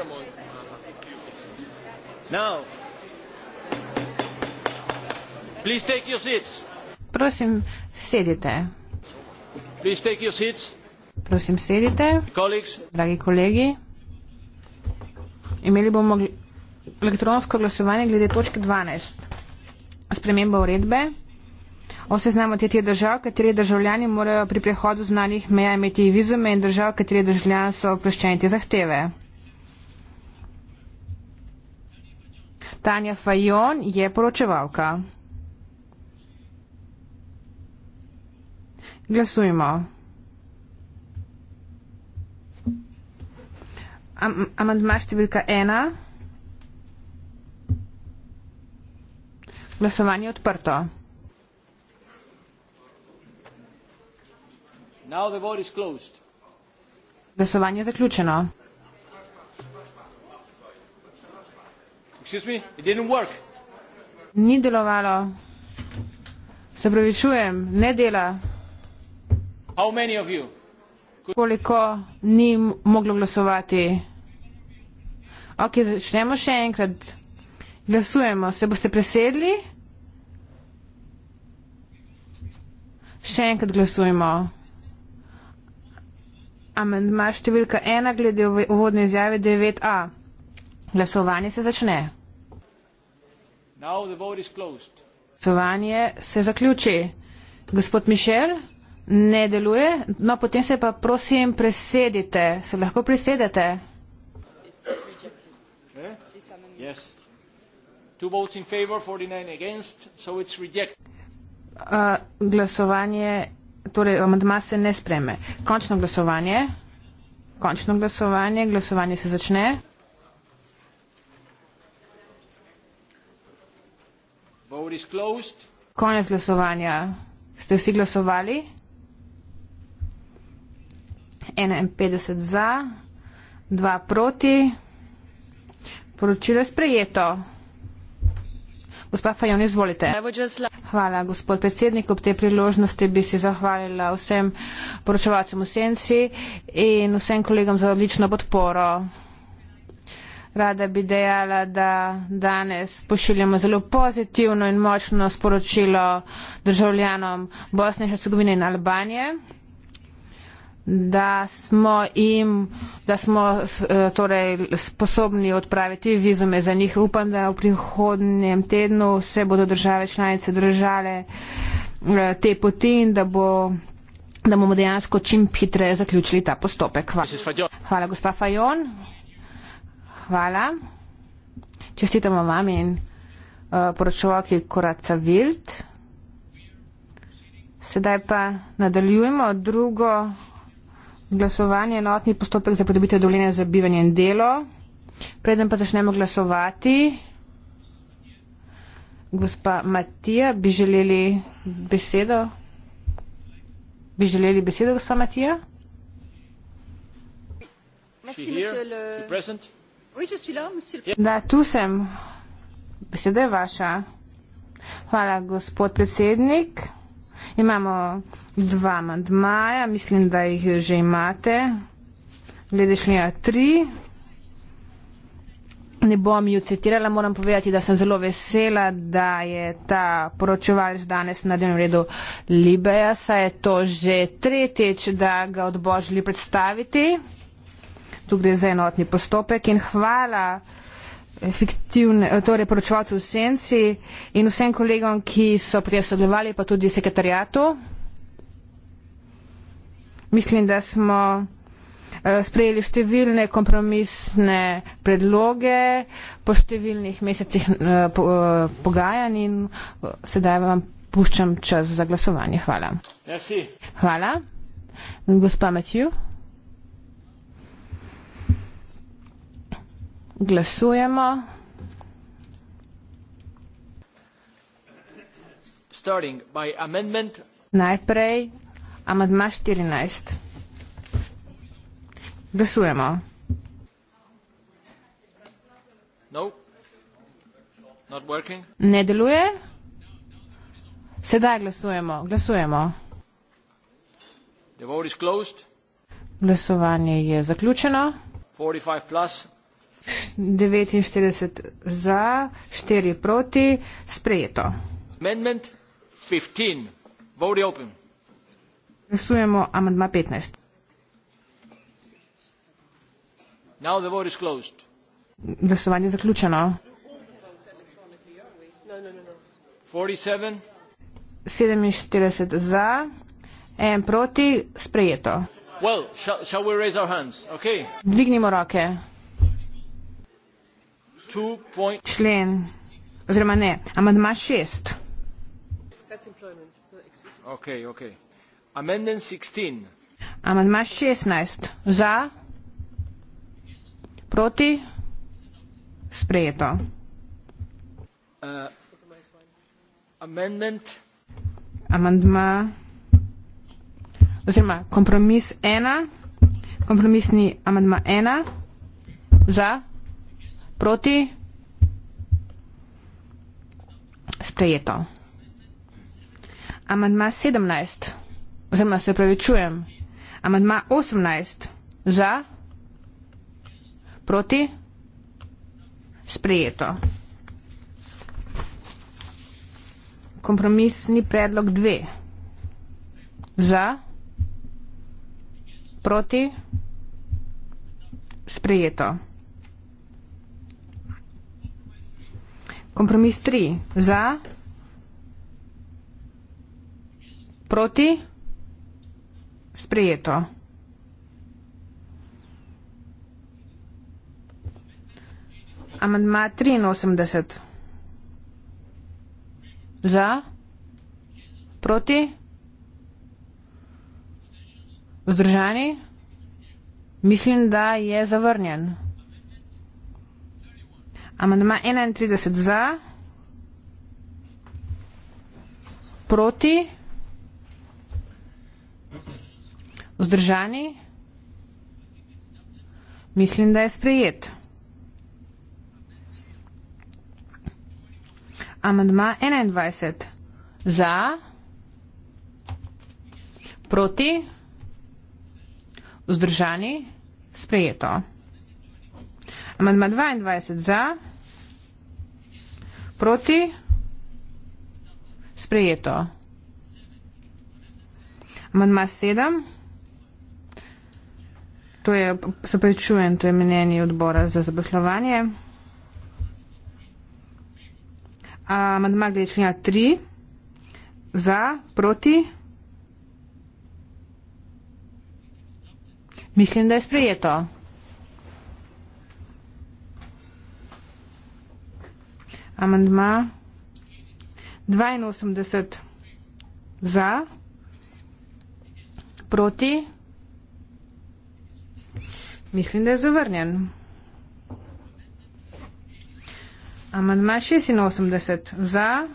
samo Now. Please take your seats. Prosim, sedite. Please take your seats. Prosim, sedite. Colleagues. Dragi kolegi, imeli bomo gl elektronsko glasovanje glede točke 12. Sprememba uredbe. O seznamu te tije držav, kateri državljani morajo pri prehodu znanih meja imeti vizume in držav, kateri državljani so oproščeni te zahteve. Tanja Fajon je poročevalka. Glasujmo. Am amandma številka ena. Glasovanje je odprto. Glasovanje je zaključeno. Excuse me, it didn't work. Ni delovalo. Se pravišujem, ne dela. How many of you? Koliko ni moglo glasovati? Ok, začnemo še enkrat. Glasujemo. Se boste presedli? Še enkrat glasujemo. Amendma številka 1 glede uvodne izjave 9a. Glasovanje se začne. Glasovanje se zaključi. Gospod Mišel, ne deluje. No, potem se pa prosim presedite. Se lahko prisedete? Eh? Glasovanje, torej amandma se ne spreme. Končno glasovanje. Končno glasovanje. Glasovanje se začne. Konec glasovanja. Ste vsi glasovali? 51 za, 2 proti. Poročilo je sprejeto. Gospa Fajon, izvolite. Hvala, gospod predsednik. Ob tej priložnosti bi se zahvalila vsem poročevalcem v Senci in vsem kolegom za odlično podporo. Rada bi dejala, da danes pošiljamo zelo pozitivno in močno sporočilo državljanom Bosne in Hercegovine in Albanije, da smo jim, da smo eh, torej sposobni odpraviti vizume za njih. Upam, da v prihodnjem tednu se bodo države članice držale eh, te poti in da bo da bomo dejansko čim hitreje zaključili ta postopek. Hvala, Hvala gospa Fajon hvala. Čestitamo vam in uh, poročevalki Koraca Vilt. Sedaj pa nadaljujemo drugo glasovanje, enotni postopek za podobitev dovoljenja za bivanje in delo. Preden pa začnemo glasovati, gospa Matija, bi želeli besedo? Bi želeli besedo, gospa Matija? Merci, monsieur le... Da, tu sem. Beseda je vaša. Hvala, gospod predsednik. Imamo dva mandmaja, mislim, da jih že imate. Gledešnja tri. Ne bom ju citirala, moram povedati, da sem zelo vesela, da je ta poročevalc danes na dnevnem redu Libeja, saj je to že tretjič, da ga odbožili predstaviti tu gre za enotni postopek in hvala torej poročevalcu v senci in vsem kolegom, ki so prije sodelovali, pa tudi sekretarijatu. Mislim, da smo eh, sprejeli številne kompromisne predloge po številnih mesecih eh, eh, pogajanj in sedaj vam puščam čas za glasovanje. Hvala. Merci. Hvala. Gospa Matiju. Glasujemo. Najprej amadma 14. Glasujemo. No. Ne deluje. Sedaj glasujemo. Glasujemo. Glasovanje je zaključeno. 45 plus. 49 za, 4 proti, sprejeto. Amendment 15. Vote open. Glasujemo amandma 15. Now the vote is closed. Glasovanje je zaključeno. 47 za, 1 proti, sprejeto. Well, shall, shall we raise our hands? Okay. Dvignimo roke člen oziroma ne amandma šest amandma šestnajst za proti sprejeto uh, amandma oziroma kompromis ena kompromisni amandma ena za Proti? Sprejeto. Amadma 17. Oziroma se pravi čujem. Amadma 18. Za? Proti? Sprejeto. Kompromisni predlog 2. Za? Proti? Sprejeto. Sprejeto. Kompromis 3. Za. Proti. Sprejeto. Amandma 83. Za. Proti. Vzdržani. Mislim, da je zavrnjen. Amandma enaintrideset za, proti, vzdržani. Mislim, da je sprejet. Amandma enaindvajset za, proti, vzdržani. Sprejeto. Amandma dvaindvajset za. Proti? Sprejeto. Amandma sedem. To je, se prečujem, to je mnenje odbora za zaposlovanje. Amandma glede člena tri. Za, proti? Mislim, da je sprejeto. amandma dvainosemdeset za proti mislim da je zavrnjen amandma šestinosemdeset za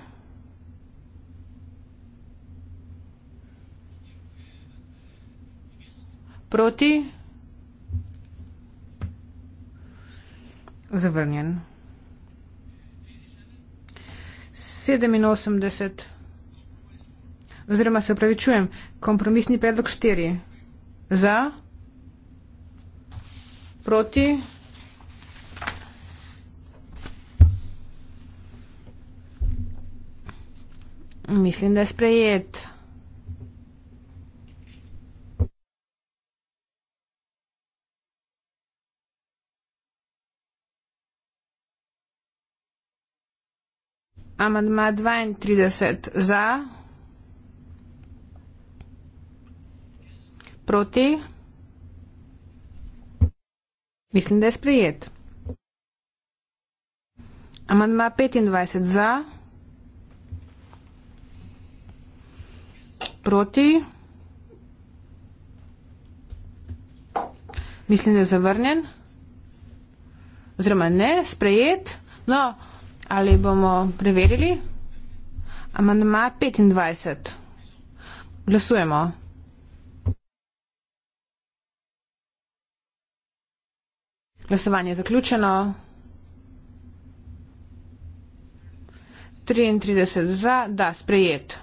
proti zavrnjen 87, oziroma se upravičujem, kompromisni predlog 4. Za, proti, mislim, da je sprejet. Amandma 32 za. Proti. Mislim, da je sprejet. Amandma 25 za. Proti. Mislim, da je zavrnjen. Oziroma ne, sprejet. No, Ali bomo preverili? Amandma 25. Glasujemo. Glasovanje je zaključeno. 33 za, da, sprejet.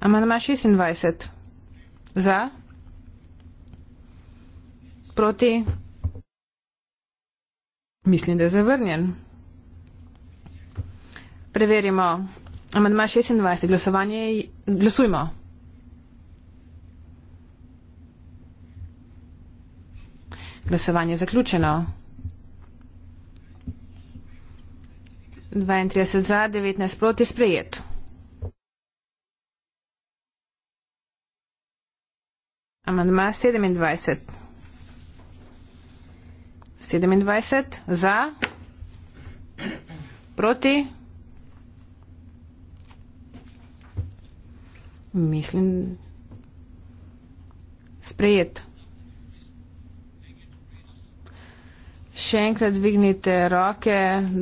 Amandma 26. Za. Proti. Mislim, da je zavrnjen. Preverimo. Amandma 26. Glasovanje. Glasujmo. Glasovanje je zaključeno. 32 za, 19 proti sprejet. Amandma 27. 27 za, proti. Mislim, sprejet. Še enkrat dvignite roke,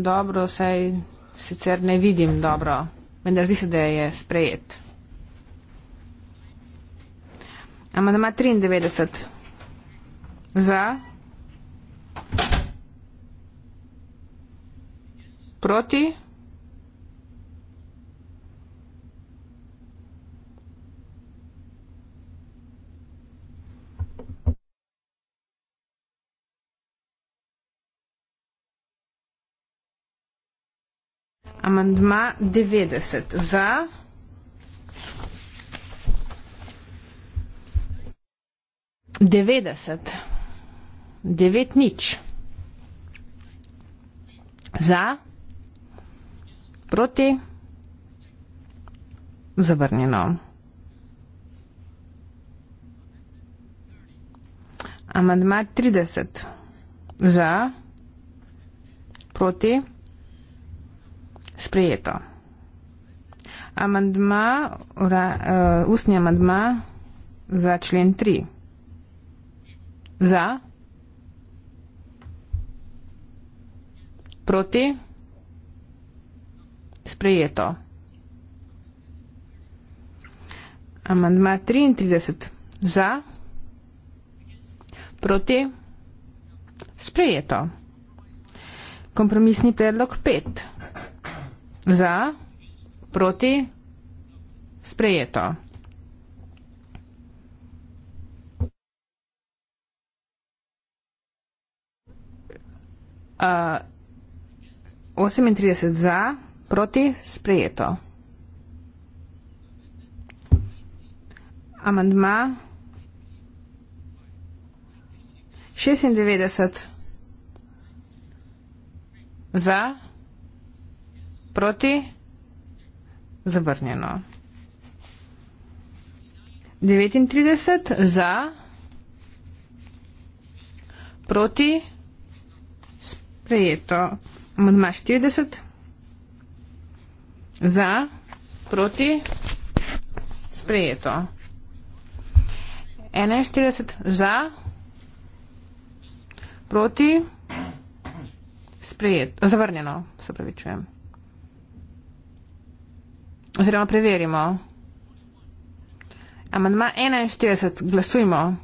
dobro, saj sicer ne vidim dobro, vendar zdi se, da je sprejet. Amandma 93 za. Proti? Amandma devetdeset za. Devetdeset devet nič. Za, proti, zavrnjeno. Amandma 30. Za, proti, sprejeto. Amandma, ura, uh, ustni amandma za člen 3. Za, proti, sprejeto. Proti? Sprejeto. Amandma 33. Za? Proti? Sprejeto. Kompromisni predlog 5. Za? Proti? Sprejeto. Uh, 38 za, proti sprejeto. Amandma 96 za, proti zavrnjeno. 39 za, proti sprejeto. Amandma 40. Za, proti, sprejeto. 41. Za, proti, sprejeto. Zavrnjeno, se pravi, čujem. Oziroma, preverimo. Amandma 41. Glasujmo.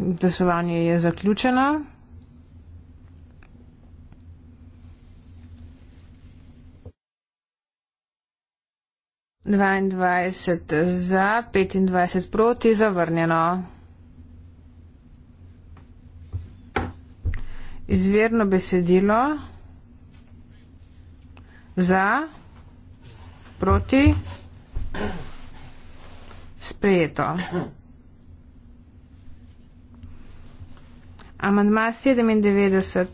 Glasovanje je zaključeno. Dvaindvajset za, petindvajset proti, zavrnjeno. Izvirno besedilo za, proti, sprejeto. Amandma 97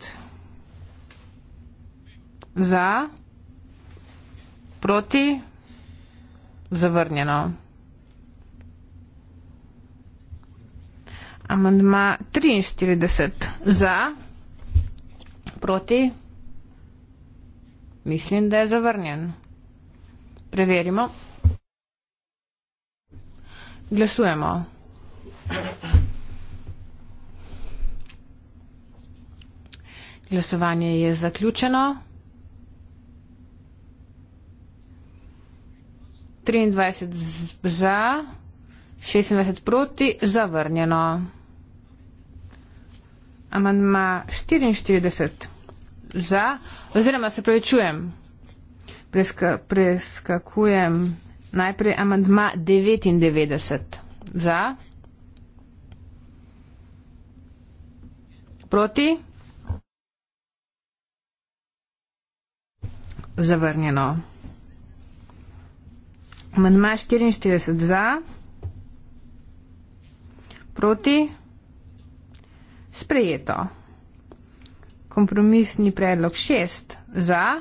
za, proti, zavrnjeno. Amandma 43 za, proti, mislim, da je zavrnjen. Preverimo. Glasujemo. Glasujemo. Glasovanje je zaključeno. 23 za, 26 proti, zavrnjeno. Amandma 44 za, oziroma se pravičujem, preska, preskakujem najprej amandma 99 za, proti. zavrnjeno. Amandma 44 za, proti, sprejeto. Kompromisni predlog 6 za,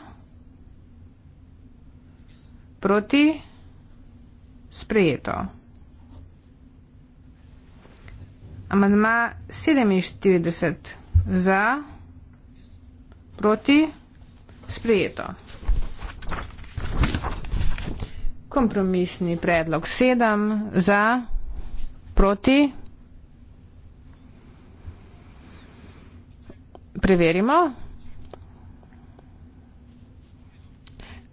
proti, sprejeto. Amandma 47 za, proti, sprejeto kompromisni predlog sedem za, proti. Preverimo.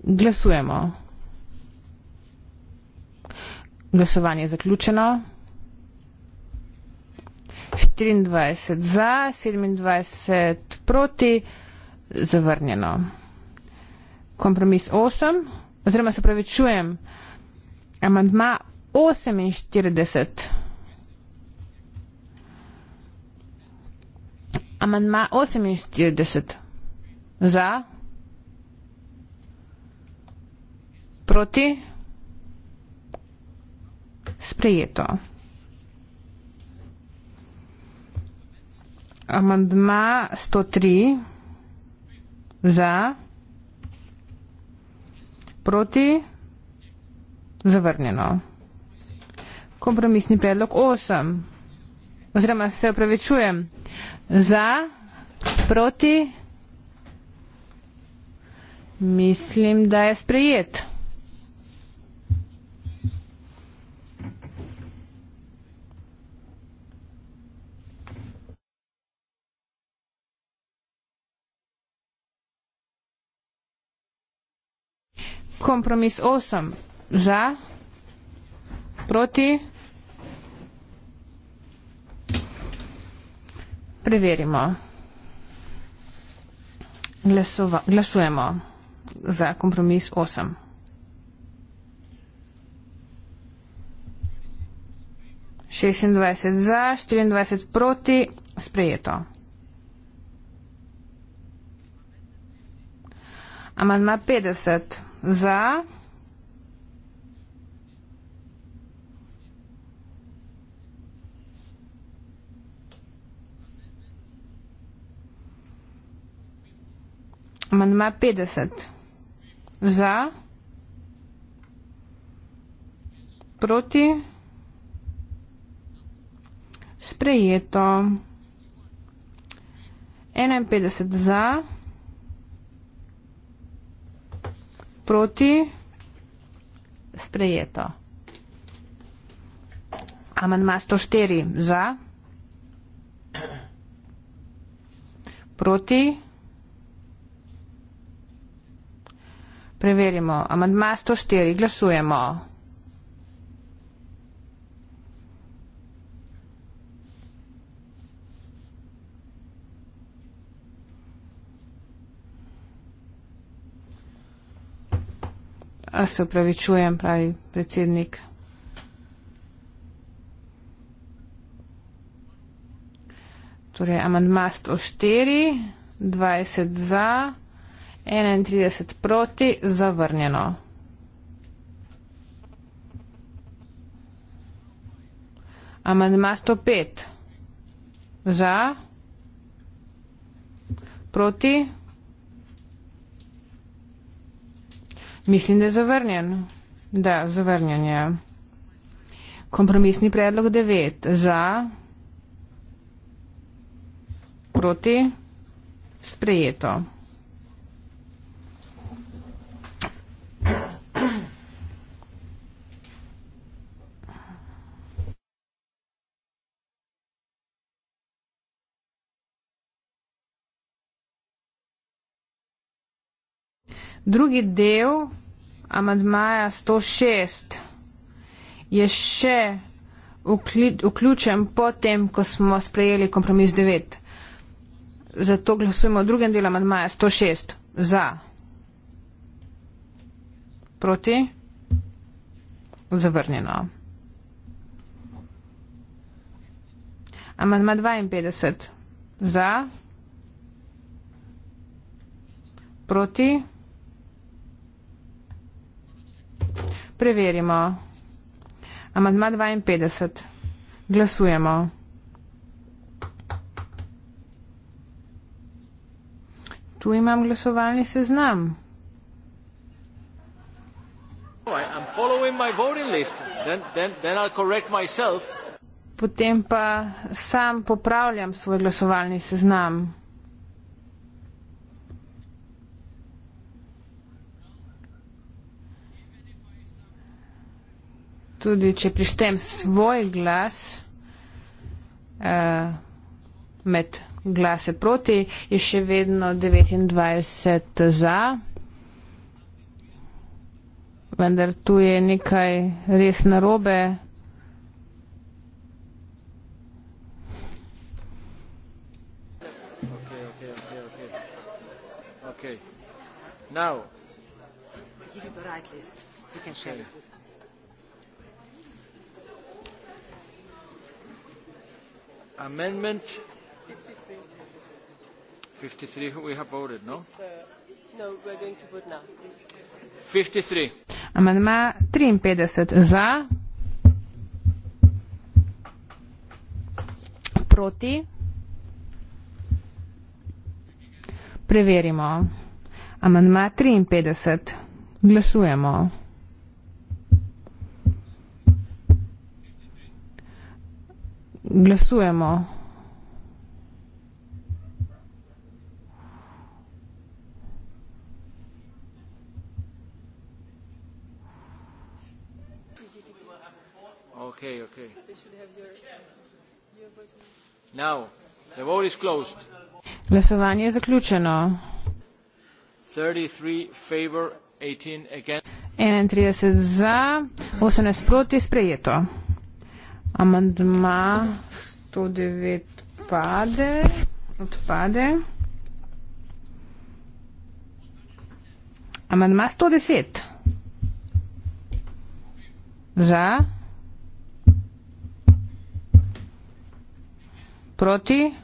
Glasujemo. Glasovanje je zaključeno. 24 za, 27 proti, zavrnjeno. Kompromis 8, oziroma se pravi, čujem. Amandma 48. Amandma 48. Za. Proti. Sprejeto. Amandma 103. Za. Proti. Sprejeto. Zavrnjeno. Kompromisni predlog 8. Oziroma se opravičujem. Za, proti. Mislim, da je sprejet. Kompromis 8. Za? Proti? Preverimo. Glasova, glasujemo za kompromis 8. Šestindvajset za, štiriindvajset proti, sprejeto. Amandma petdeset za. Amandma 50. Za. Proti. Sprejeto. 51 za. Proti. Sprejeto. Amandma 104. Za. Proti. Preverimo. Amandma 104. Glasujemo. A se upravičujem, pravi predsednik. Torej, amandma 104, 20 za. 31 proti, zavrnjeno. Amandma 105. Za. Proti. Mislim, da je zavrnjen. Da, zavrnjen je. Kompromisni predlog 9. Za. Proti. Sprejeto. Drugi del amadmaja 106 je še vključen potem, ko smo sprejeli kompromis 9. Zato glasujemo v drugem delu amadmaja 106 za. Proti? Zavrnjeno. Amadma 52 za. Proti? Preverimo. Amandma 52. Glasujemo. Tu imam glasovalni seznam. Potem pa sam popravljam svoj glasovalni seznam. tudi če prištem svoj glas uh, med glase proti, je še vedno 29 za. Vendar tu je nekaj res narobe. Okay. Now, give you the right list. You can share it. amendment 53 we have voted no uh, no we're going to vote now 53 amendma 53 za proti preverimo amendma 53 glasujemo glasujemo. Okay, okay. Now, the vote is closed. Glasovanje je zaključeno. 33 favor, 18 against. 31 za, 18 proti, sprejeto. Amandma 109 pade, odpade. Amandma 110. Za. Proti.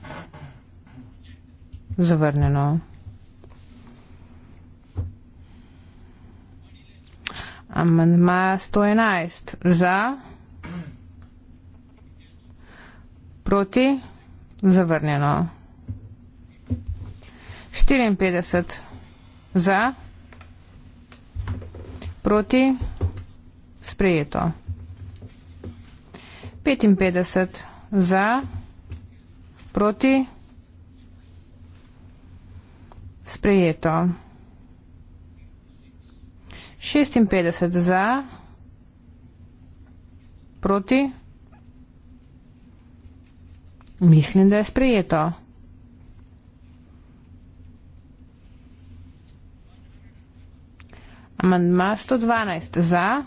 Zavrnjeno. Amandma 111. Za. Za. Proti? Zavrnjeno. 54. Za? Proti? Sprejeto. 55. Za? Proti? Sprejeto. 56 za, proti. Mislim, da je sprejeto. Amandma 112 za,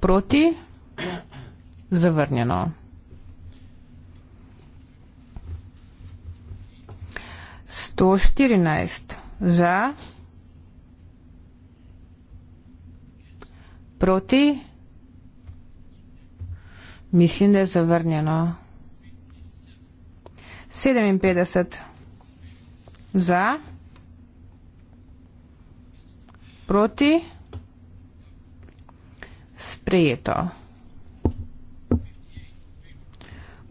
proti, zavrnjeno. Sto štirinajst za, proti, zavrnjeno. Mislim, da je zavrnjeno. 57 za. Proti. Sprejeto.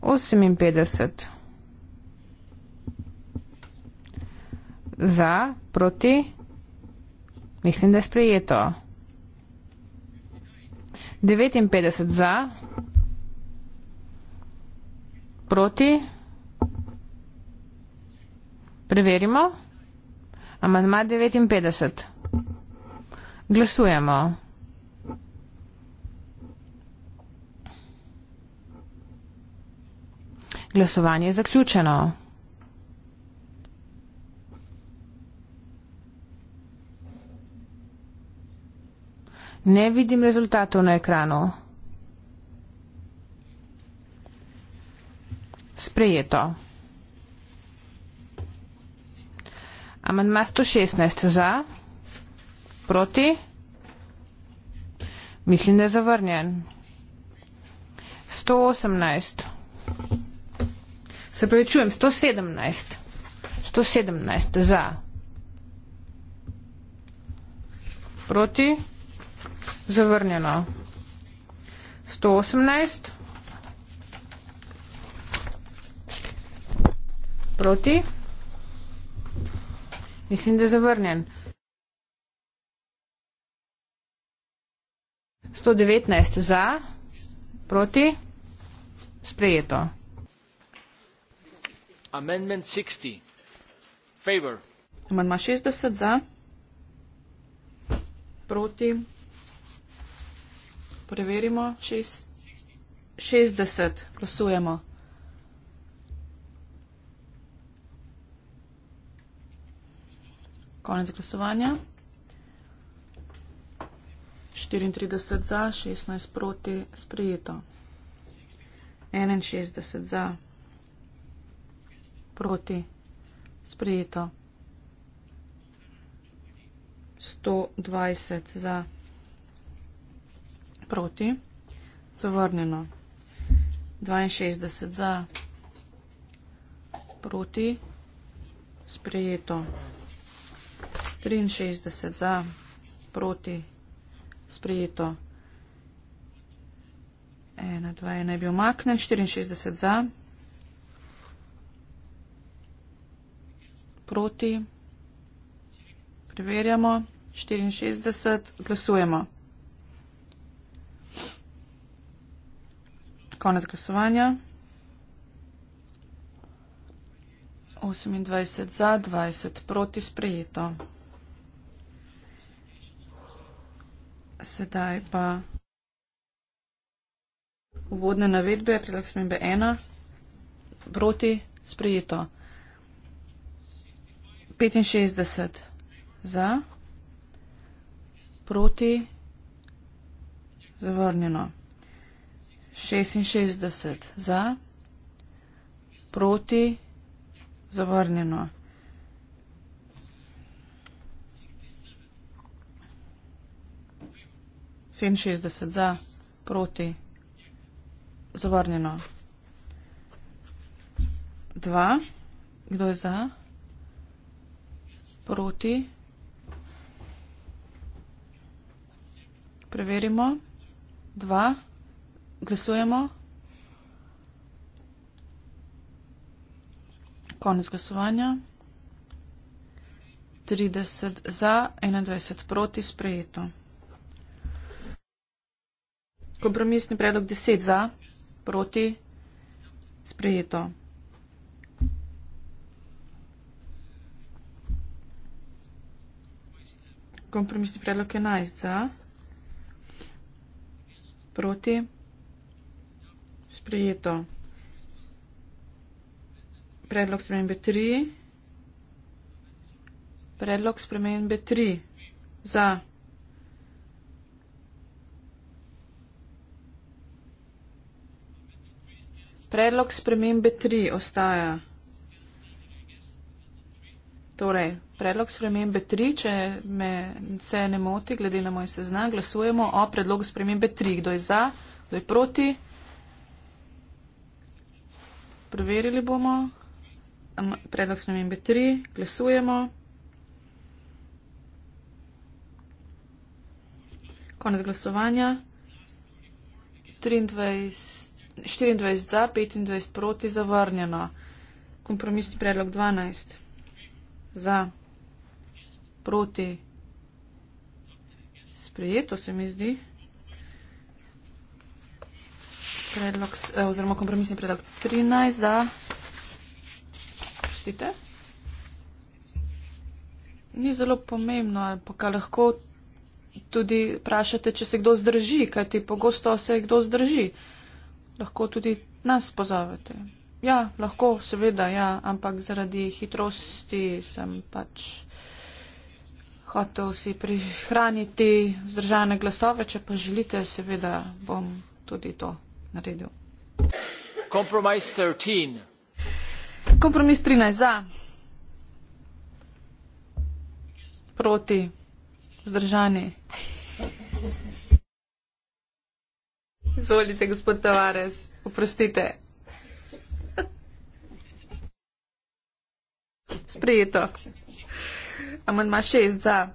58 za, proti, mislim, da je sprejeto. 59 za proti? Preverimo. Amandma 59. Glasujemo. Glasovanje je zaključeno. Ne vidim rezultatov na ekranu. Sprejeto. Amendma 116 za, proti, mislim, da je zavrnjen. 118. Se pravi, čujem, 117. 117 za, proti, zavrnjeno. 118. Proti? Mislim, da je zavrnjen. 119 za, proti, sprejeto. Amendment 60, favor. Amendma 60 za, proti, preverimo, 60, glasujemo. Konec glasovanja. 34 za, 16 proti, sprejeto. 61 za, proti, sprejeto. 120 za, proti, zavrnjeno. 62 za, proti, sprejeto. 63 za, proti, sprejeto. 1, 2 je naj bil maknen, 64 za, proti, preverjamo, 64, glasujemo. Konec glasovanja. 28 za, 20 proti sprejeto. Sedaj pa uvodne navedbe, predlog spremembe ena, proti sprejeto. 65 za, proti zavrnjeno. 66 za, proti zavrnjeno. 67 za, proti, zavrnjeno. 2, kdo je za, proti. Preverimo. 2, glasujemo. Konec glasovanja. 30 za, 21 proti, sprejeto. Kompromisni predlog 10 za, proti, sprejeto. Kompromisni predlog 11 za, proti, sprejeto. Predlog spremenbe 3. Predlog spremenbe 3 za. Predlog spremembe 3 ostaja. Torej, predlog spremembe 3, če me vse ne moti, glede na moj seznam, glasujemo o predlogu spremembe 3. Kdo je za, kdo je proti? Preverili bomo. Predlog spremembe 3, glasujemo. Konec glasovanja. 23. 24 za, 25 proti, zavrnjeno. Kompromisni predlog 12 za, proti, sprejeto se mi zdi. Predlog, eh, oziroma kompromisni predlog 13 za, pustite. Ni zelo pomembno, ali pa kaj lahko tudi vprašate, če se kdo zdrži, kajti pogosto se kdo zdrži lahko tudi nas pozovete. Ja, lahko, seveda, ja, ampak zaradi hitrosti sem pač hotel si prihraniti zdržane glasove. Če pa želite, seveda bom tudi to naredil. Kompromis 13. Kompromis 13 za. Proti. Zdržani. Zvolite, gospod Tavares, oprostite. Sprejeto. Amandma šest za.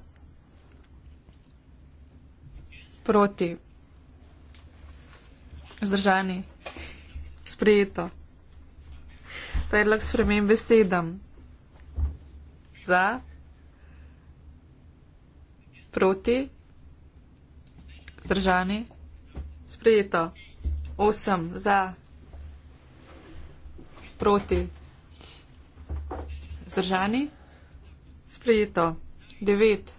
Proti. Zdržani. Sprejeto. Predlog spremem besedam. Za. Proti. Zdržani. Sprejeto. Osem za, proti, zdržani. Sprejeto. Devet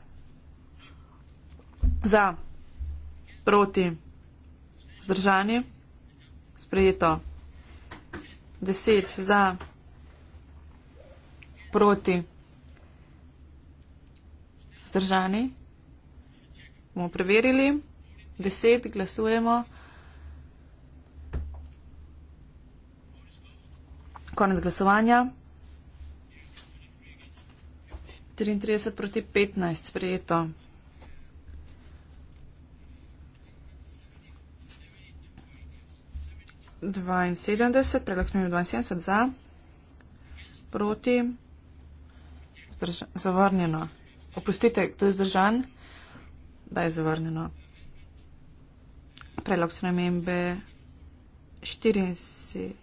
za, proti, zdržani. Sprejeto. Deset za, proti, zdržani. Bomo preverili. 10 glasujemo. Konec glasovanja. 33 proti 15 sprejeto. Predlog smo imeli 72 za, proti, zavrnjeno. Opustite, kdo je zdržan, da je zavrnjeno predlog spremembe 75,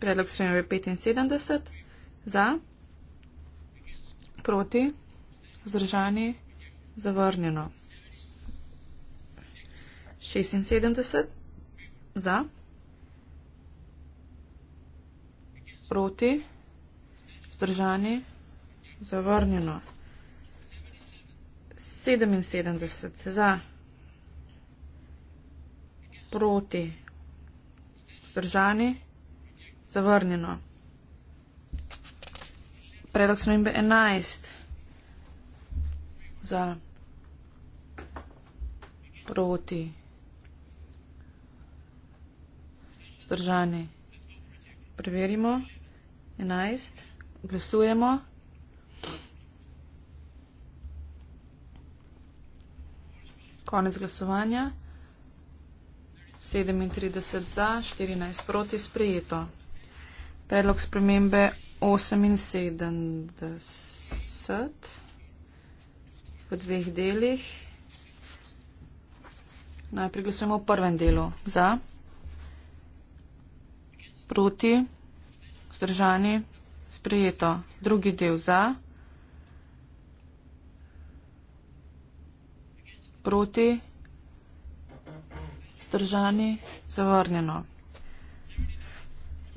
predlog spremembe 75 za, proti, vzdržani, zavrnjeno. 76 za, proti, vzdržani, zavrnjeno. Zavrnjeno. 77 za. Proti. Zdržani. Zavrnjeno. Predlog smo imbe 11. Za. Proti. Zdržani. Preverimo. 11. Glasujemo. 11. Konec glasovanja. 37 za, 14 proti sprejeto. Predlog spremembe 78 v dveh delih. Najprej glasujemo v prvem delu. Za, proti, vzdržani, sprejeto. Drugi del za. proti, vzdržani, zavrnjeno.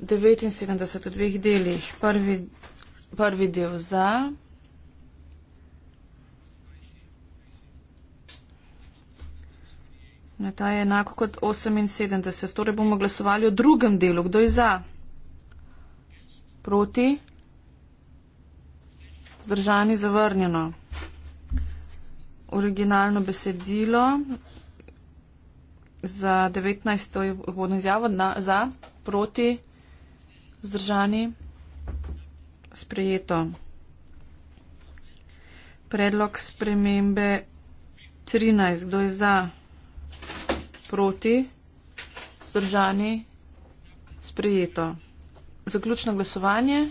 79 v dveh delih. Prvi, prvi del za. Ne, ta je enako kot 78. Torej bomo glasovali o drugem delu. Kdo je za? Proti. Vzdržani, zavrnjeno originalno besedilo za 19. vhodno izjavo na, za, proti, vzdržani, sprejeto. Predlog spremembe 13. Kdo je za, proti, vzdržani, sprejeto. Zaključno glasovanje.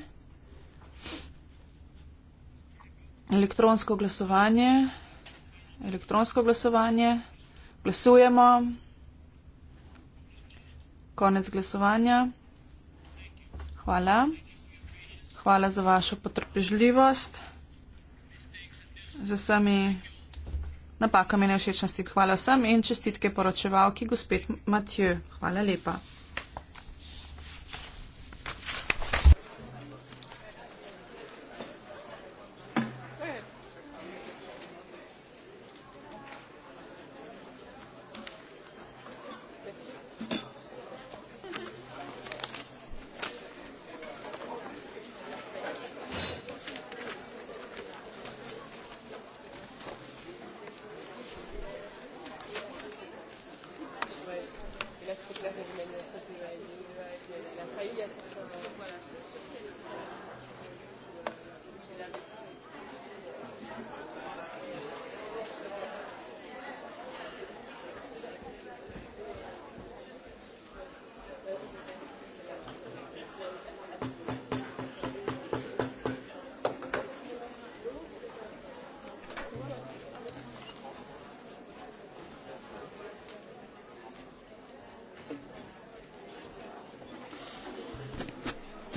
Elektronsko glasovanje elektronsko glasovanje. Glasujemo. Konec glasovanja. Hvala. Hvala za vašo potrpežljivost. Z vsemi napakami in nevšečnosti. Hvala vsem in čestitke poročevalki gospod Matjo. Hvala lepa.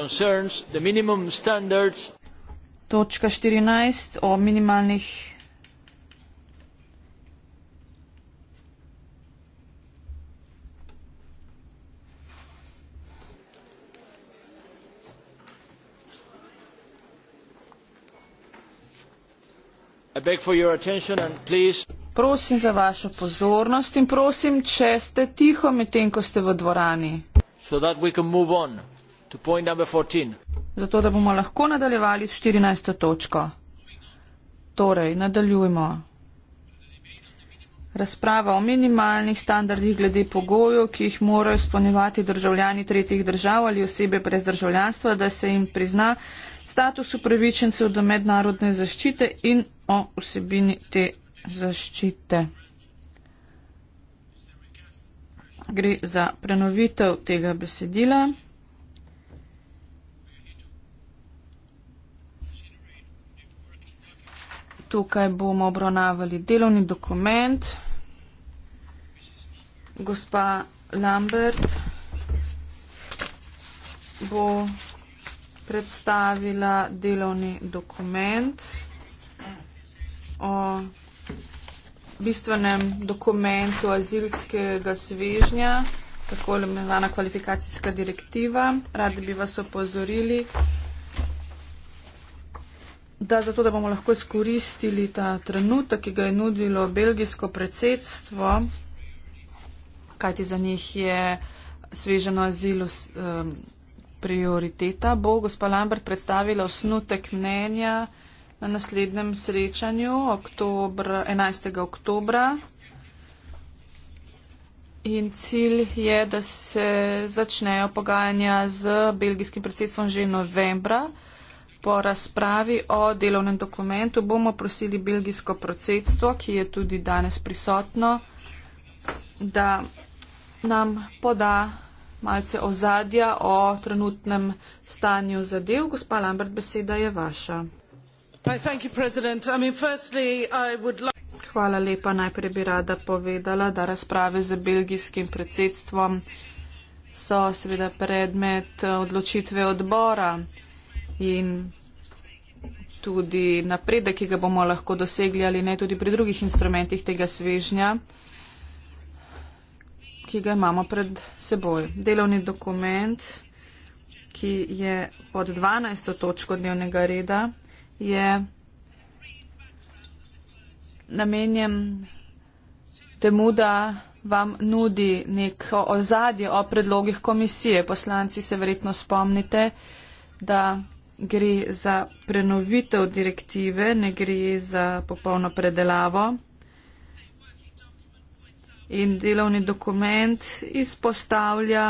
concerns the minimum standards. Točka 14 o minimalnih I beg for your attention and please. Prosim za vašo pozornost in prosim, če ste tiho medtem, ko ste v dvorani. So that we can move on zato da bomo lahko nadaljevali s 14. točko. Torej, nadaljujmo. Razprava o minimalnih standardih glede pogojev, ki jih morajo izpolnjevati državljani tretjih držav ali osebe brez državljanstva, da se jim prizna status upravičencev do mednarodne zaščite in o vsebini te zaščite. Gre za prenovitev tega besedila. Tukaj bomo obravnavali delovni dokument. Gospa Lambert bo predstavila delovni dokument o bistvenem dokumentu azilskega svežnja, tako imenovana kvalifikacijska direktiva. Radi bi vas opozorili, da zato, da bomo lahko skoristili ta trenutek, ki ga je nudilo belgijsko predsedstvo, kajti za njih je sveženo azilo um, prioriteta, bo gospa Lambert predstavila osnutek mnenja na naslednjem srečanju oktober, 11. oktobra. In cilj je, da se začnejo pogajanja z belgijskim predsedstvom že novembra. Po razpravi o delovnem dokumentu bomo prosili belgijsko procedstvo, ki je tudi danes prisotno, da nam poda malce ozadja o trenutnem stanju zadev. Gospa Lambert, beseda je vaša. Hvala lepa. Najprej bi rada povedala, da razprave z belgijskim predsedstvom so seveda predmet eh, odločitve odbora in tudi napredek, ki ga bomo lahko dosegli ali ne, tudi pri drugih instrumentih tega svežnja, ki ga imamo pred seboj. Delovni dokument, ki je pod 12. točko dnevnega reda, je namenjen temu, da vam nudi neko ozadje o predlogih komisije. Poslanci se verjetno spomnite, da gre za prenovitev direktive, ne gre za popolno predelavo. In delovni dokument izpostavlja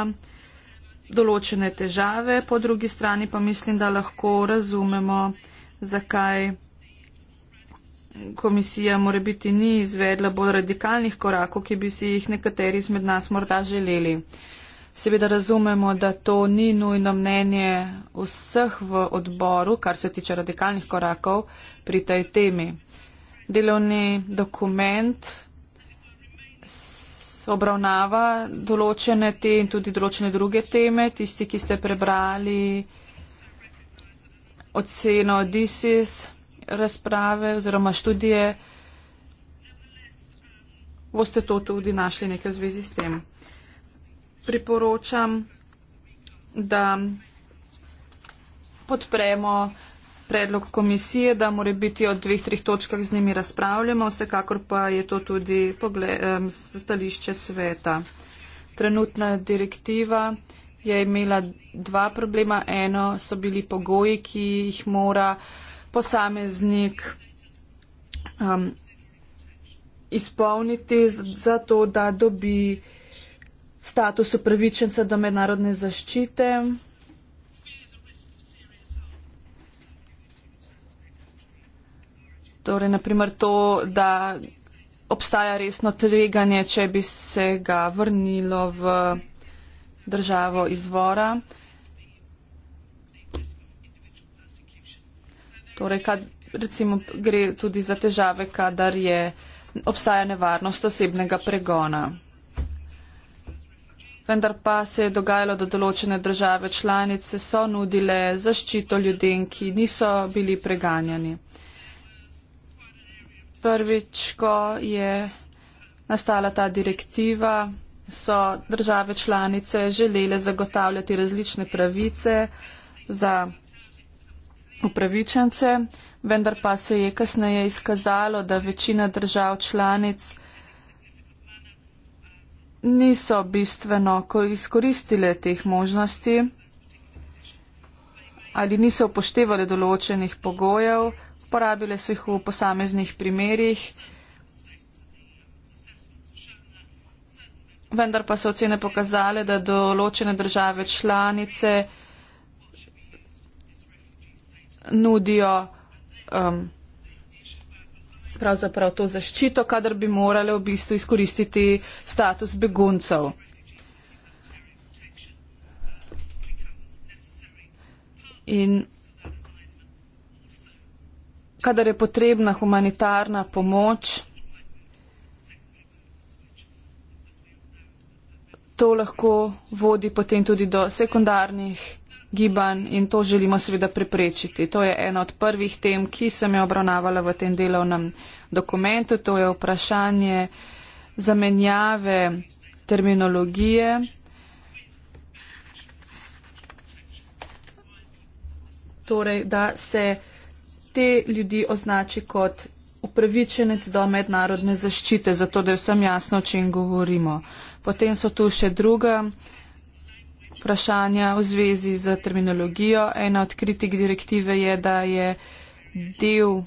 določene težave, po drugi strani pa mislim, da lahko razumemo, zakaj komisija more biti ni izvedla bolj radikalnih korakov, ki bi si jih nekateri izmed nas morda želeli. Seveda razumemo, da to ni nujno mnenje vseh v odboru, kar se tiče radikalnih korakov pri tej temi. Delovni dokument obravnava določene te in tudi določene druge teme. Tisti, ki ste prebrali oceno DISIS razprave oziroma študije, boste to tudi našli nekaj v zvezi s tem priporočam, da podpremo predlog komisije, da more biti o dveh, treh točkah z njimi razpravljamo, vsekakor pa je to tudi stališče sveta. Trenutna direktiva je imela dva problema. Eno so bili pogoji, ki jih mora posameznik um, izpolniti za to, da dobi statusu pravičenca do mednarodne zaščite. Torej, naprimer to, da obstaja resno tveganje, če bi se ga vrnilo v državo izvora. Torej, kad, recimo, gre tudi za težave, kadar je, obstaja nevarnost osebnega pregona vendar pa se je dogajalo, da določene države članice so nudile zaščito ljudem, ki niso bili preganjani. Prvič, ko je nastala ta direktiva, so države članice želele zagotavljati različne pravice za upravičence, vendar pa se je kasneje izkazalo, da večina držav članic niso bistveno izkoristile teh možnosti ali niso upoštevale določenih pogojev, uporabile so jih v posameznih primerjih, vendar pa so ocene pokazale, da določene države članice nudijo um, pravzaprav to zaščito, kadar bi morale v bistvu izkoristiti status beguncev. In kadar je potrebna humanitarna pomoč, to lahko vodi potem tudi do sekundarnih gibanj in to želimo seveda preprečiti. To je ena od prvih tem, ki sem jo obravnavala v tem delovnem dokumentu. To je vprašanje zamenjave terminologije. Torej, da se te ljudi označi kot upravičenec do mednarodne zaščite, zato da je vsem jasno, o čem govorimo. Potem so tu še druga vprašanja v zvezi z terminologijo. Ena od kritik direktive je, da je del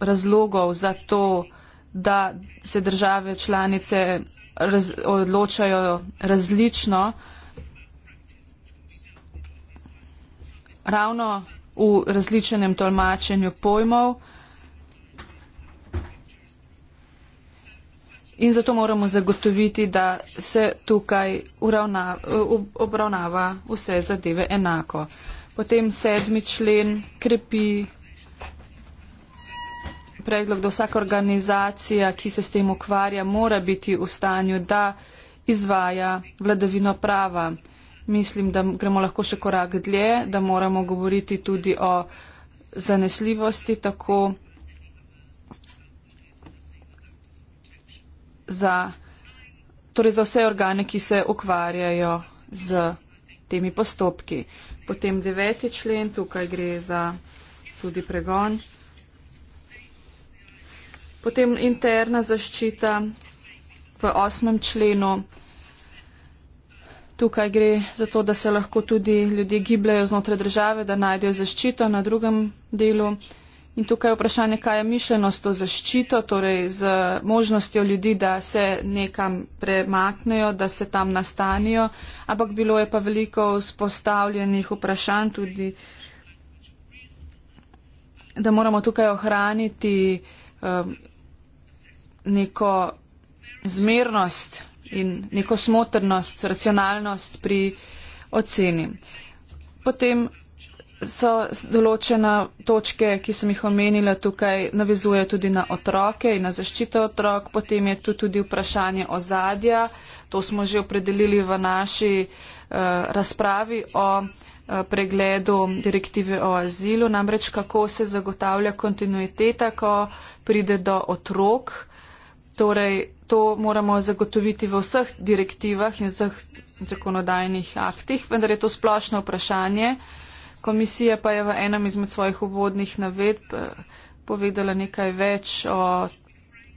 razlogov za to, da se države članice raz, odločajo različno, ravno v različnem tolmačenju pojmov. in zato moramo zagotoviti, da se tukaj uravna, obravnava vse zadeve enako. Potem sedmi člen krepi predlog, da vsaka organizacija, ki se s tem ukvarja, mora biti v stanju, da izvaja vladavino prava. Mislim, da gremo lahko še korak dlje, da moramo govoriti tudi o zanesljivosti, tako za, torej za vse organe, ki se ukvarjajo z temi postopki. Potem deveti člen, tukaj gre za tudi pregon. Potem interna zaščita v osmem členu. Tukaj gre za to, da se lahko tudi ljudje gibljajo znotraj države, da najdejo zaščito na drugem delu. In tukaj je vprašanje, kaj je mišljeno s to zaščito, torej z možnostjo ljudi, da se nekam premaknejo, da se tam nastanijo, ampak bilo je pa veliko spostavljenih vprašanj tudi, da moramo tukaj ohraniti um, neko zmernost in neko smotrnost, racionalnost pri oceni. Potem so določene točke, ki sem jih omenila tukaj, navezuje tudi na otroke in na zaščito otrok. Potem je tu tudi vprašanje ozadja. To smo že opredelili v naši eh, razpravi o eh, pregledu direktive o azilu, namreč kako se zagotavlja kontinuiteta, ko pride do otrok. Torej, to moramo zagotoviti v vseh direktivah in vseh zakonodajnih aktih, vendar je to splošno vprašanje. Uh, Komisija pa je v enem izmed svojih uvodnih navedb eh, povedala nekaj več o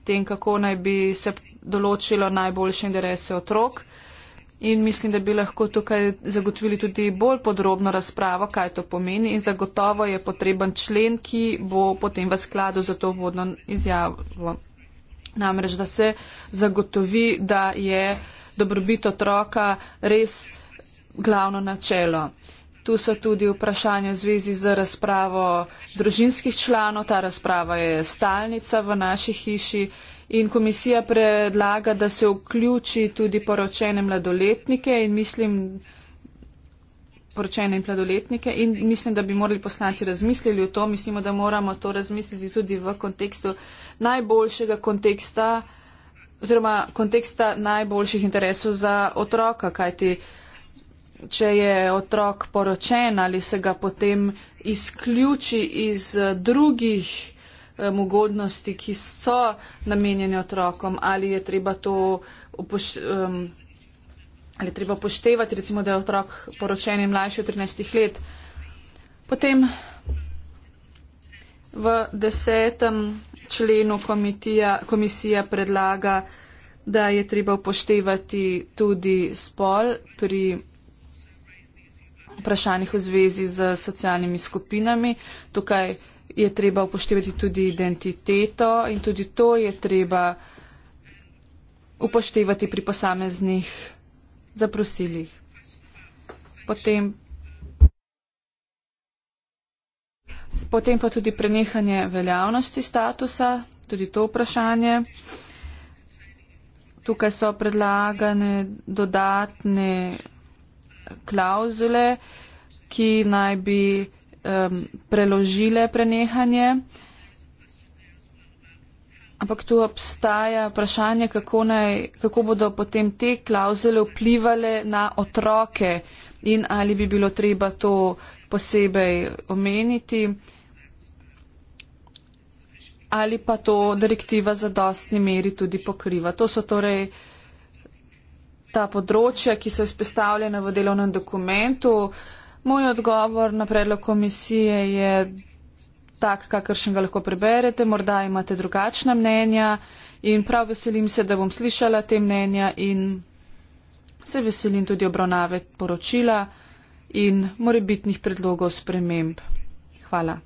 tem, kako naj bi se določilo najboljše interese otrok. In mislim, da bi lahko tukaj zagotovili tudi bolj podrobno razpravo, kaj to pomeni. In zagotovo je potreben člen, ki bo potem v skladu za to vodno izjavo. Namreč, da se zagotovi, da je dobrobit otroka res glavno načelo. Tu so tudi vprašanja v zvezi z razpravo družinskih članov. Ta razprava je stalnica v naši hiši in komisija predlaga, da se vključi tudi poročene mladoletnike in mislim, poročene in mladoletnike in mislim, da bi morali poslanci razmisliti o to. Mislimo, da moramo to razmisliti tudi v kontekstu najboljšega konteksta oziroma konteksta najboljših interesov za otroka, kajti če je otrok poročen ali se ga potem izključi iz eh, drugih mogodnosti, eh, ki so namenjene otrokom, ali je treba to upoš um, treba upoštevati, recimo, da je otrok poročen in mlajši od 13 let. Potem v desetem členu komitija, komisija predlaga, da je treba upoštevati tudi spol pri vprašanjih v zvezi z socialnimi skupinami. Tukaj je treba upoštevati tudi identiteto in tudi to je treba upoštevati pri posameznih zaprosilih. Potem, potem pa tudi prenehanje veljavnosti statusa, tudi to vprašanje. Tukaj so predlagane dodatne klauzule, ki naj bi um, preložile prenehanje. Ampak tu obstaja vprašanje, kako, naj, kako bodo potem te klauzule vplivali na otroke in ali bi bilo treba to posebej omeniti ali pa to direktiva za dostni meri tudi pokriva. To so torej uh, ta področja, ki so izpostavljena v delovnem dokumentu. Moj odgovor na predlog komisije je tak, kakršen ga lahko preberete, morda imate drugačna mnenja in prav veselim se, da bom slišala te mnenja in se veselim tudi obravnave poročila in morebitnih predlogov sprememb. Hvala.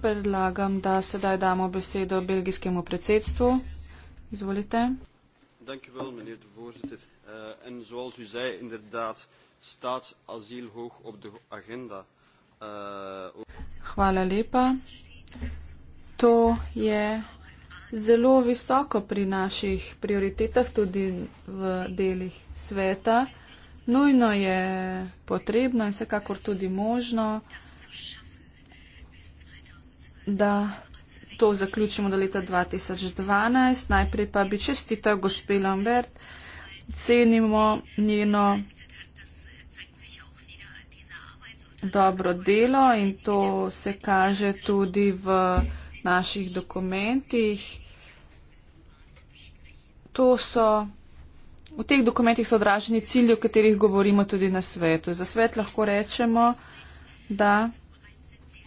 predlagam da sedaj damo besedo belgijskemu predsedstvu izvolite eh, En zoals u zei, inderdaad staat asiel hoog op de agenda. Uh, Hvala lepa. To je zelo visoko pri naših prioritetah, tudi v delih sveta. Nujno je potrebno in vsekakor tudi možno, da to zaključimo do leta 2012. Najprej pa bi čestitev gospe Lambert. Cenimo njeno dobro delo in to se kaže tudi v naših dokumentih. To so V teh dokumentih so odraženi cilji, o katerih govorimo tudi na svetu. Za svet lahko rečemo, da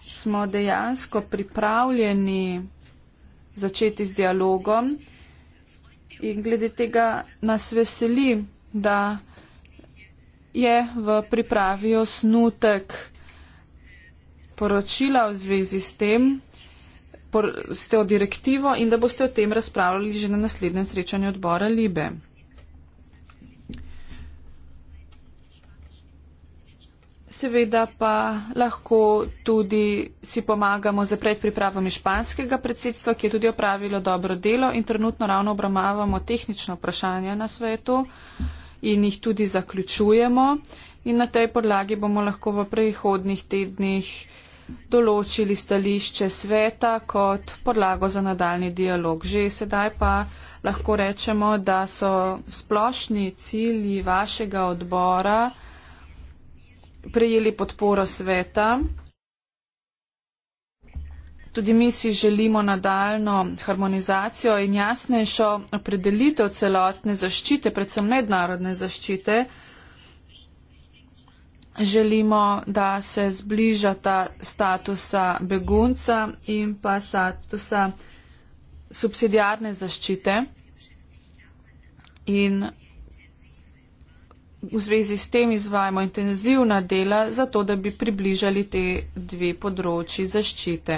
smo dejansko pripravljeni začeti z dialogom in glede tega nas veseli, da je v pripravi osnutek poročila v zvezi s tem, s to direktivo in da boste o tem razpravljali že na naslednjem srečanju odbora Libe. seveda pa lahko tudi si pomagamo za predpripravami španskega predsedstva, ki je tudi opravilo dobro delo in trenutno ravno obramavamo tehnično vprašanje na svetu in jih tudi zaključujemo. In na tej podlagi bomo lahko v prihodnih tednih določili stališče sveta kot podlago za nadaljni dialog. Že sedaj pa lahko rečemo, da so splošni cilji vašega odbora prejeli podporo sveta. Tudi mi si želimo nadaljno harmonizacijo in jasnejšo opredelitev celotne zaščite, predvsem mednarodne zaščite. Želimo, da se zbližata statusa begunca in pa statusa subsidijarne zaščite in v zvezi s tem izvajamo intenzivna dela, zato da bi približali te dve področji zaščite.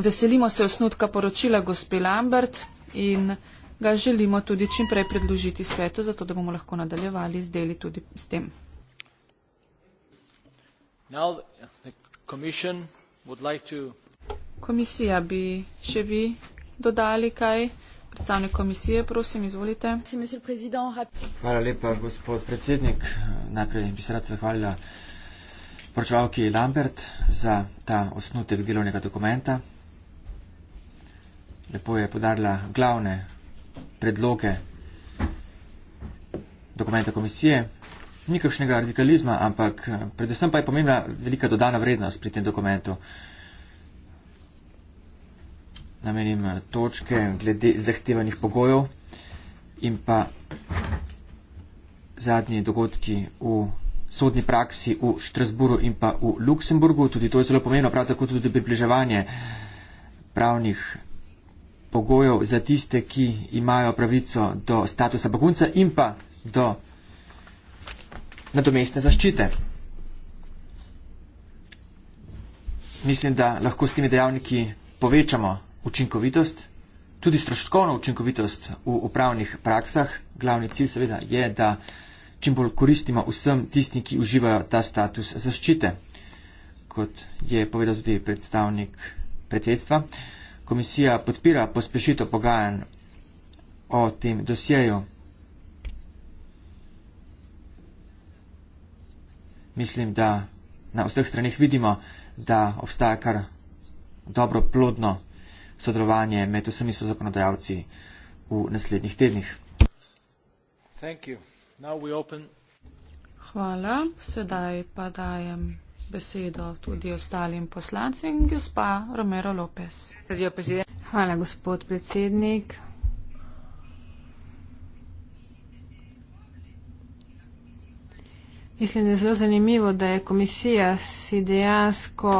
Veselimo se osnutka poročila gospe Lambert in ga želimo tudi čimprej predložiti svetu, zato da bomo lahko nadaljevali z deli tudi s tem. Like to... Komisija bi, če bi dodali kaj. Predstavnik komisije, prosim, izvolite. Hvala lepa, gospod predsednik. Najprej bi se rad zahvalila poročevalki Lambert za ta osnutek delovnega dokumenta. Lepo je podarila glavne predloge dokumenta komisije. Nikakšnega radikalizma, ampak predvsem pa je pomembna velika dodana vrednost pri tem dokumentu namenim eh, točke glede zahtevanih pogojev in pa zadnji dogodki v sodni praksi v Štrasburu in pa v Luksemburgu. Tudi to je zelo pomembno, prav tako tudi približevanje pravnih pogojev za tiste, ki imajo pravico do statusa begunca in pa do nadomestne zaščite. Mislim, da lahko s temi dejavniki povečamo učinkovitost, tudi stroškovno učinkovitost v upravnih praksah. Glavni cilj seveda je, da čim bolj koristimo vsem tistim, ki uživajo ta status zaščite. Kot je povedal tudi predstavnik predsedstva, komisija podpira pospešitev pogajanj o tem dosjeju. Mislim, da na vseh stranih vidimo, da obstaja kar dobro plodno sodelovanje med vsemi so zakonodajalci v naslednjih tednih. Hvala. Sedaj pa dajem besedo tudi ostalim poslancem, gospa Romero Lopez. Hvala, gospod predsednik. Mislim, da je zelo zanimivo, da je komisija si dejansko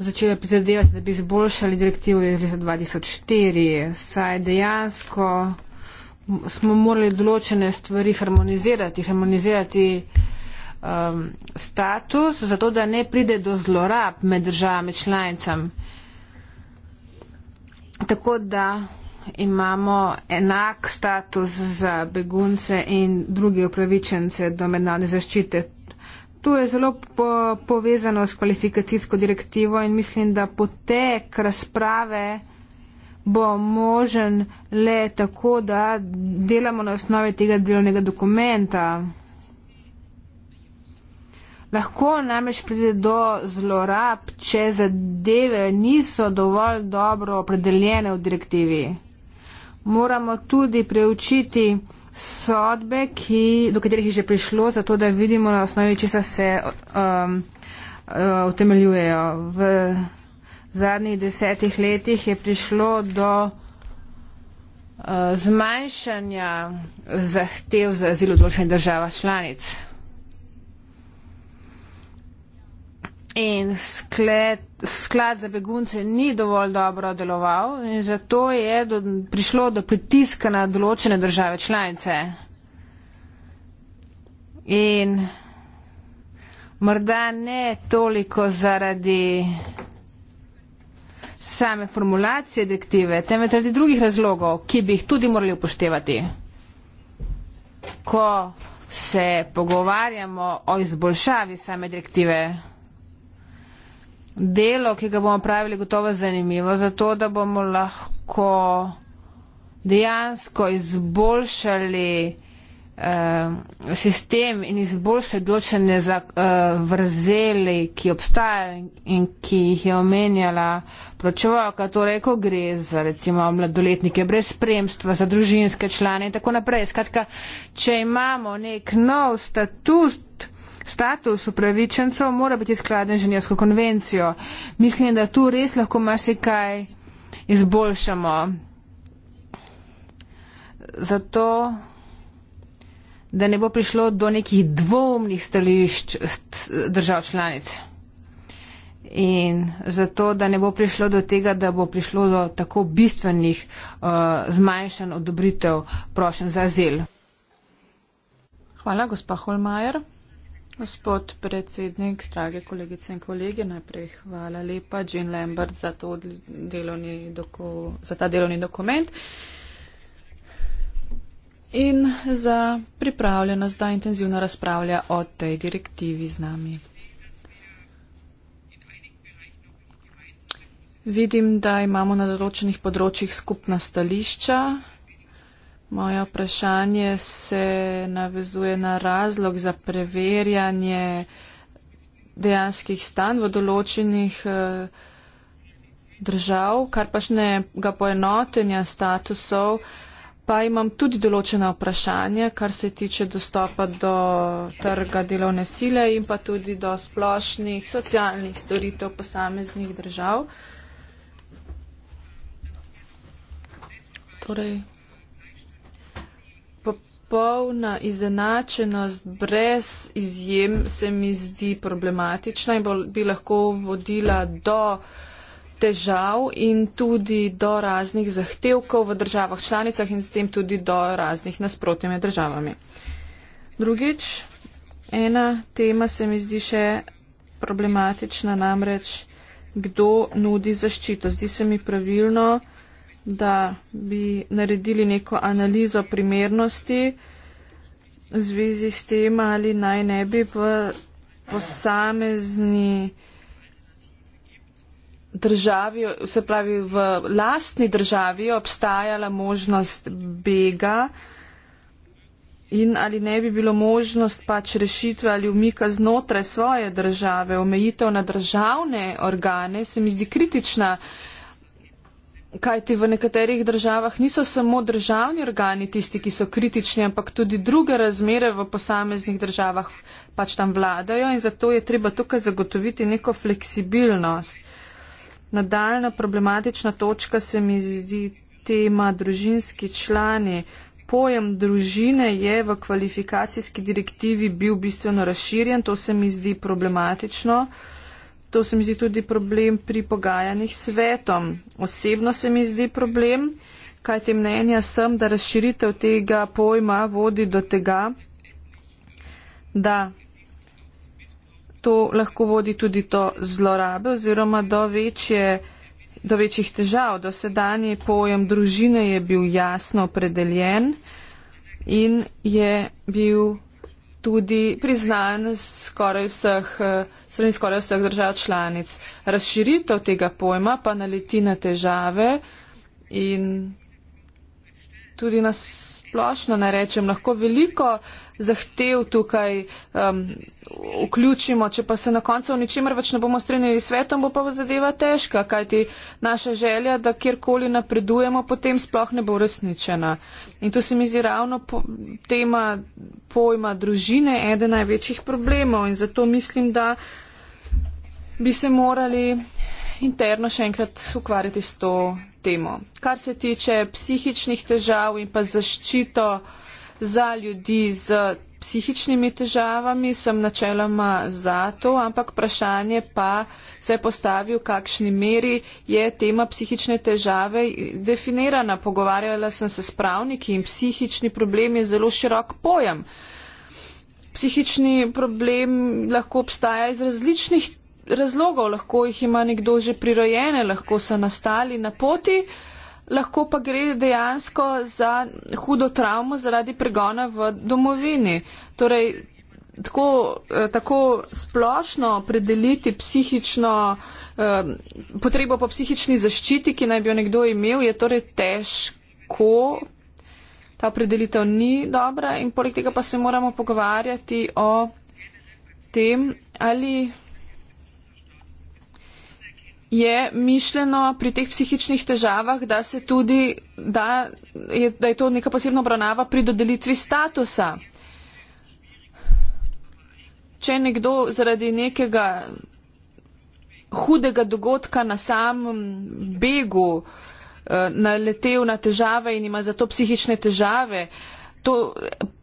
začele prizadevati, da bi izboljšali direktivo iz leta 2004, saj dejansko smo morali določene stvari harmonizirati, harmonizirati um, status, zato da ne pride do zlorab med državami članicam. Tako da imamo enak status za begunce in druge upravičence do mednarodne zaščite. To je zelo po, povezano s kvalifikacijsko direktivo in mislim, da potek razprave bo možen le tako, da delamo na osnovi tega delovnega dokumenta. Lahko namreč pride do zlorab, če zadeve niso dovolj dobro opredeljene v direktivi. Moramo tudi preučiti, sodbe, ki, do katerih je že prišlo, zato da vidimo na osnovi, če se um, uh, utemeljujejo. V zadnjih desetih letih je prišlo do uh, zmanjšanja zahtev za azil odločenih država članic. in skled, sklad za begunce ni dovolj dobro deloval in zato je do, prišlo do pritiska na določene države članice. In morda ne toliko zaradi same formulacije direktive, temveč zaradi drugih razlogov, ki bi jih tudi morali upoštevati. Ko se pogovarjamo o izboljšavi same direktive, delo, ki ga bomo pravili, gotovo zanimivo, zato da bomo lahko dejansko izboljšali eh, sistem in izboljšali določene eh, vrzeli, ki obstajajo in ki jih je omenjala pročevalka, torej ko gre za recimo mladoletnike brez spremstva, za družinske člane in tako naprej. Skratka, če imamo nek nov statut, status upravičencev mora biti skladen z Ženevsko konvencijo. Mislim, da tu res lahko marsikaj izboljšamo. Zato, da ne bo prišlo do nekih dvomnih stališč držav članic. In zato, da ne bo prišlo do tega, da bo prišlo do tako bistvenih uh, zmanjšanj odobritev prošen za azil. Hvala, gospa Holmajer. Gospod predsednik, drage kolegice in kolege, najprej hvala lepa Jean Lambert za, za ta delovni dokument in za pripravljenost, da intenzivno razpravlja o tej direktivi z nami. Vidim, da imamo na določenih področjih skupna stališča. Moje vprašanje se navezuje na razlog za preverjanje dejanskih stanj v določenih eh, držav, kar pač ne ga poenotenja statusov, pa imam tudi določena vprašanja, kar se tiče dostopa do trga delovne sile in pa tudi do splošnih socialnih storitev posameznih držav. Torej, popolna izenačenost brez izjem se mi zdi problematična in bi lahko vodila do težav in tudi do raznih zahtevkov v državah članicah in s tem tudi do raznih nasprotja med državami. Drugič, ena tema se mi zdi še problematična, namreč kdo nudi zaščito. Zdi se mi pravilno, da bi naredili neko analizo primernosti v zvezi s tem, ali naj ne bi v posamezni državi, se pravi v lastni državi, obstajala možnost bega in ali ne bi bilo možnost pač rešitve ali umika znotraj svoje države, omejitev na državne organe, se mi zdi kritična. Uh, Kajti v nekaterih državah niso samo državni organi tisti, ki so kritični, ampak tudi druge razmere v posameznih državah pač tam vladajo in zato je treba tukaj zagotoviti neko fleksibilnost. Nadaljna problematična točka se mi zdi tema družinski člani. Pojem družine je v kvalifikacijski direktivi bil bistveno razširjen, to se mi zdi problematično. Uh, to se mi zdi tudi problem pri pogajanjih svetom. Osebno se mi zdi problem, kaj te mnenja sem, da razširitev tega pojma vodi do tega, da to lahko vodi tudi do zlorabe oziroma do, večje, do večjih težav. Do sedanji pojem družine je bil jasno opredeljen in je bil tudi priznan skoraj vseh, eh, srednji skoraj vseh držav članic. Razširitev tega pojma pa naleti na težave in tudi nas splošno narečem, lahko veliko zahtev tukaj um, vključimo, če pa se na koncu v ničemer več ne bomo strinjali s svetom, bo pa zadeva težka, kajti naša želja, da kjerkoli napredujemo, potem sploh ne bo resničena. In to se mi zdi ravno po, tema pojma družine, eden največjih problemov in zato mislim, da bi se morali interno še enkrat ukvarjati s to temo. Kar se tiče psihičnih težav in pa zaščito za ljudi z psihičnimi težavami, sem načeloma za to, ampak vprašanje pa se je postavil, v kakšni meri je tema psihične težave definirana. Pogovarjala sem se s pravniki in psihični problem je zelo širok pojem. Psihični problem lahko obstaja iz različnih razlogov, lahko jih ima nekdo že prirojene, lahko so nastali na poti, lahko pa gre dejansko za hudo travmo zaradi pregona v domovini. Torej, tako, eh, tako splošno predeliti psihično, eh, potrebo po psihični zaščiti, ki naj bi jo nekdo imel, je torej težko. Ta predelitev ni dobra in poleg tega pa se moramo pogovarjati o tem, ali je mišljeno pri teh psihičnih težavah, da, tudi, da, je, da je to neka posebna obravnava pri dodelitvi statusa. Če nekdo zaradi nekega hudega dogodka na samem begu eh, naletev na težave in ima zato psihične težave, to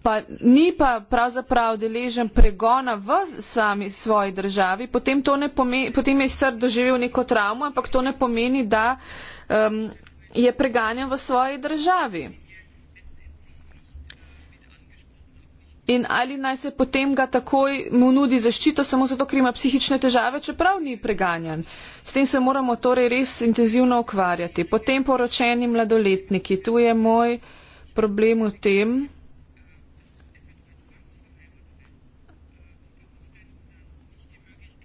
pa ni pa pravzaprav deležen pregona v sami svoji državi, potem, pomeni, potem je srd doživel neko travmo, ampak to ne pomeni, da um, je preganjen v svoji državi. In ali naj se potem ga takoj mu nudi zaščito samo zato, ker ima psihične težave, čeprav ni preganjan. S tem se moramo torej res intenzivno ukvarjati. Potem poročeni mladoletniki, tu je moj problem v tem,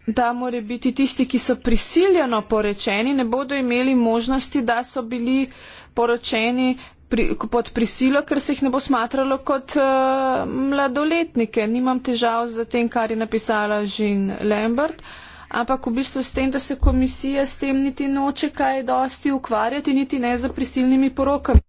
da more biti tisti, ki so prisiljeno porečeni, ne bodo imeli možnosti, da so bili poročeni pri, pod prisilo, ker se jih ne bo smatralo kot uh, mladoletnike. Nimam težav z tem, kar je napisala Žin Lambert, ampak v bistvu s tem, da se komisija s tem niti noče kaj dosti ukvarjati, niti ne za prisilnimi porokami.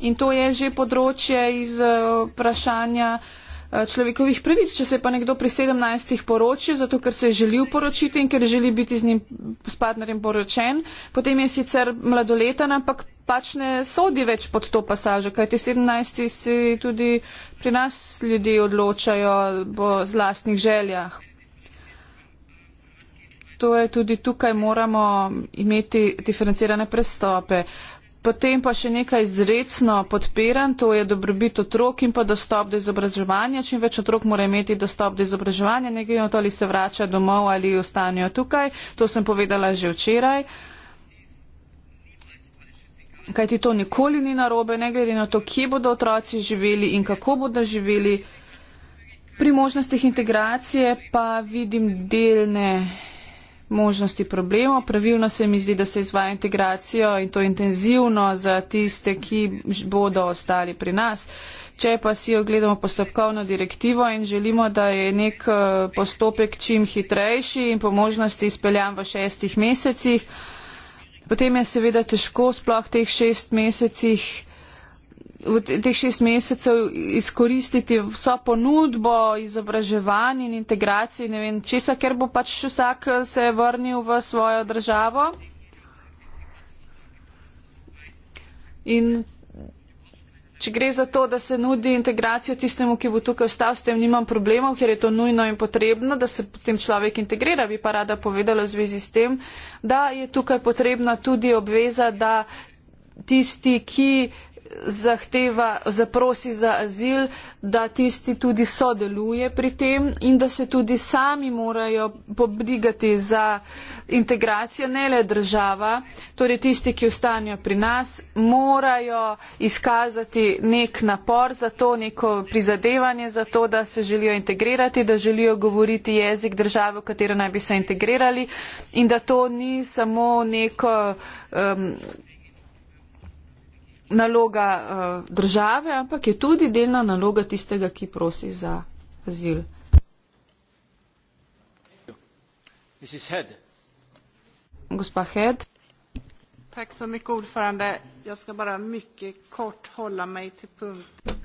In to je že področje iz eh, vprašanja eh, človekovih pravic. Če se pa nekdo pri 17. poroči, zato ker se je želel poročiti in ker želi biti z njim s partnerjem poročen, potem je sicer mladoleten, ampak pač ne sodi več pod to pasažo, kajti 17. si tudi pri nas ljudi odločajo po zlastnih željah. To je tudi tukaj moramo imeti diferencirane prestope. Uh, Potem pa še nekaj izredno podpiram, to je dobrobit otrok in pa dostop do izobraževanja. Čim več otrok mora imeti dostop do izobraževanja, ne glede na to, ali se vrača domov ali ostanejo tukaj. To sem povedala že včeraj. Kaj ti to nikoli ni narobe, ne glede na to, kje bodo otroci živeli in kako bodo živeli. Pri možnostih integracije pa vidim delne možnosti problemov. Pravilno se mi zdi, da se izvaja integracijo in to intenzivno za tiste, ki bodo ostali pri nas. Če pa si ogledamo postopkovno direktivo in želimo, da je nek eh, postopek čim hitrejši in po možnosti izpeljan v šestih mesecih, potem je seveda težko sploh teh šest mesecih v teh šest mesecev izkoristiti vso ponudbo izobraževanj in integracij, ne vem česa, ker bo pač vsak eh, se vrnil v svojo državo. In če gre za to, da se nudi integracijo tistemu, ki bo tukaj ostal, s tem nimam problemov, ker je to nujno in potrebno, da se potem človek integrira, bi pa rada povedala v zvezi s tem, da je tukaj potrebna tudi obveza, da tisti, ki zahteva, zaprosi za azil, da tisti tudi sodeluje pri tem in da se tudi sami morajo pobrigati za integracijo, ne le država, torej tisti, ki ostanejo pri nas, morajo izkazati nek napor za to, neko prizadevanje za to, da se želijo integrirati, da želijo govoriti jezik države, v katero naj bi se integrirali in da to ni samo neko. Um, naloga uh, države, ampak je tudi delna naloga tistega, ki prosi za azil. Head. Gospa Hed.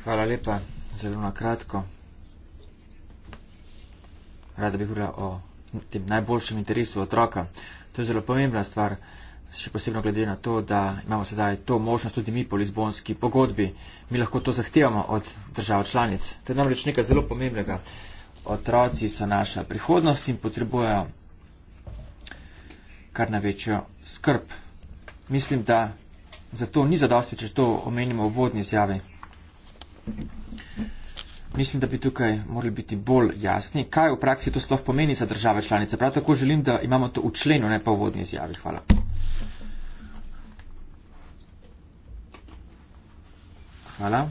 Hvala lepa, zelo na kratko. Rada bi govorila o tem najboljšem interesu otroka. To je zelo pomembna stvar še posebno glede na to, da imamo sedaj to možnost tudi mi po Lizbonski pogodbi, mi lahko to zahtevamo od držav članic. To je namreč nekaj zelo pomembnega. Otroci so naša prihodnost in potrebujejo kar največjo skrb. Mislim, da zato ni zadosti, če to omenimo v vodni izjavi. Mislim, da bi tukaj morali biti bolj jasni, kaj v praksi to sploh pomeni za države članice. Prav tako želim, da imamo to v členu, ne pa v vodni izjavi. Hvala. Hvala.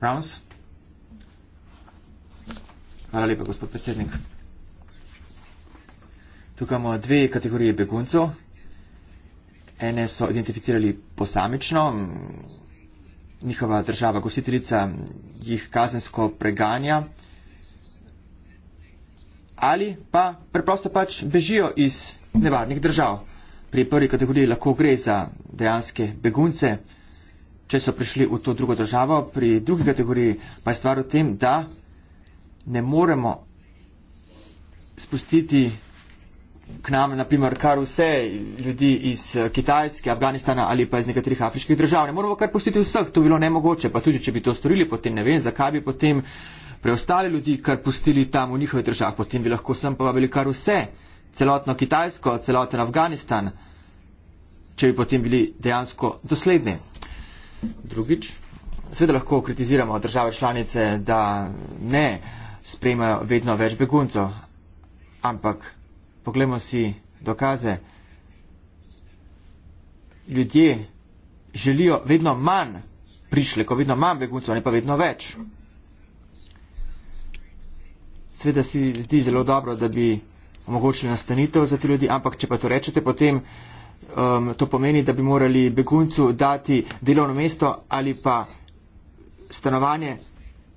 Browns? Hvala lepa, gospod predsednik. Tukaj imamo dve kategorije beguncov. Ene so identificirali posamično, njihova država gostiteljica jih kazensko preganja ali pa preprosto pač bežijo iz nevarnih držav. Pri prvi kategoriji lahko gre za dejanske begunce če so prišli v to drugo državo. Pri drugi kategoriji pa je stvar v tem, da ne moremo spustiti k nam, naprimer, kar vse ljudi iz eh, Kitajske, Afganistana ali pa iz nekaterih afriških držav. Ne moramo kar pustiti vseh, to bi bilo nemogoče. Pa tudi, če bi to storili, potem ne vem, zakaj bi potem preostale ljudi kar pustili tam v njihovih državah. Potem bi lahko sem povabili kar vse, celotno Kitajsko, celoten Afganistan, če bi potem bili dejansko dosledni. Drugič. Sveda lahko kritiziramo države članice, da ne sprejmajo vedno več beguncov, ampak poglejmo si dokaze. Ljudje želijo vedno manj prišlekov, vedno manj beguncov, ne pa vedno več. Sveda si zdi zelo dobro, da bi omogočili nastanitev za te ljudi, ampak če pa to rečete, potem um, to pomeni, da bi morali beguncu dati delovno mesto ali pa stanovanje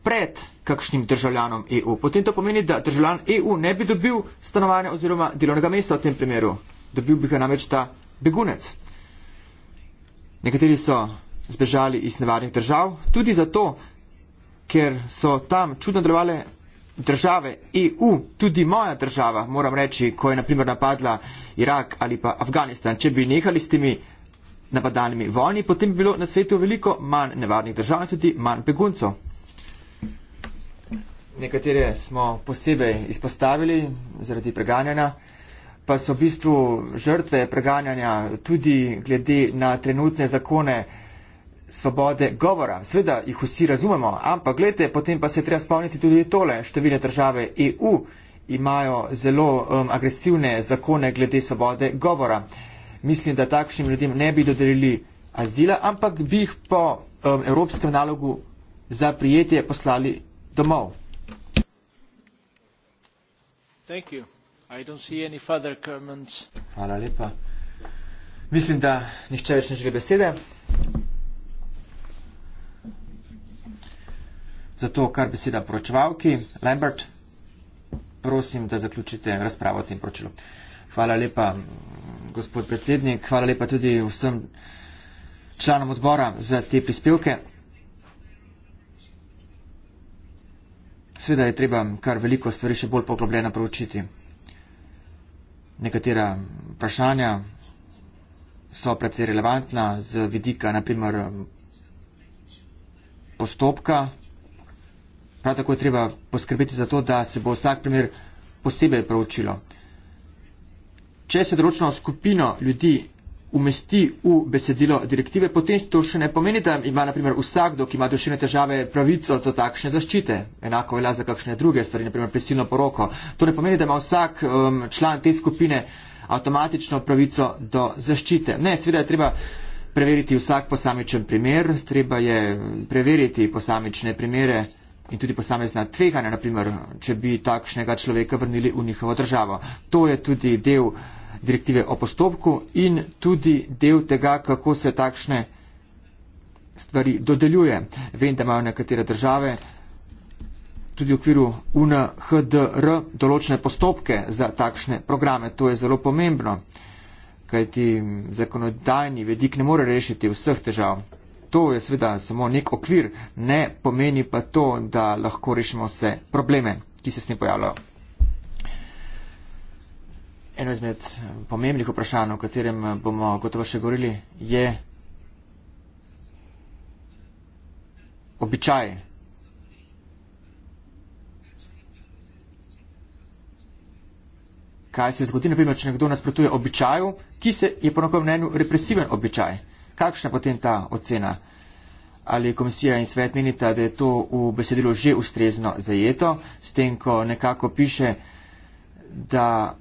pred kakšnim državljanom EU. Potem to pomeni, da državljan EU ne bi dobil stanovanja oziroma delovnega mesta v tem primeru. Dobil bi ga namreč ta begunec. Nekateri so zbežali iz nevarnih držav, tudi zato, ker so tam čudno delovale države EU, tudi moja država, moram reči, ko je naprimer napadla Irak ali pa Afganistan, če bi nehali s temi napadalnimi vojni, potem bi bilo na svetu veliko manj nevarnih držav in tudi manj beguncov. Nekatere smo posebej izpostavili zaradi preganjanja, pa so v bistvu žrtve preganjanja tudi glede na trenutne zakone svobode govora. Sveda jih vsi razumemo, ampak gledajte, potem pa se treba spomniti tudi tole. Številne države EU imajo zelo um, agresivne zakone glede svobode govora. Mislim, da takšnim ljudem ne bi dodelili azila, ampak bi jih po um, evropskem nalogu za prijetje poslali domov. Hvala lepa. Mislim, da nihče več ne želi besede. Zato kar beseda poročevalki. Lambert, prosim, da zaključite razpravo o tem poročilu. Hvala lepa, gospod predsednik. Hvala lepa tudi vsem članom odbora za te prispevke. Sveda je treba kar veliko stvari še bolj poglobljeno proučiti. Nekatera vprašanja so predvsej relevantna z vidika, naprimer, postopka Prav tako je treba poskrbeti za to, da se bo vsak primer posebej proučilo. Če se določeno skupino ljudi umesti v besedilo direktive, potem to še ne pomeni, da ima naprimer vsakdo, ki ima duševne težave, pravico do takšne zaščite. Enako velja za kakšne druge stvari, naprimer prisilno poroko. To ne pomeni, da ima vsak um, član te skupine avtomatično pravico do zaščite. Ne, seveda je treba preveriti vsak posamičen primer, treba je um, preveriti posamične primere in tudi posamezna tveganja, naprimer, če bi takšnega človeka vrnili v njihovo državo. To je tudi del direktive o postopku in tudi del tega, kako se takšne stvari dodeljuje. Vem, da imajo nekatere države tudi v okviru UNHDR določene postopke za takšne programe. To je zelo pomembno, kajti zakonodajni vedik ne more rešiti vseh težav to je seveda samo nek okvir, ne pomeni pa to, da lahko rešimo vse probleme, ki se s njim pojavljajo. Eno izmed pomembnih vprašanj, o katerem bomo gotovo še govorili, je običaj. Kaj se zgodi, naprimer, če nekdo nasprotuje običaju, ki se je po nekom mnenju represiven običaj? Kakšna potem ta ocena? Ali komisija in svet menita, da je to v besedilu že ustrezno zajeto, s tem, ko nekako piše, da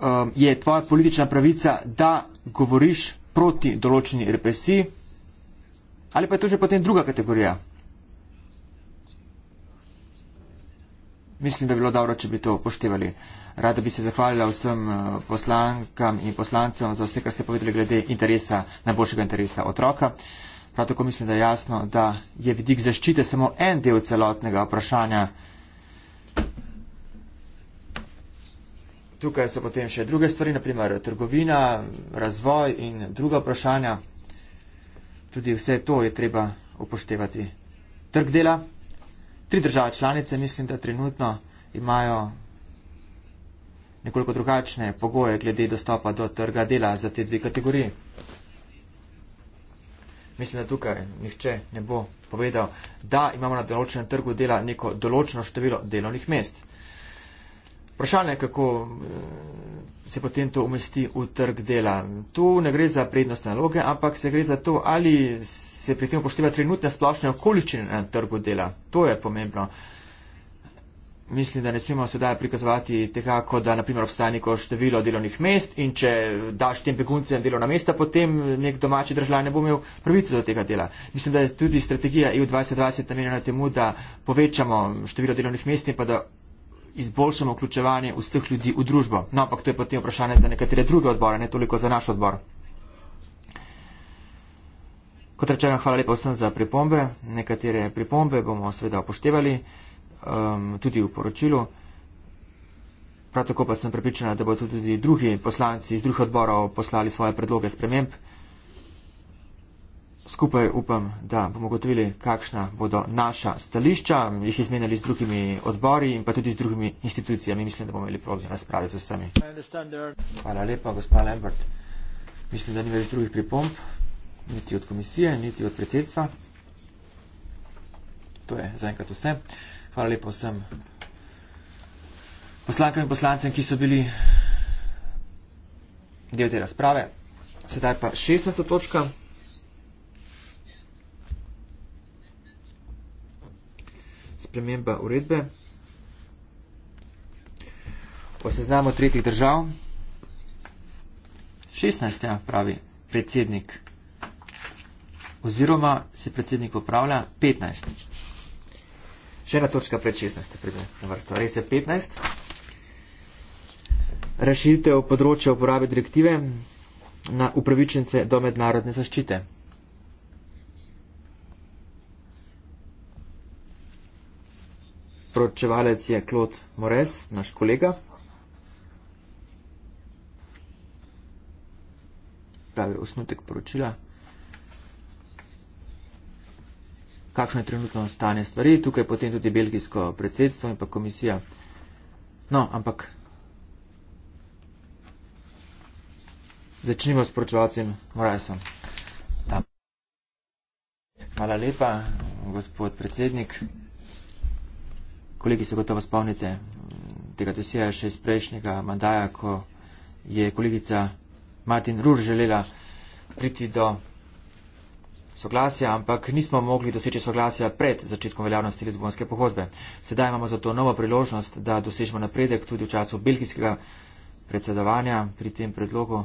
um, je tvoja politična pravica, da govoriš proti določeni represiji, ali pa je to že potem druga kategorija? Mislim, da bi bilo dobro, če bi to upoštevali. Uh, Rada bi se zahvalila vsem eh, poslankam in poslancem za vse, kar ste povedali glede interesa, najboljšega interesa otroka. Prav tako mislim, da je jasno, da je vidik zaščite samo en del celotnega vprašanja. Tukaj so potem še druge stvari, naprimer trgovina, razvoj in druga vprašanja. Tudi vse to je treba upoštevati. Trg dela. Tri države članice, mislim, da trenutno imajo nekoliko drugačne pogoje glede dostopa do trga dela za te dve kategoriji. Mislim, da tukaj nihče ne bo povedal, da imamo na določenem trgu dela neko določeno število delovnih mest. Vprašanje je, kako eh, se potem to umesti v trg dela. Tu ne gre za prednostne naloge, ampak se gre za to, ali se pri tem upošteva trenutne splošne okoličine na trgu dela. To je pomembno mislim, da ne smemo sedaj prikazovati tega, kot da naprimer obstaja neko število delovnih mest in če daš tem beguncem delovna mesta, potem nek domači državljan ne bo imel pravice do tega dela. Mislim, da je tudi strategija EU 2020 namenjena temu, da povečamo število delovnih mest in pa da izboljšamo vključevanje vseh ljudi v družbo. No, ampak to je potem vprašanje za nekatere druge odbore, ne toliko za naš odbor. Kot rečeno, hvala lepa vsem za pripombe. Nekatere pripombe bomo seveda upoštevali um, tudi v poročilu. Prav tako pa sem prepričana, da bodo tudi drugi poslanci iz drugih odborov poslali svoje predloge sprememb. Skupaj upam, da bomo gotovili, kakšna bodo naša stališča, jih izmenjali z drugimi odbori in pa tudi z drugimi institucijami. Mislim, da bomo imeli prav, da razprave z vsemi. Hvala lepa, gospa Lambert. Mislim, da ni več drugih pripomb, niti od komisije, niti od predsedstva. To je zaenkrat vse. Hvala lepo vsem poslankam in poslancem, ki so bili del te razprave. Sedaj pa 16. točka. Sprememba uredbe o seznamu tretjih držav. 16. pravi predsednik. Oziroma se predsednik popravlja 15. Še ena točka pred 16. pride na vrsto. Res je 15. Rešitev področja uporabe direktive na upravičence do mednarodne zaščite. Pročevalec je Klot Mores, naš kolega. Pravi osnutek poročila. kakšno je trenutno stanje stvari, tukaj potem tudi belgijsko predsedstvo in pa komisija. No, ampak začnimo s poročevalcem Morajsom. Hvala lepa, gospod predsednik. Kolegi se gotovo spomnite tega dosija še iz prejšnjega mandaja, ko je kolegica Martin Rur želela priti do soglasja, ampak nismo mogli doseči soglasja pred začetkom veljavnosti Lizbonske pohodbe. Sedaj imamo zato novo priložnost, da dosežemo napredek tudi v času belgijskega predsedovanja pri tem predlogu,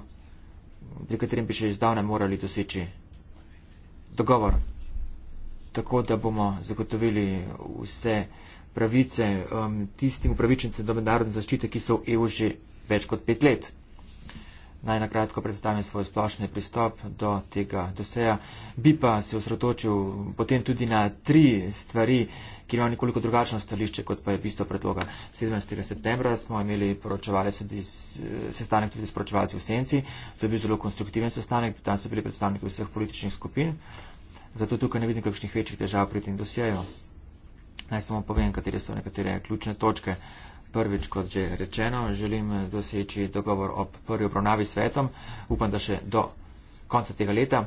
pri katerem bi še izdavne morali doseči dogovor, tako da bomo zagotovili vse pravice um, tistim upravičencem do mednarodne zaščite, ki so v EU že več kot pet let. Naj na kratko predstavim svoj splošni pristop do tega doseja. Bi pa se osredotočil potem tudi na tri stvari, ki imajo nekoliko drugačno stališče, kot pa je bistvo predloga. 17. septembra smo imeli tudi sestanek tudi s poročevalci v Senci. To je bil zelo konstruktiven sestanek, tam so bili predstavniki vseh političnih skupin. Zato tukaj ne vidim kakšnih večjih težav pri tem doseju. Naj samo povem, katere so nekatere ključne točke. Uh, Prvič, kot že rečeno, želim doseči dogovor ob prvi obravnavi svetom. Upam, da še do konca tega leta.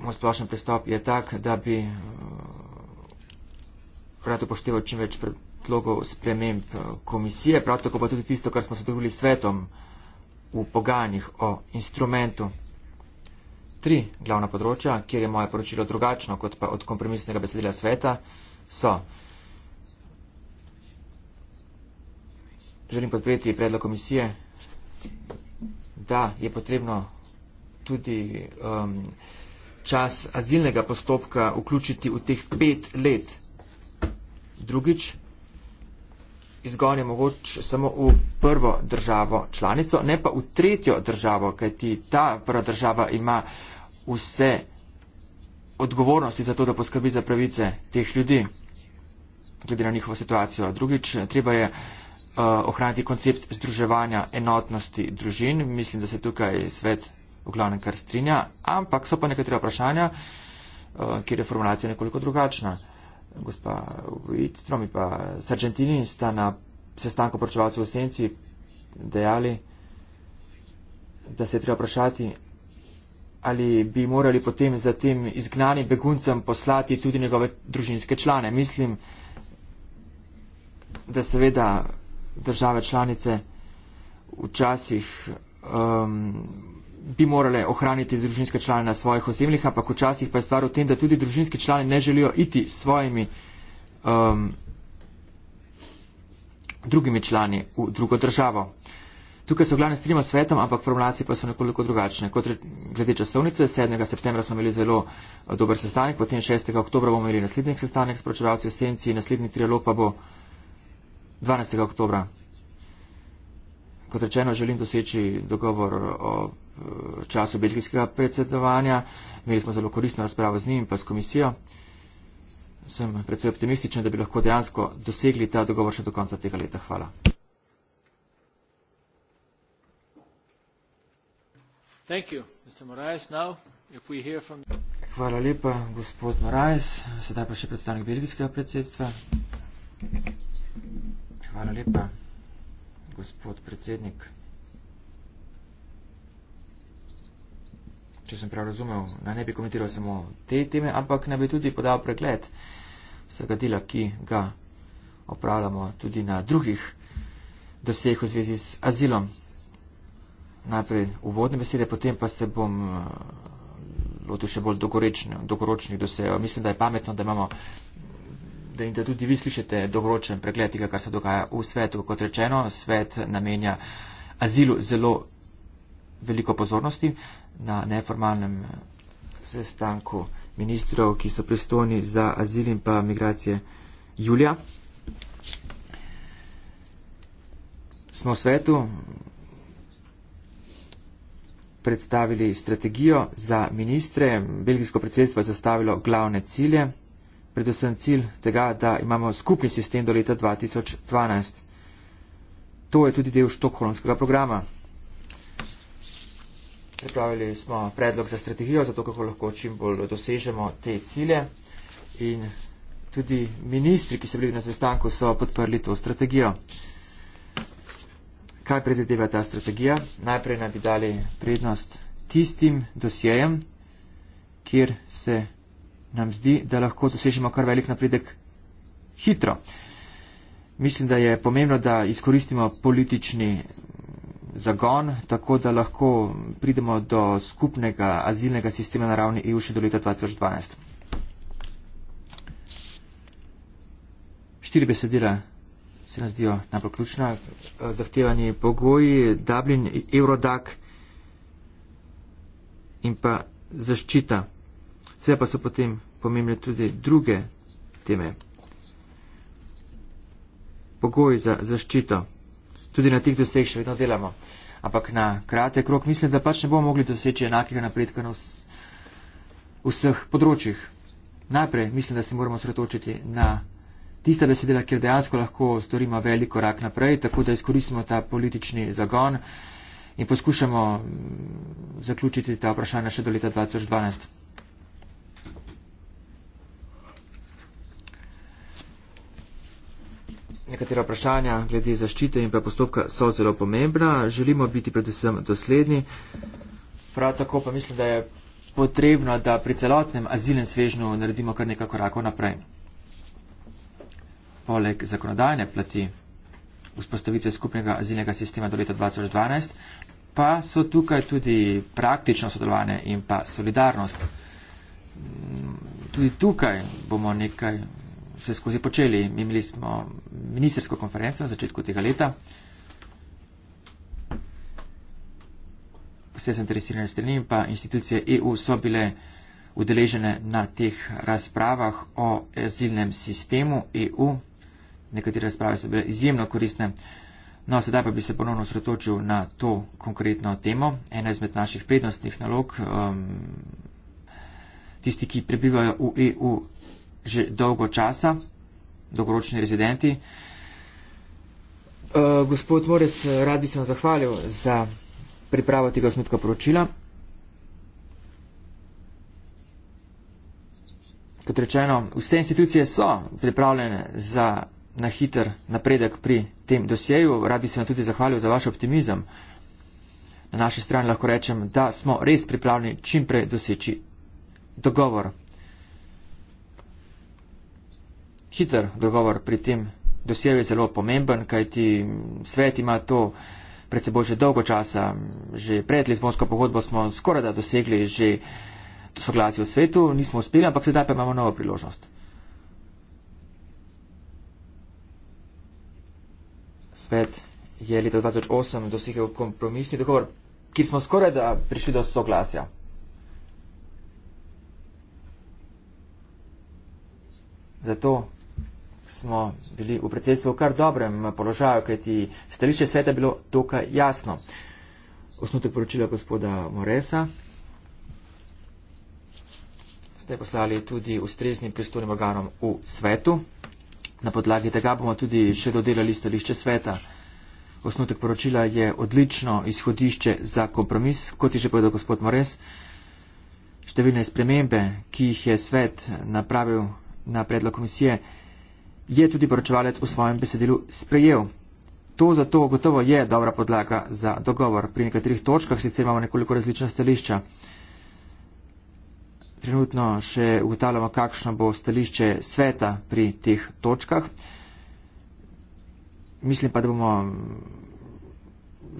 Moj splošen pristop je tak, da bi eh, rad upošteval čim več predlogov sprememb eh, komisije, prav tako pa tudi tisto, kar smo se dogovorili s svetom v pogajanjih o instrumentu. Tri glavna področja, kjer je moje poročilo drugačno kot pa od kompromisnega besedila sveta, so želim podpreti predlog komisije, da je potrebno tudi um, čas azilnega postopka vključiti v teh pet let. Drugič, izgon je mogoč samo v prvo državo članico, ne pa v tretjo državo, kajti ta prva država ima vse odgovornosti za to, da poskrbi za pravice teh ljudi, glede na njihovo situacijo. Drugič, treba je Eh, ohraniti koncept združevanja enotnosti družin. Mislim, da se tukaj svet v glavnem kar strinja, ampak so pa nekatera vprašanja, eh, kjer je formulacija nekoliko drugačna. Gospa Wittstrom in pa Sargentini sta na sestanku poročevalcev v Senci dejali, da se je treba vprašati, ali bi morali potem za tem izgnanim beguncem poslati tudi njegove družinske člane. Mislim, da seveda države članice včasih um, bi morale ohraniti družinske člane na svojih osebnih, ampak včasih pa je stvar v tem, da tudi družinski člani ne želijo iti s svojimi um, drugimi člani v drugo državo. Tukaj so glavne strima svetom, ampak formulacije pa so nekoliko drugačne. Kot glede časovnice, 7. septembra smo imeli zelo eh, dober sestanek, potem 6. oktobra bomo imeli naslednji sestanek s pročevalci v senci, naslednji trialog pa bo 12. oktobra. Kot rečeno, želim doseči dogovor o eh, času belgijskega predsedovanja. Imeli smo zelo koristno razpravo z njim in pa s komisijo. Sem predvsej optimističen, da bi lahko dejansko dosegli ta dogovor še do konca tega leta. Hvala. Hvala lepa, gospod Morajs. Sedaj pa še predstavnik belgijskega predsedstva. Hvala lepa, gospod predsednik. Če sem prav razumel, ne bi komentiral samo te teme, ampak ne bi tudi podal pregled vsega dela, ki ga opravljamo tudi na drugih doseh v zvezi z azilom. Najprej uvodne besede, potem pa se bom eh, lotil še bolj dogoročnih dosejev. Mislim, da je pametno, da imamo da, da tudi vi slišite dolgoročen pregled tega, kar se dogaja v svetu. Kot rečeno, svet namenja azilu zelo veliko pozornosti na neformalnem sestanku ministrov, ki so pristojni za azil in pa migracije julija. Smo v svetu predstavili strategijo za ministre, belgijsko predsedstvo je zastavilo glavne cilje predvsem cilj tega, da imamo skupni sistem do leta 2012. To je tudi del štokholmskega programa. Pripravili smo predlog za strategijo, zato kako lahko čim bolj dosežemo te cilje. In tudi ministri, ki so bili na sestanku, so podprli to strategijo. Kaj predvideva ta strategija? Najprej naj bi dali prednost tistim dosjejem, kjer se nam zdi, da lahko dosežemo kar velik napredek hitro. Mislim, da je pomembno, da izkoristimo politični zagon, tako da lahko pridemo do skupnega azilnega sistema na ravni EU še do leta 2012. Štiri besedila se nam zdijo najbolj ključna. Eh, zahtevani pogoji, Dublin, Eurodac in pa zaščita Vse pa so potem pomembne tudi druge teme. Pogoji za zaščito. Tudi na teh doseg še vedno delamo. Ampak na kratek rok mislim, da pač ne bomo mogli doseči enakega napredka na vseh področjih. Najprej mislim, da se moramo sretočiti na tista besedila, kjer dejansko lahko storimo velik korak naprej, tako da izkoristimo ta politični zagon in poskušamo mm, zaključiti ta vprašanja še do leta 2012. Nekatera vprašanja glede zaščite in pa postopka so zelo pomembna. Želimo biti predvsem dosledni. Prav tako pa mislim, da je potrebno, da pri celotnem azilnem svežnju naredimo kar nekaj korakov naprej. Poleg zakonodajne plati vzpostavitve skupnega azilnega sistema do leta 2012, pa so tukaj tudi praktično sodelovanje in pa solidarnost. Tudi tukaj bomo nekaj vse skozi počeli. Mi imeli smo ministersko konferenco na začetku tega leta. Vse zainteresirane strani in pa institucije EU so bile udeležene na teh razpravah o azilnem sistemu EU. Nekatere razprave so bile izjemno koristne. No, sedaj pa bi se ponovno osredotočil na to konkretno temo. Ena izmed naših prednostnih nalog, um, tisti, ki prebivajo v EU, že dolgo časa, dolgoročni rezidenti. Uh, gospod Mores, rad bi se vam zahvalil za pripravo tega osmetka poročila. Kot rečeno, vse institucije so pripravljene za na hiter napredek pri tem dosjeju. Rad bi se vam tudi zahvalil za vaš optimizem. Na naši strani lahko rečem, da smo res pripravljeni čimprej doseči dogovor. hiter dogovor pri tem dosjeju je zelo pomemben, kajti svet ima to pred seboj že dolgo časa. Že pred Lizbonsko pogodbo smo skoraj da dosegli že soglasje v svetu, nismo uspeli, ampak sedaj pa imamo novo priložnost. Svet je leta 2008 dosegel kompromisni dogovor, ki smo skoraj da prišli do soglasja. Zato smo bili v predsedstvu v kar dobrem položaju, kajti stališče sveta je bilo dokaj jasno. Osnutek poročila gospoda Moresa ste poslali tudi ustreznim pristojnim organom v svetu. Na podlagi tega bomo tudi še dodelali stališče sveta. Osnutek poročila je odlično izhodišče za kompromis, kot je že povedal gospod Mores. Številne spremembe, ki jih je svet napravil na predlog komisije, je tudi poročevalec v svojem besedilu sprejel. To zato gotovo je dobra podlaga za dogovor. Pri nekaterih točkah sicer imamo nekoliko različna stališča. Trenutno še ugotavljamo, kakšno bo stališče sveta pri teh točkah. Mislim pa, da bomo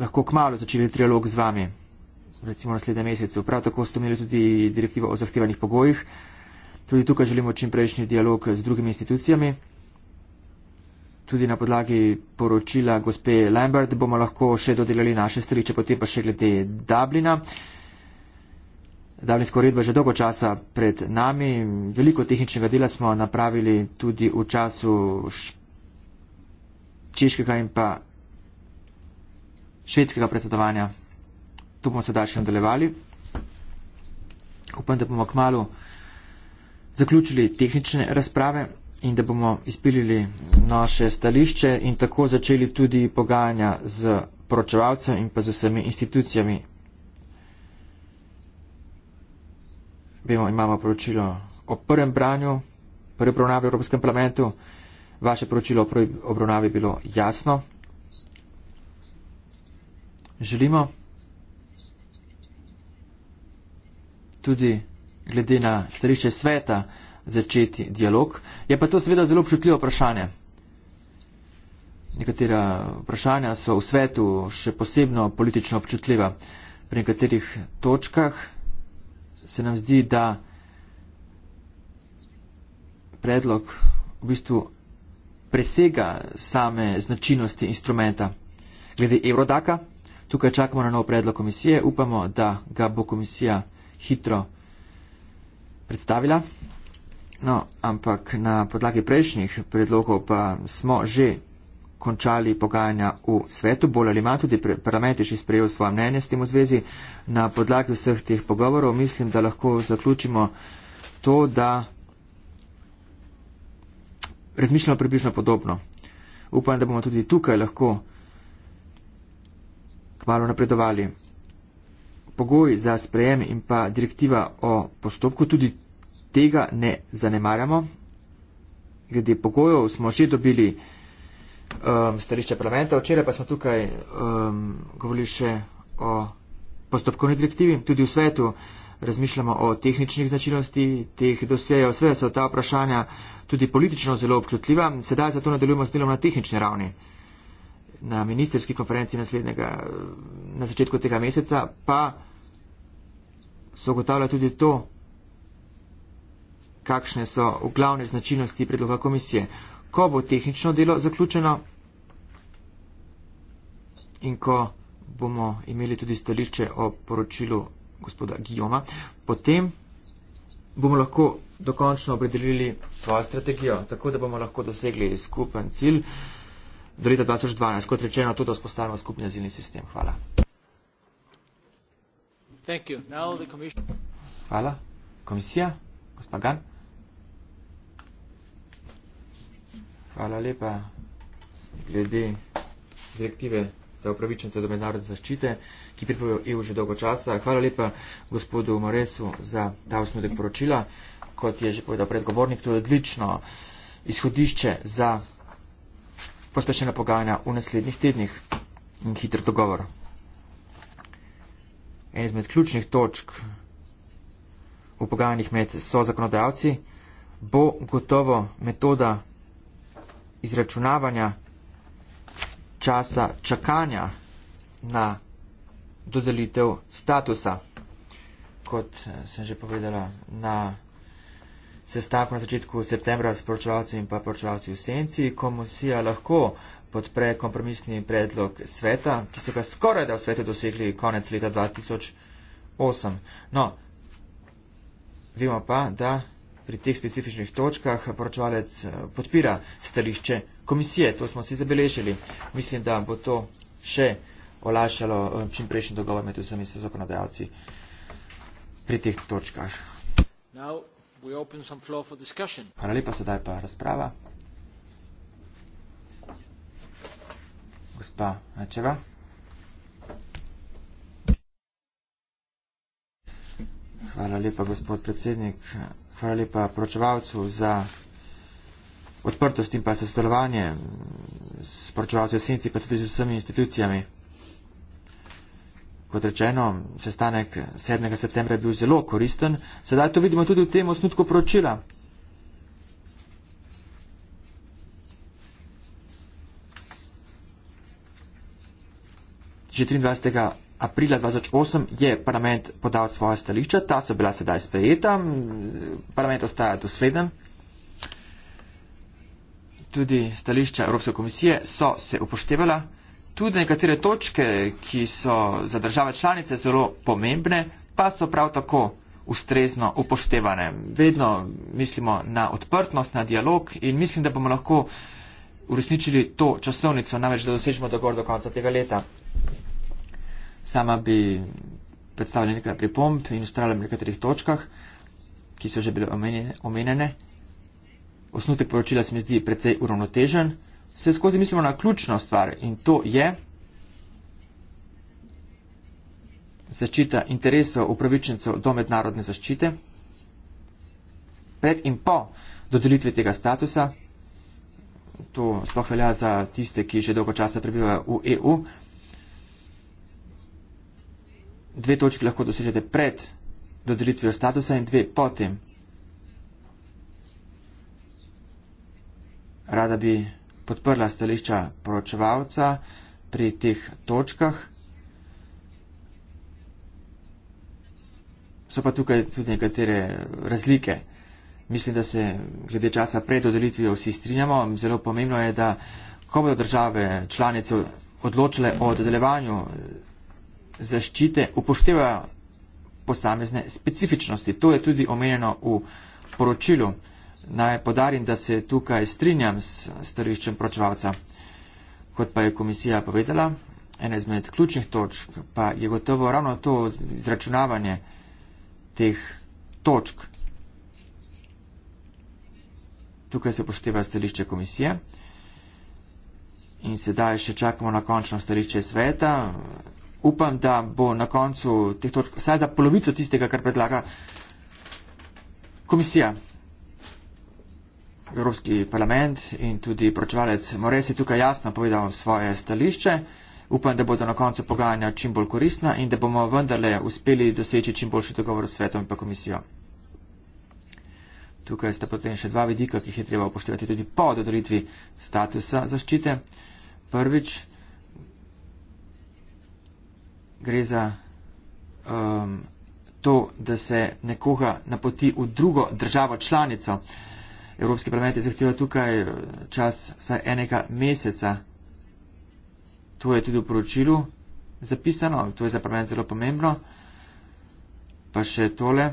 lahko kmalo začeli trialog z vami, recimo naslednje mesece. Prav tako ste imeli tudi direktivo o zahtevanih pogojih. Tudi tukaj želimo čim prejšnji dialog z drugimi institucijami tudi na podlagi poročila gospe Lambert bomo lahko še dodelali naše stališče, potem pa še glede Dublina. Dublinska uredba je že dolgo časa pred nami. Veliko tehničnega dela smo napravili tudi v času češkega in pa švedskega predsedovanja. Tu bomo sedaj še nadaljevali. Upam, da bomo kmalo zaključili tehnične razprave in da bomo izpilili naše stališče in tako začeli tudi pogajanja z poročevalcem in pa z vsemi institucijami. Vemo, imamo poročilo o prvem branju, prvi obravnavi v Evropskem parlamentu. Vaše poročilo o prvi obravnavi bilo jasno. Želimo tudi glede na stališče sveta, začeti dialog. Je pa to seveda zelo občutljivo vprašanje. Nekatera vprašanja so v svetu še posebno politično občutljiva. Pri nekaterih točkah se nam zdi, da predlog v bistvu presega same značilnosti instrumenta. Glede Eurodaka, tukaj čakamo na nov predlog komisije, upamo, da ga bo komisija hitro predstavila. No, ampak na podlagi prejšnjih predlogov pa smo že končali pogajanja v svetu, bolj ali manj tudi parlament je še sprejel svoje mnenje s tem v zvezi. Na podlagi vseh teh pogovorov mislim, da lahko zaključimo to, da razmišljamo približno podobno. Upam, da bomo tudi tukaj lahko kmalo napredovali. Pogoji za sprejem in pa direktiva o postopku tudi tega ne zanemarjamo. Glede pogojev smo že dobili um, starišče parlamenta, včeraj pa smo tukaj um, govorili še o postopkovni direktivi. Tudi v svetu razmišljamo o tehničnih značilnosti teh dosjejev. Sve so ta vprašanja tudi politično zelo občutljiva. Sedaj zato nadaljujemo s delom na tehnični ravni. Na ministerski konferenci naslednjega, na začetku tega meseca pa so ugotavljali tudi to, kakšne so glavne značilnosti predloga komisije. Ko bo tehnično delo zaključeno in ko bomo imeli tudi stališče o poročilu gospoda Gijoma, potem bomo lahko dokončno opredelili svojo strategijo, tako da bomo lahko dosegli skupen cilj do leta 2012, kot rečeno, tudi da spostavimo skupni azilni sistem. Hvala. Hvala. Komisija, gospod Gan. Hvala lepa. Glede direktive za upravičence do mednarodne zaščite, ki pripravijo EU že dolgo časa. Hvala lepa gospodu Moresu za ta osnovek poročila. Kot je že povedal predgovornik, to je odlično izhodišče za pospešena pogajanja v naslednjih tednih in hitr dogovor. En izmed ključnih točk v pogajanjih med so zakonodajalci, bo gotovo metoda izračunavanja časa čakanja na dodelitev statusa. Kot eh, sem že povedala na sestanku na začetku septembra s poročevalci in pa poročevalci v senci, komisija lahko podpre kompromisni predlog sveta, ki so ga skoraj da v svetu dosegli konec leta 2008. No, vemo pa, da pri teh specifičnih točkah poročevalec eh, podpira stališče komisije. To smo si zabeležili. Mislim, da bo to še olašalo eh, čim prejšnji dogovor med vsemi se zakonodajalci pri teh točkah. Hvala lepa, sedaj pa razprava. Gospa Načeva. Hvala lepa, gospod predsednik hvala lepa poročevalcu za odprtost in pa za sodelovanje s poročevalcem Senci, pa tudi z vsemi institucijami. Kot rečeno, sestanek 7. septembra je bil zelo koristen, sedaj to vidimo tudi v tem osnutku poročila. Že 23 aprila 2008 je parlament podal svoje stališča, ta so bila sedaj sprejeta, parlament ostaja dosleden. Tudi stališča Evropske komisije so se upoštevala. Tudi nekatere točke, ki so za države članice zelo pomembne, pa so prav tako ustrezno upoštevane. Vedno mislimo na odprtnost, na dialog in mislim, da bomo lahko uresničili to časovnico, največ da dosežemo dogor do konca tega leta. Sama bi predstavila nekaj pripomb in ustrajala na nekaterih točkah, ki so že bile omenjene. Osnutek poročila se mi zdi precej uravnotežen. Vse skozi mislimo na ključno stvar in to je zaščita interesov upravičencev do mednarodne zaščite. Pred in po dodelitvi tega statusa, to sploh velja za tiste, ki že dolgo časa prebivajo v EU, dve točki lahko dosežete pred dodelitvijo statusa in dve potem. Rada bi podprla stališča poročevalca pri teh točkah. So pa tukaj tudi nekatere razlike. Mislim, da se glede časa pred dodelitvijo vsi strinjamo. Zelo pomembno je, da ko bodo države članice odločile o dodelevanju zaščite upoštevajo posamezne specifičnosti. To je tudi omenjeno v poročilu. Naj podarim, da se tukaj strinjam s stališčem pročevalca. Kot pa je komisija povedala, ena izmed ključnih točk pa je gotovo ravno to izračunavanje teh točk. Tukaj se upošteva stališče komisije in sedaj še čakamo na končno stališče sveta upam, da bo na koncu teh točk vsaj za polovico tistega, kar predlaga komisija. Evropski parlament in tudi pročevalec Mores je tukaj jasno povedal svoje stališče. Upam, da bodo na koncu pogajanja čim bolj koristna in da bomo vendarle uspeli doseči čim boljši dogovor s svetom in pa komisijo. Tukaj sta potem še dva vidika, ki jih je treba upoštevati tudi po dodelitvi statusa zaščite. Prvič gre za um, to, da se nekoga napoti v drugo državo članico. Evropski parlament je zahteval tukaj uh, čas vsaj enega meseca. To je tudi v poročilu zapisano, to je za parlament zelo pomembno. Pa še tole.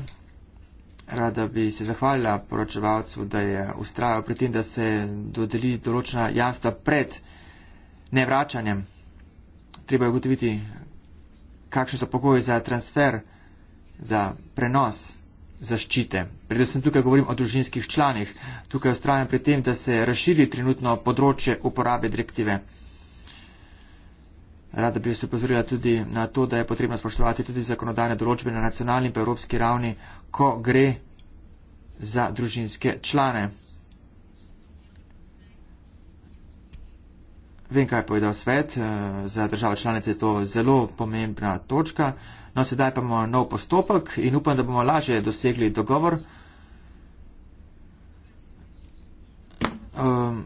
Rada bi se zahvalila poročevalcu, da je ustrajal pri tem, da se dodeli določena jasta pred nevračanjem. Treba je ugotoviti, kakšne so pogoje za transfer, za prenos zaščite. Predvsem tukaj govorim o družinskih članih. Tukaj ustrajam pri tem, da se razširi trenutno področje uporabe direktive. Rada bi se upozorila tudi na to, da je potrebno spoštovati tudi zakonodajne določbe na nacionalni in evropski ravni, ko gre za družinske člane. Vem, kaj je povedal svet, eh, za države članice je to zelo pomembna točka. No, sedaj pa imamo nov postopek in upam, da bomo lažje dosegli dogovor. Um,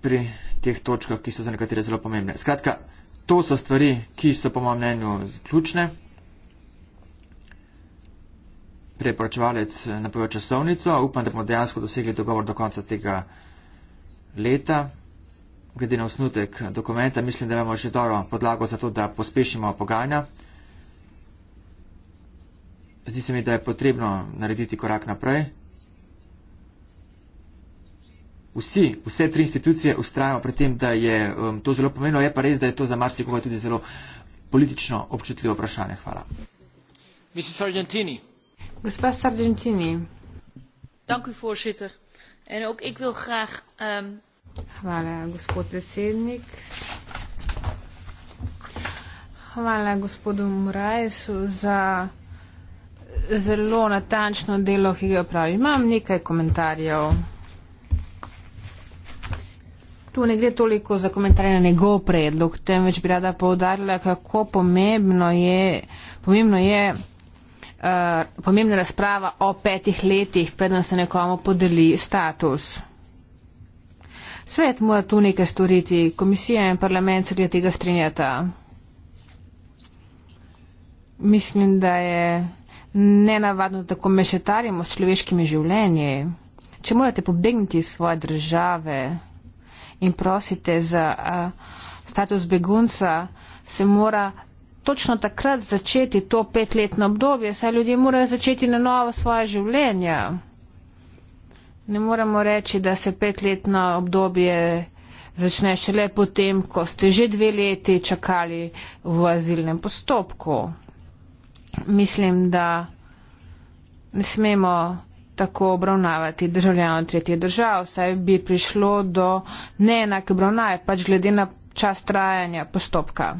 pri teh točkah, ki so za nekatere zelo pomembne. Skratka, to so stvari, ki so po mojem mnenju ključne. Preporočevalec eh, napoja časovnico, upam, da bomo dejansko dosegli dogovor do konca tega leta glede na osnutek dokumenta, mislim, da imamo že dobro podlago za to, da pospešimo pogajanja. Zdi se mi, da je potrebno narediti korak naprej. Vsi, vse tri institucije ustrajajo pri tem, da je um, to zelo pomembno, je pa res, da je to za marsikoga tudi zelo politično občutljivo vprašanje. Hvala. Gospa Sargentini. Dank u voorzitter. En ook ik wil graag um, Hvala, gospod predsednik. Hvala gospodu Mrajesu za zelo natančno delo, ki ga pravi. Imam nekaj komentarjev. Tu ne gre toliko za komentarje na njegov predlog, temveč bi rada povdarila, kako pomembno je, pomembno je uh, pomembna razprava o petih letih, predem se nekomu podeli status. Svet mora tu nekaj storiti, komisija in parlament se glede tega strinjata. Mislim, da je nenavadno, da tako mešetarimo s človeškimi življenji. Če morate pobegniti iz svoje države in prosite za a, status begunca, se mora točno takrat začeti to petletno obdobje, saj ljudje morajo začeti na novo svoje življenje. Ne moremo reči, da se petletno obdobje začne šele potem, ko ste že dve leti čakali v azilnem postopku. Mislim, da ne smemo tako obravnavati državljanov tretjih držav, saj bi prišlo do neenake obravnave, pač glede na čas trajanja postopka.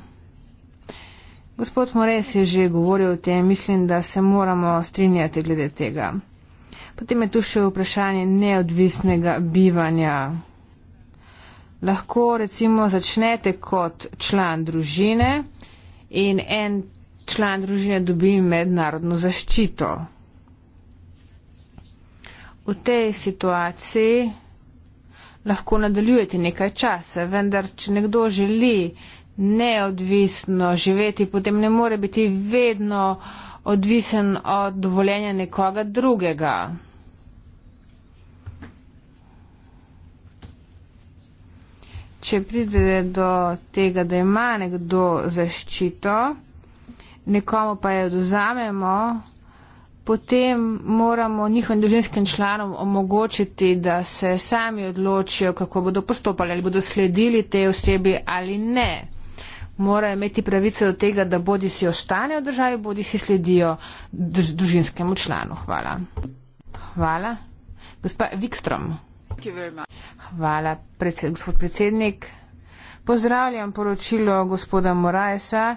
Gospod Mores je že govoril o tem, mislim, da se moramo strinjati glede tega. Potem je tu še vprašanje neodvisnega bivanja. Lahko recimo začnete kot član družine in en član družine dobi mednarodno zaščito. V tej situaciji lahko nadaljujete nekaj časa, vendar če nekdo želi neodvisno živeti, potem ne more biti vedno odvisen od dovoljenja nekoga drugega. če pride do tega, da ima nekdo zaščito, nekomu pa jo dozamemo, potem moramo njihovim družinskim članom omogočiti, da se sami odločijo, kako bodo postopali, ali bodo sledili te osebi ali ne. Morajo imeti pravice do tega, da bodi si ostane v državi, bodi si sledijo družinskemu članu. Hvala. Hvala. Gospa Vikstrom. Hvala, predsed, gospod predsednik. Pozdravljam poročilo gospoda Morajsa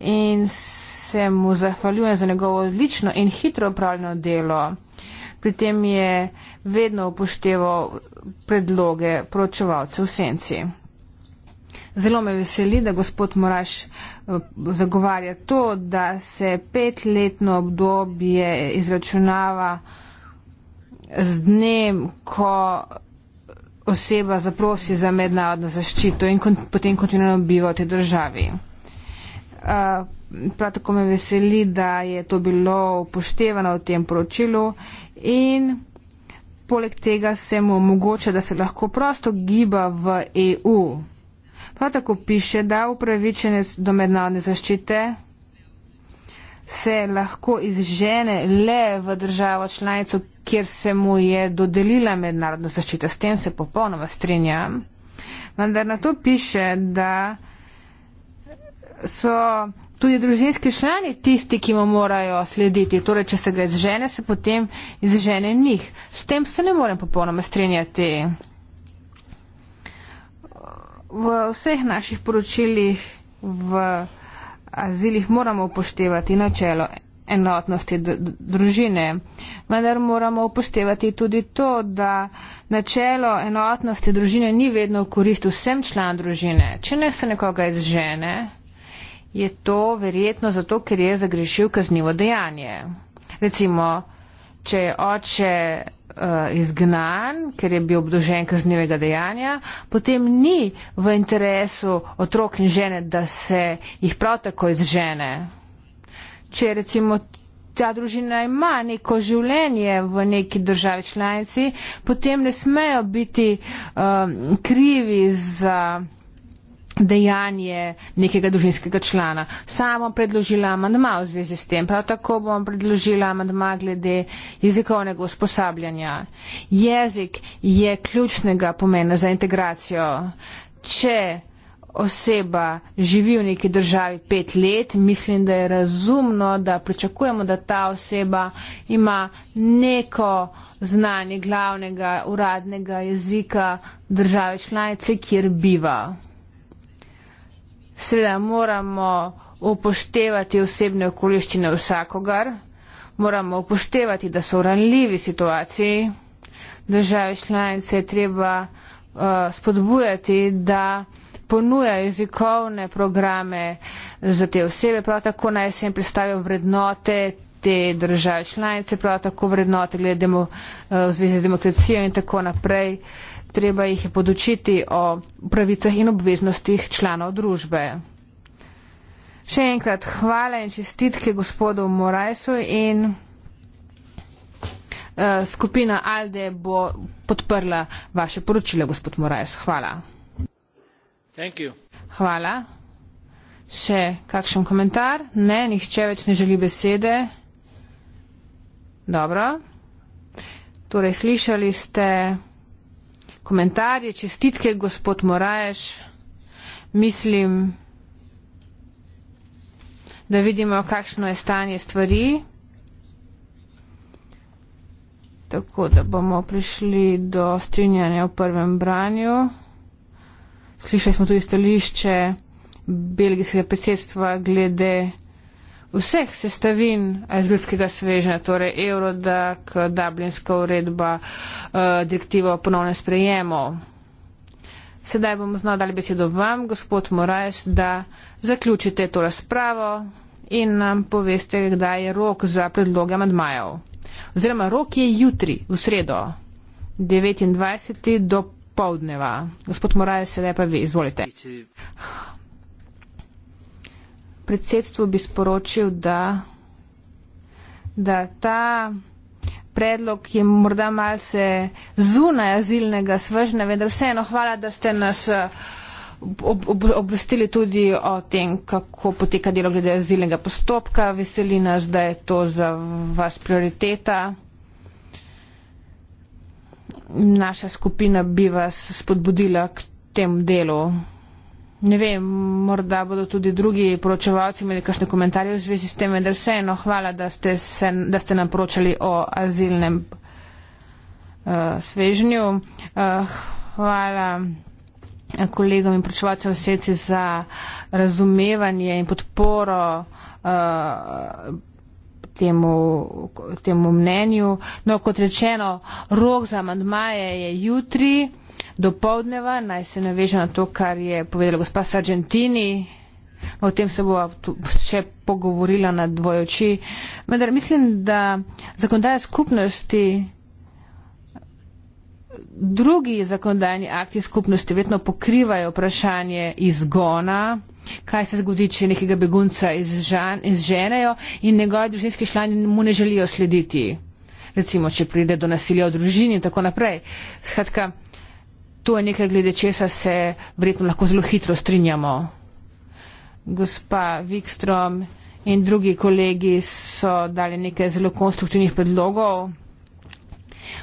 in se mu zahvaljujem za njegovo odlično in hitro upravljeno delo. Pri tem je vedno upošteval predloge poročevalcev v senci. Zelo me veseli, da gospod Moraš eh, zagovarja to, da se petletno obdobje izračunava z dnem, ko oseba zaprosi za mednarodno zaščito in kon potem kontinuirano biva v tej državi. Uh, prav tako me veseli, da je to bilo upoštevano v tem poročilu in poleg tega se mu omogoča, da se lahko prosto giba v EU. Prav tako piše, da upravičenec do mednarodne zaščite se lahko izžene le v državo članico, kjer se mu je dodelila mednarodna zaščita. S tem se popolnoma strinjam. Vendar na to piše, da so tudi družinski člani tisti, ki mu morajo slediti. Torej, če se ga izžene, se potem izžene njih. S tem se ne morem popolnoma strinjati. V vseh naših poročilih v azilih moramo upoštevati načelo enotnosti družine. Vendar moramo upoštevati tudi to, da načelo enotnosti družine ni vedno v korist vsem član družine. Če ne se nekoga izžene, je to verjetno zato, ker je zagrešil kaznivo dejanje. Recimo, če je oče uh, izgnan, ker je bil obdožen kaznivega dejanja, potem ni v interesu otrok in žene, da se jih prav tako izžene. Če recimo ta družina ima neko življenje v neki državi članici, potem ne smejo biti um, krivi za dejanje nekega družinskega člana. Sama bom predložila amandma v zvezi s tem, prav tako bom predložila amandma glede jezikovnega usposabljanja. Jezik je ključnega pomena za integracijo. Če oseba živi v neki državi pet let, mislim, da je razumno, da pričakujemo, da ta oseba ima neko znanje glavnega uradnega jezika države članice, kjer biva. Seveda moramo upoštevati osebne okoliščine vsakogar, moramo upoštevati, da so v ranljivi situaciji. Države članice je treba uh, spodbujati, da ponuja jezikovne programe za te osebe, prav tako naj se jim predstavijo vrednote te države članice, prav tako vrednote glede demo, uh, v zvezi z demokracijo in tako naprej. Uh, treba jih je podočiti o pravicah in obveznostih članov družbe. Še enkrat hvala in čestitke gospodu Morajsu in uh, skupina Alde bo podprla vaše poročile, gospod Morajs. Hvala. Hvala. Še kakšen komentar? Ne, nihče več ne želi besede. Dobro. Torej, slišali ste komentarje, čestitke, gospod Moraješ. Mislim, da vidimo, kakšno je stanje stvari. Tako da bomo prišli do strinjanja v prvem branju. Slišali smo tudi stališče belgijskega predsedstva glede vseh sestavin azilskega svežnja, torej Eurodac, Dublinska uredba, eh, direktiva o ponovnem sprejemu. Sedaj bom znal dali besedo vam, gospod Morajs, da zaključite to razpravo in nam poveste, kdaj je rok za predloge amadmajev. Oziroma, rok je jutri, v sredo, 29. do povdneva. Gospod Morajs, sedaj pa vi, izvolite predsedstvu bi sporočil, da, da ta predlog je morda malce zunaj azilnega svržne, vendar vseeno hvala, da ste nas eh, ob, ob, obvestili tudi o tem, kako poteka delo glede azilnega postopka. Veseli nas, da je to za vas prioriteta. Naša skupina bi vas spodbudila k temu delu. Ne vem, morda bodo tudi drugi poročevalci imeli kakšne komentarje v zvezi s tem, vendar vseeno hvala, da ste, se, da ste nam poročali o azilnem uh, svežnju. Uh, hvala eh, kolegom in poročevalcem vseci za razumevanje in podporo uh, temu, temu mnenju. No, kot rečeno, rok za amandmaje je jutri do povdneva, naj se naveže na to, kar je povedala gospa Sargentini. O tem se bo še pogovorila na dvoje oči. Vendar mislim, da zakonodaja skupnosti, drugi zakonodajni akti skupnosti vedno pokrivajo vprašanje izgona, kaj se zgodi, če nekega begunca izžan, izženejo in njegovi družinski člani mu ne želijo slediti. Recimo, če pride do nasilja v družini in tako naprej. Skratka, To je nekaj, glede česa se verjetno lahko zelo hitro strinjamo. Gospa Wikstrom in drugi kolegi so dali nekaj zelo konstruktivnih predlogov.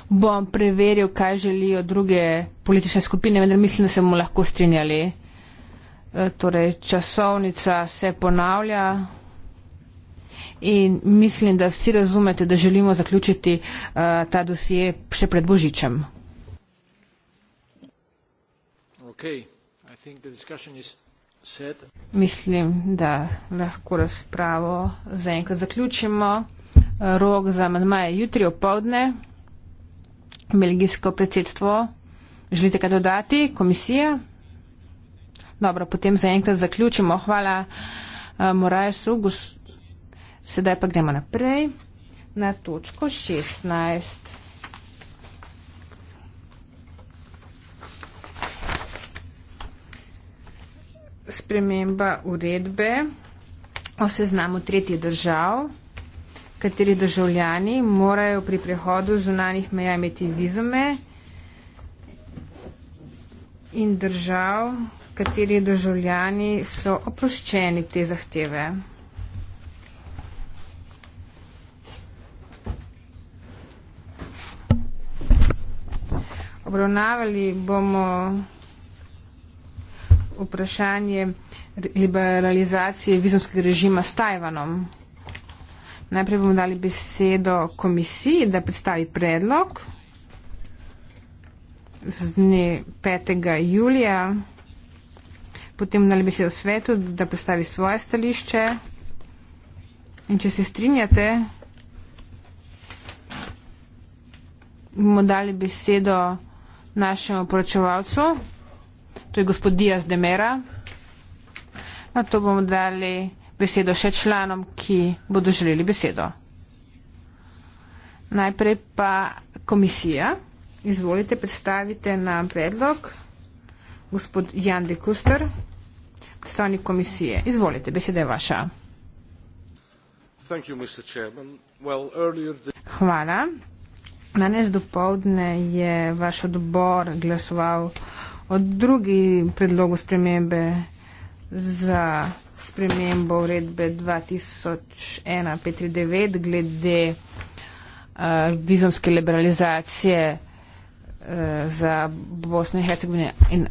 Bom preveril, kaj želijo druge politične skupine, vendar mislim, da se bomo lahko strinjali. E, torej, časovnica se ponavlja in mislim, da vsi razumete, da želimo zaključiti e, ta dosje še pred Božičem. Mislim, da lahko razpravo zaenkrat zaključimo. Rok za amadmaje jutri opovdne. Belgijsko predsedstvo. Želite kaj dodati? Komisija? Dobro, potem zaenkrat zaključimo. Hvala eh, Morajsu. Sedaj pa gremo naprej na točko 16. sprememba uredbe o seznamu tretjih držav, kateri državljani morajo pri prehodu zunanih meja imeti vizume in držav, kateri državljani so oproščeni te zahteve. Obravnavali bomo vprašanje liberalizacije vizumskega režima s Tajvanom. Najprej bomo dali besedo komisiji, da predstavi predlog z dne 5. julija. Potem bomo dali besedo svetu, da predstavi svoje stališče. In če se strinjate, bomo dali besedo našemu poročevalcu, to je gospod Diaz de Mera. Na to bomo dali besedo še članom, ki bodo želeli besedo. Najprej pa komisija. Izvolite, predstavite nam predlog. Gospod Jan de Kuster, predstavnik komisije. Izvolite, beseda je vaša. You, well, the... Hvala. Danes dopovdne je vaš odbor glasoval o drugi predlogu spremembe za spremembo uredbe 2001-539 glede uh, vizumske liberalizacije eh, za Bosno in Hercegovino in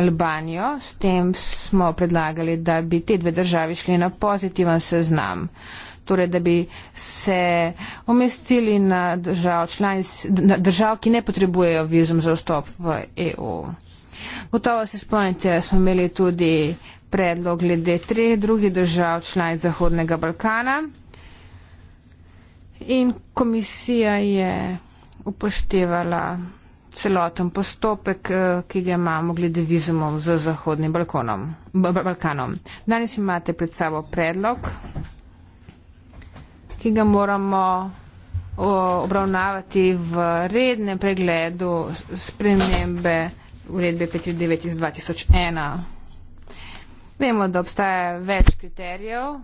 Albanijo. S tem smo predlagali, da bi te dve državi šli na pozitiven seznam. Torej, da bi se umestili na držav, članic, držav ki ne potrebujejo vizum za vstop v EU. Gotovo se spomnite, da smo imeli tudi predlog glede treh drugih držav članic Zahodnega Balkana. In komisija je upoštevala celoten postopek, eh, ki ga imamo glede vizumov z Zahodnim Balkonom, Balkanom. Danes imate pred sabo predlog, ki ga moramo obravnavati v rednem pregledu spremembe uredbe 59 iz 2001. Vemo, da obstaja več kriterijev,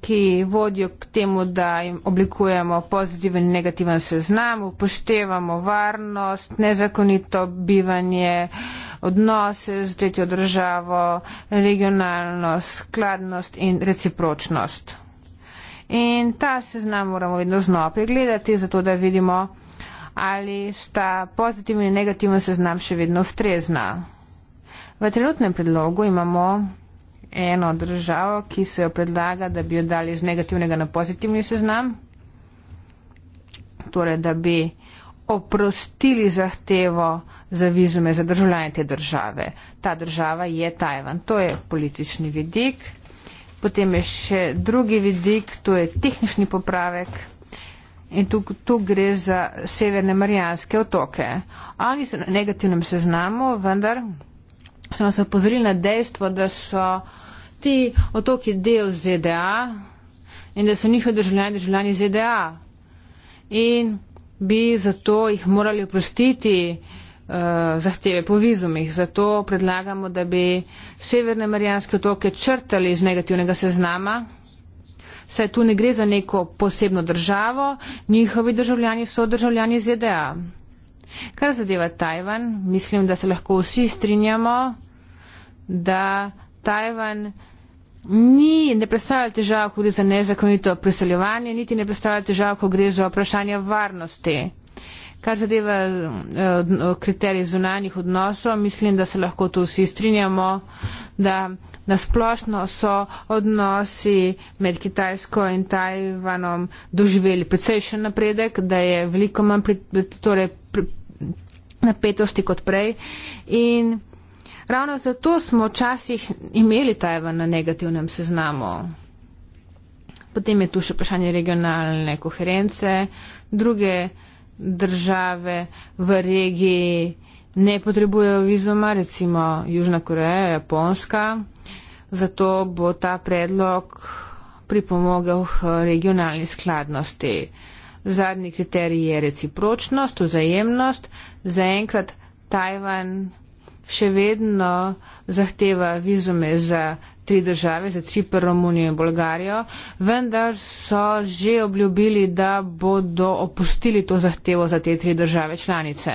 ki vodijo k temu, da jim oblikujemo pozitiven in negativen seznam, upoštevamo varnost, nezakonito bivanje, odnose z tretjo državo, regionalno skladnost in recipročnost. In ta seznam moramo vedno znova pregledati, zato da vidimo, ali sta pozitivni in negativni seznam še vedno ustrezna. V trenutnem predlogu imamo eno državo, ki se jo predlaga, da bi jo dali iz negativnega na pozitivni seznam, torej da bi oprostili zahtevo za vizume za državljane te države. Ta država je Tajvan. To je politični vidik. Potem je še drugi vidik, to je tehnični popravek in tu, tu gre za severne Marijanske otoke. Oni so na negativnem seznamu, vendar so nas opozorili na dejstvo, da so ti otoki del ZDA in da so njihovi državljani državljani ZDA in bi zato jih morali oprostiti uh, zahteve po vizumih. Zato predlagamo, da bi severne Marijanske otoke črtali iz negativnega seznama saj tu ne gre za neko posebno državo, njihovi državljani so državljani ZDA. Kar zadeva Tajvan, mislim, da se lahko vsi strinjamo, da Tajvan ni, ne predstavlja težav, ko gre za nezakonito priseljevanje, niti ne predstavlja težav, ko gre za vprašanje varnosti. Kar zadeva eh, kriterije zunanjih odnosov, mislim, da se lahko tu vsi strinjamo, da nasplošno so odnosi med Kitajsko in Tajvanom doživeli precejšen napredek, da je veliko manj pri, torej, pri, napetosti kot prej. In ravno zato smo včasih imeli Tajvan na negativnem seznamu. Potem je tu še vprašanje regionalne koherence, druge države v regiji ne potrebujejo vizuma, recimo Južna Koreja, Japonska. Zato bo ta predlog pripomogel k regionalni skladnosti. Zadnji kriterij je recipročnost, vzajemnost. Zaenkrat Tajvan še vedno zahteva vizume za tri države, za Cipr, Romunijo in Bolgarijo, vendar so že obljubili, da bodo opustili to zahtevo za te tri države članice.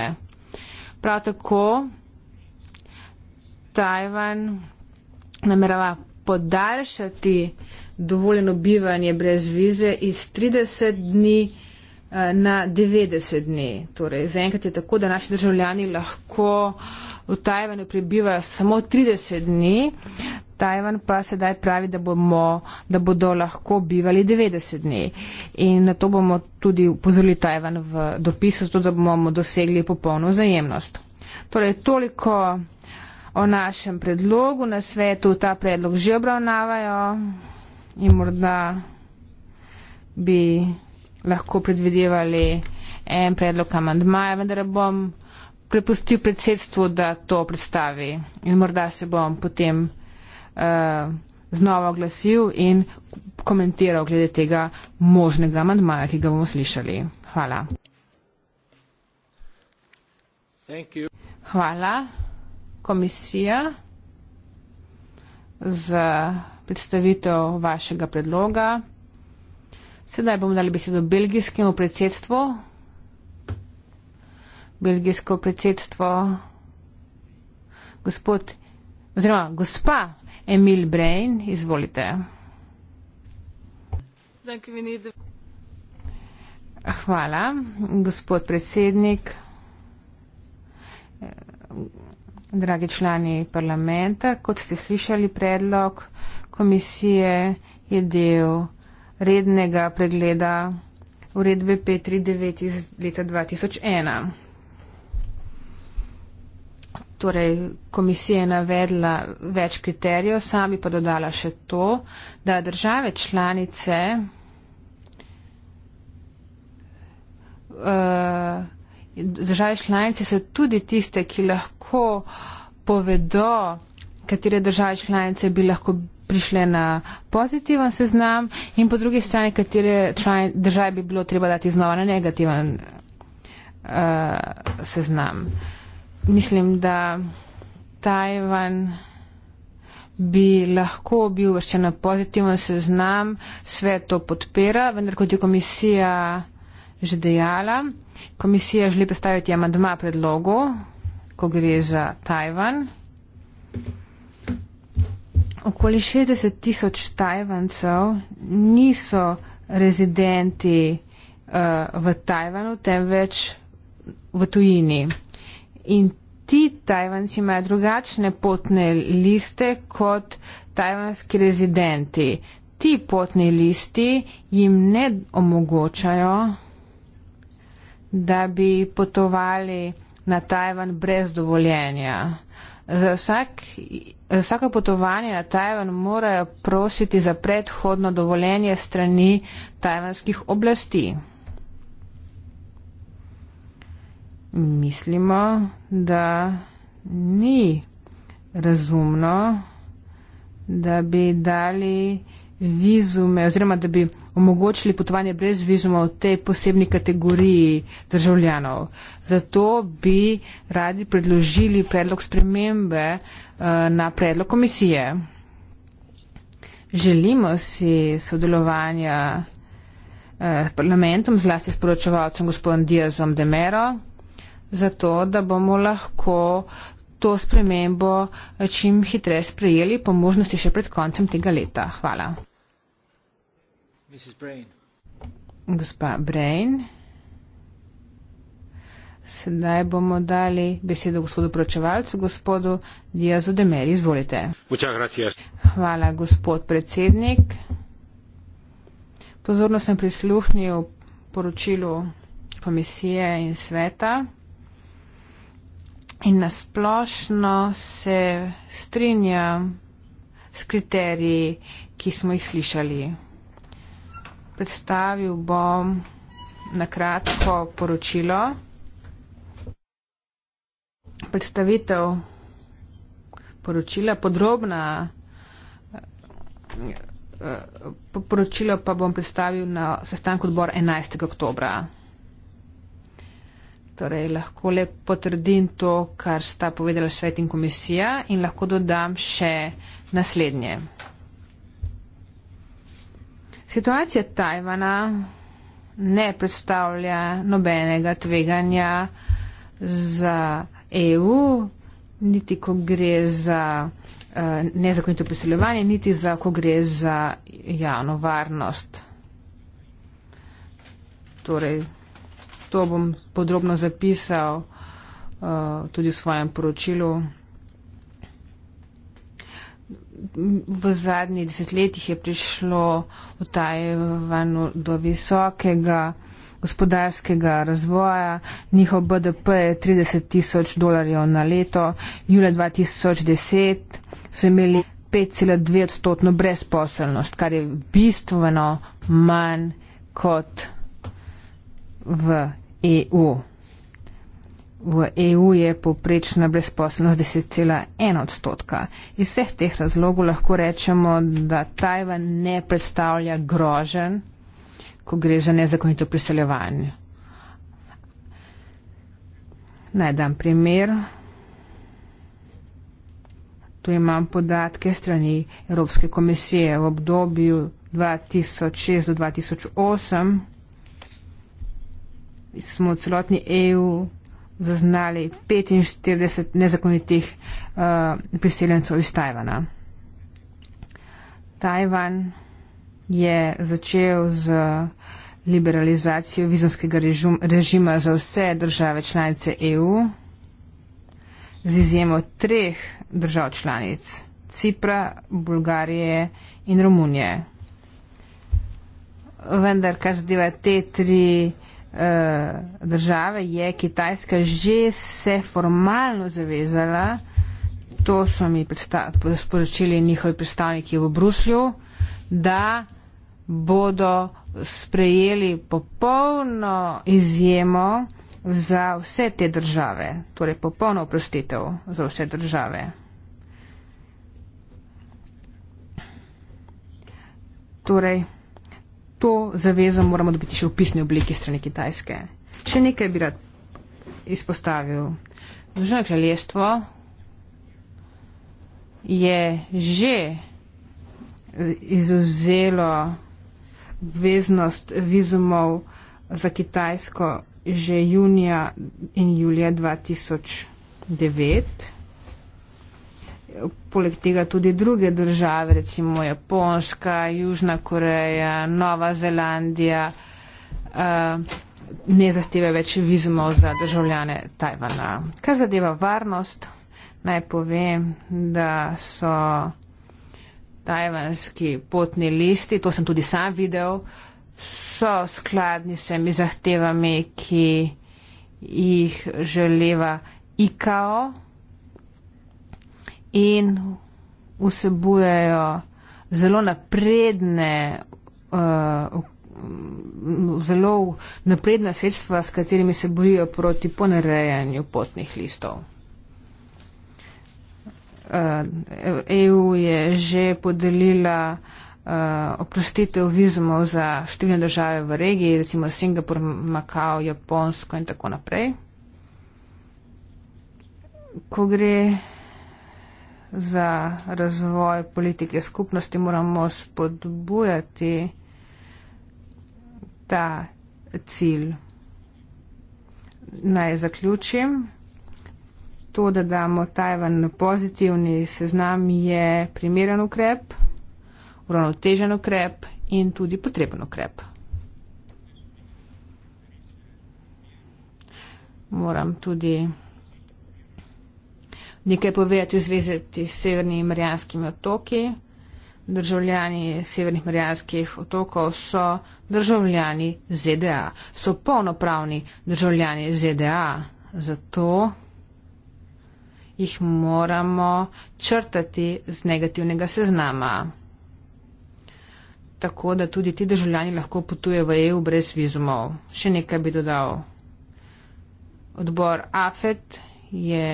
Prav tako Tajvan namerava podaljšati dovoljeno bivanje brez vize iz 30 dni eh, na 90 dni. Torej, zaenkrat je tako, da naši državljani lahko v Tajvanu prebivajo samo 30 dni, Tajvan pa sedaj pravi, da, bomo, da bodo lahko bivali 90 dni. In na to bomo tudi upozorili Tajvan v dopisu, zato da bomo dosegli popolno zajemnost. Torej, toliko o našem predlogu. Na svetu ta predlog že obravnavajo in morda bi lahko predvidevali en predlog amandmaja, vendar bom prepustil predsedstvu, da to predstavi in morda se bom potem uh, znova oglasil in komentiral glede tega možnega amandmaja, ki ga bomo slišali. Hvala. Hvala. Komisija za predstavitev vašega predloga. Sedaj bomo dali besedo belgijskemu predsedstvu. Belgijsko predsedstvo. Gospod, oziroma gospa Emil Brain, izvolite. Hvala, gospod predsednik, dragi člani parlamenta. Kot ste slišali, predlog komisije je del rednega pregleda uredbe P39 iz leta 2001. Torej, komisija je navedla več kriterijev, sami pa dodala še to, da države članice uh, države članice so tudi tiste, ki lahko povedo, katere države članice bi lahko prišle na pozitiven seznam in po drugi strani, katere države bi bilo treba dati znova na negativen uh, seznam mislim, da Tajvan bi lahko bil vrščen na pozitiven seznam, svet to podpira, vendar kot je komisija že dejala, komisija želi predstaviti amandma predlogu, ko gre za Tajvan. Okoli 60 tisoč Tajvancev niso rezidenti uh, v Tajvanu, temveč v tujini in ti Tajvanci imajo drugačne potne liste kot tajvanski rezidenti. Ti potni listi jim ne omogočajo, da bi potovali na Tajvan brez dovoljenja. Za, vsak, za vsako potovanje na Tajvan morajo prositi za predhodno dovoljenje strani tajvanskih oblasti. mislimo, da ni razumno, da bi dali vizume oziroma da bi omogočili potovanje brez vizuma v tej posebni kategoriji državljanov. Zato bi radi predložili predlog spremembe uh, na predlog komisije. Želimo si sodelovanja uh, parlamentom, zlasti s poročevalcem gospodom Diazom Demero zato, da bomo lahko to spremembo čim hitreje sprejeli, po možnosti še pred koncem tega leta. Hvala. Brain. Gospa Brain. Sedaj bomo dali besedo gospodu pročevalcu, gospodu Diazu Demeri. Izvolite. Hvala, gospod predsednik. Pozorno sem prisluhnil poročilu komisije in sveta in nasplošno se strinjam s kriteriji, ki smo jih slišali. Predstavil bom na kratko poročilo. Predstavitev poročila, podrobna eh, eh, poročila pa bom predstavil na sestanku odbora 11. oktobra. Torej, lahko le potrdim to, kar sta povedala svet in komisija in lahko dodam še naslednje. Situacija Tajvana ne predstavlja nobenega tveganja za EU, niti ko gre za uh, nezakonito priseljevanje, niti za ko gre za javno varnost. Torej, to bom podrobno zapisal uh, tudi v svojem poročilu. V zadnjih desetletjih je prišlo v Tajvanu do visokega gospodarskega razvoja. Njihov BDP je 30 tisoč dolarjev na leto. Julija 2010 so imeli 5,2 odstotno brezposelnost, kar je bistveno manj kot v EU. V EU je poprečna brezposobnost 10,1 odstotka. Iz vseh teh razlogov lahko rečemo, da Tajvan ne predstavlja grožen, ko gre za nezakonito priseljevanje. Naj dam primer. Tu imam podatke strani Evropske komisije v obdobju 2006 do 2008 smo v celotni EU zaznali 45 nezakonitih uh, priseljencev iz Tajvana. Tajvan je začel z liberalizacijo vizumskega režima za vse države članice EU, z izjemo treh držav članic - Cipra, Bulgarije in Romunije. Vendar, kar zadeva te tri Eh, države je Kitajska že se formalno zavezala, to so mi sporočili njihovi predstavniki v Bruslju, da bodo sprejeli popolno izjemo za vse te države, torej popolno oprostitev za vse države. Torej, to zavezo moramo dobiti še v pisni obliki strani Kitajske. Še nekaj bi rad izpostavil. Združeno kraljestvo je že eh, izuzelo obveznost vizumov za Kitajsko že junija in julija 2009 poleg tega tudi druge države, recimo Japonska, Južna Koreja, Nova Zelandija, uh, ne zahteve več vizumov za državljane Tajvana. Kar zadeva varnost, naj povem, da so tajvanski potni listi, to sem tudi sam videl, so skladni s temi zahtevami, ki jih želeva IKO in vsebujejo zelo napredne, uh, zelo napredna sredstva, s katerimi se borijo proti ponarejanju potnih listov. Uh, eh, EU je že podelila uh, oprostitev vizumov za številne države v regiji, recimo Singapur, Makao, Japonsko in tako naprej. Ko gre za razvoj politike skupnosti moramo spodbujati ta cilj. Naj zaključim. To, da damo Tajvan na pozitivni seznam, je primeren ukrep, uravnotežen ukrep in tudi potreben ukrep. Moram tudi nekaj povedati v zvezi s severnimi marijanskimi otoki. Državljani severnih marijanskih otokov so državljani ZDA, so polnopravni državljani ZDA, zato jih moramo črtati z negativnega seznama. Tako da tudi ti državljani lahko potujejo v EU brez vizumov. Še nekaj bi dodal. Odbor AFET je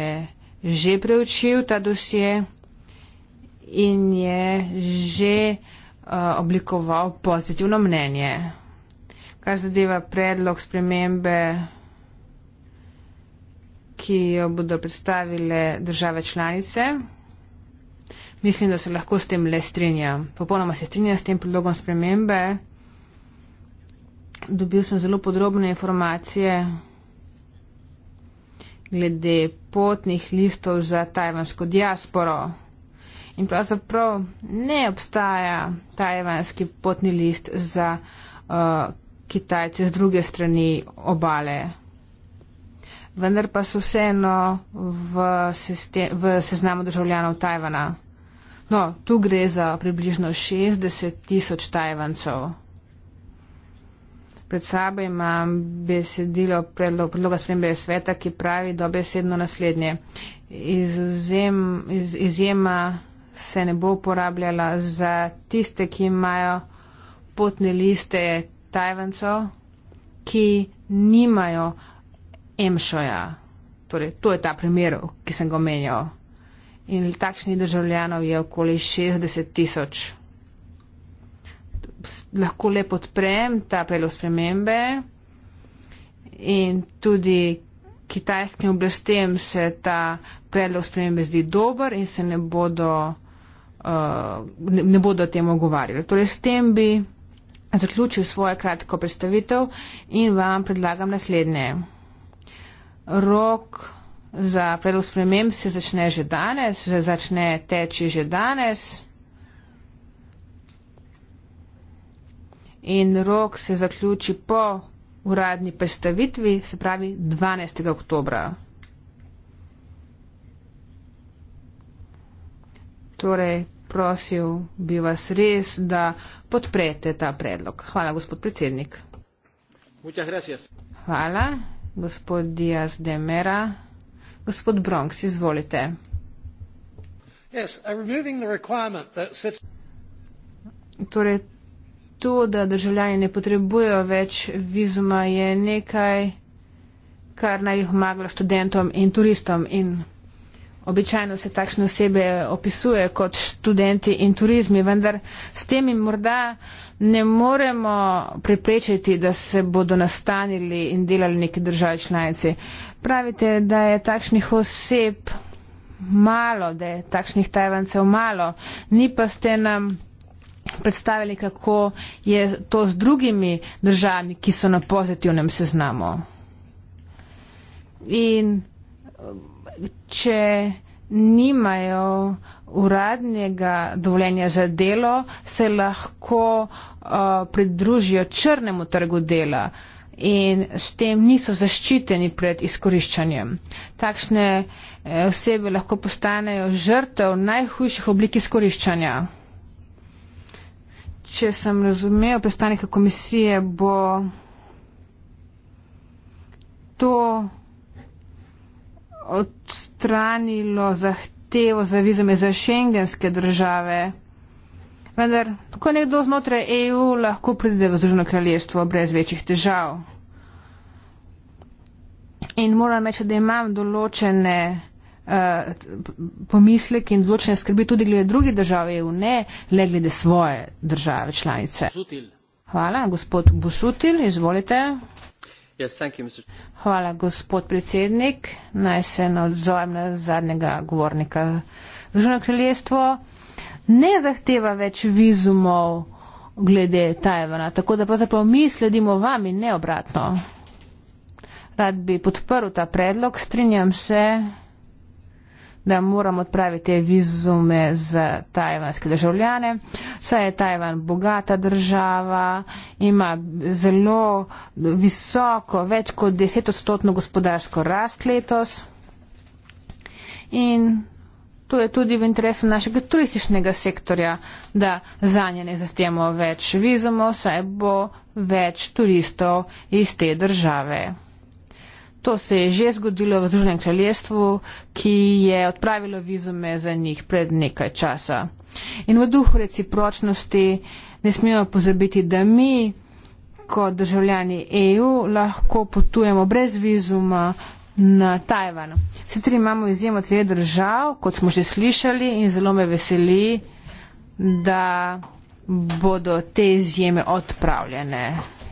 že preučil ta dosje in je že uh, oblikoval pozitivno mnenje. Kar zadeva predlog spremembe, ki jo bodo predstavile države članice, mislim, da se lahko s tem le strinjam. Popolnoma se strinjam s tem predlogom spremembe. Dobil sem zelo podrobne informacije glede potnih listov za tajvansko diasporo. In pravzaprav ne obstaja tajvanski potni list za uh, Kitajce z druge strani obale. Vendar pa so vseeno v, sistem, v seznamu državljanov Tajvana. No, tu gre za približno 60 tisoč Tajvancov. Pred sabo imam besedilo predlog, predloga spremembe sveta, ki pravi dobesedno naslednje. Izvzem, iz, izjema se ne bo uporabljala za tiste, ki imajo potne liste Tajvancov, ki nimajo emšoja. Torej, to je ta primer, ki sem ga omenjal. In takšnih državljanov je okoli 60 tisoč lahko le podprem ta predlog spremembe in tudi kitajskim oblastem se ta predlog spremembe zdi dober in se ne bodo, uh, ne, ne bodo temu ogovarjali. Torej, s tem bi zaključil svojo kratko predstavitev in vam predlagam naslednje. Rok za predlog sprememb se začne že danes, se začne teči že danes. in rok se zaključi po uradni predstavitvi, se pravi 12. oktobra. Torej, prosil bi vas res, da podprete ta predlog. Hvala, gospod predsednik. Hvala, gospod Diaz de Mera. Gospod Bronx, izvolite. Yes, torej, to, da državljani ne potrebujejo več vizuma, je nekaj, kar naj jih omaglo študentom in turistom. In običajno se takšne osebe opisuje kot študenti in turizmi, vendar s tem jim morda ne moremo preprečiti, da se bodo nastanili in delali neki državi članici. Pravite, da je takšnih oseb malo, da je takšnih tajvancev malo, ni pa ste nam predstavili, kako je to z drugimi državami, ki so na pozitivnem seznamu. In če nimajo uradnega dovoljenja za delo, se lahko uh, pridružijo črnemu trgu dela in s tem niso zaščiteni pred izkoriščanjem. Takšne eh, osebe lahko postanejo žrtev najhujših oblik izkoriščanja če sem razumel, predstavnika komisije bo to odstranilo zahtevo za vizume za šengenske države. Vendar, tako nekdo znotraj EU lahko pride v Združeno kraljestvo brez večjih težav. In moram reči, da imam določene Eh, pomislek in odločene skrbi tudi glede druge države EU, ne le glede svoje države članice. Hvala, gospod Busutil, izvolite. Hvala, gospod predsednik. Naj se nadzorem na zadnjega govornika. Združeno kraljestvo ne zahteva več vizumov glede Tajvana, tako da pravzaprav mi sledimo vam in ne obratno. Rad bi podprl ta predlog, strinjam se da moramo odpraviti te vizume za tajvanske državljane. Saj je Tajvan bogata država, ima zelo visoko, več kot desetostotno gospodarsko rast letos. In to je tudi v interesu našega turističnega sektorja, da za nje ne zahtemo več vizumov, saj bo več turistov iz te države. To se je že zgodilo v Združenem kraljestvu, ki je odpravilo vizume za njih pred nekaj časa. In v duhu recipročnosti ne smemo pozabiti, da mi kot državljani EU lahko potujemo brez vizuma na Tajvan. Sicer imamo izjemo treh držav, kot smo že slišali, in zelo me veseli, da bodo te izjeme odpravljene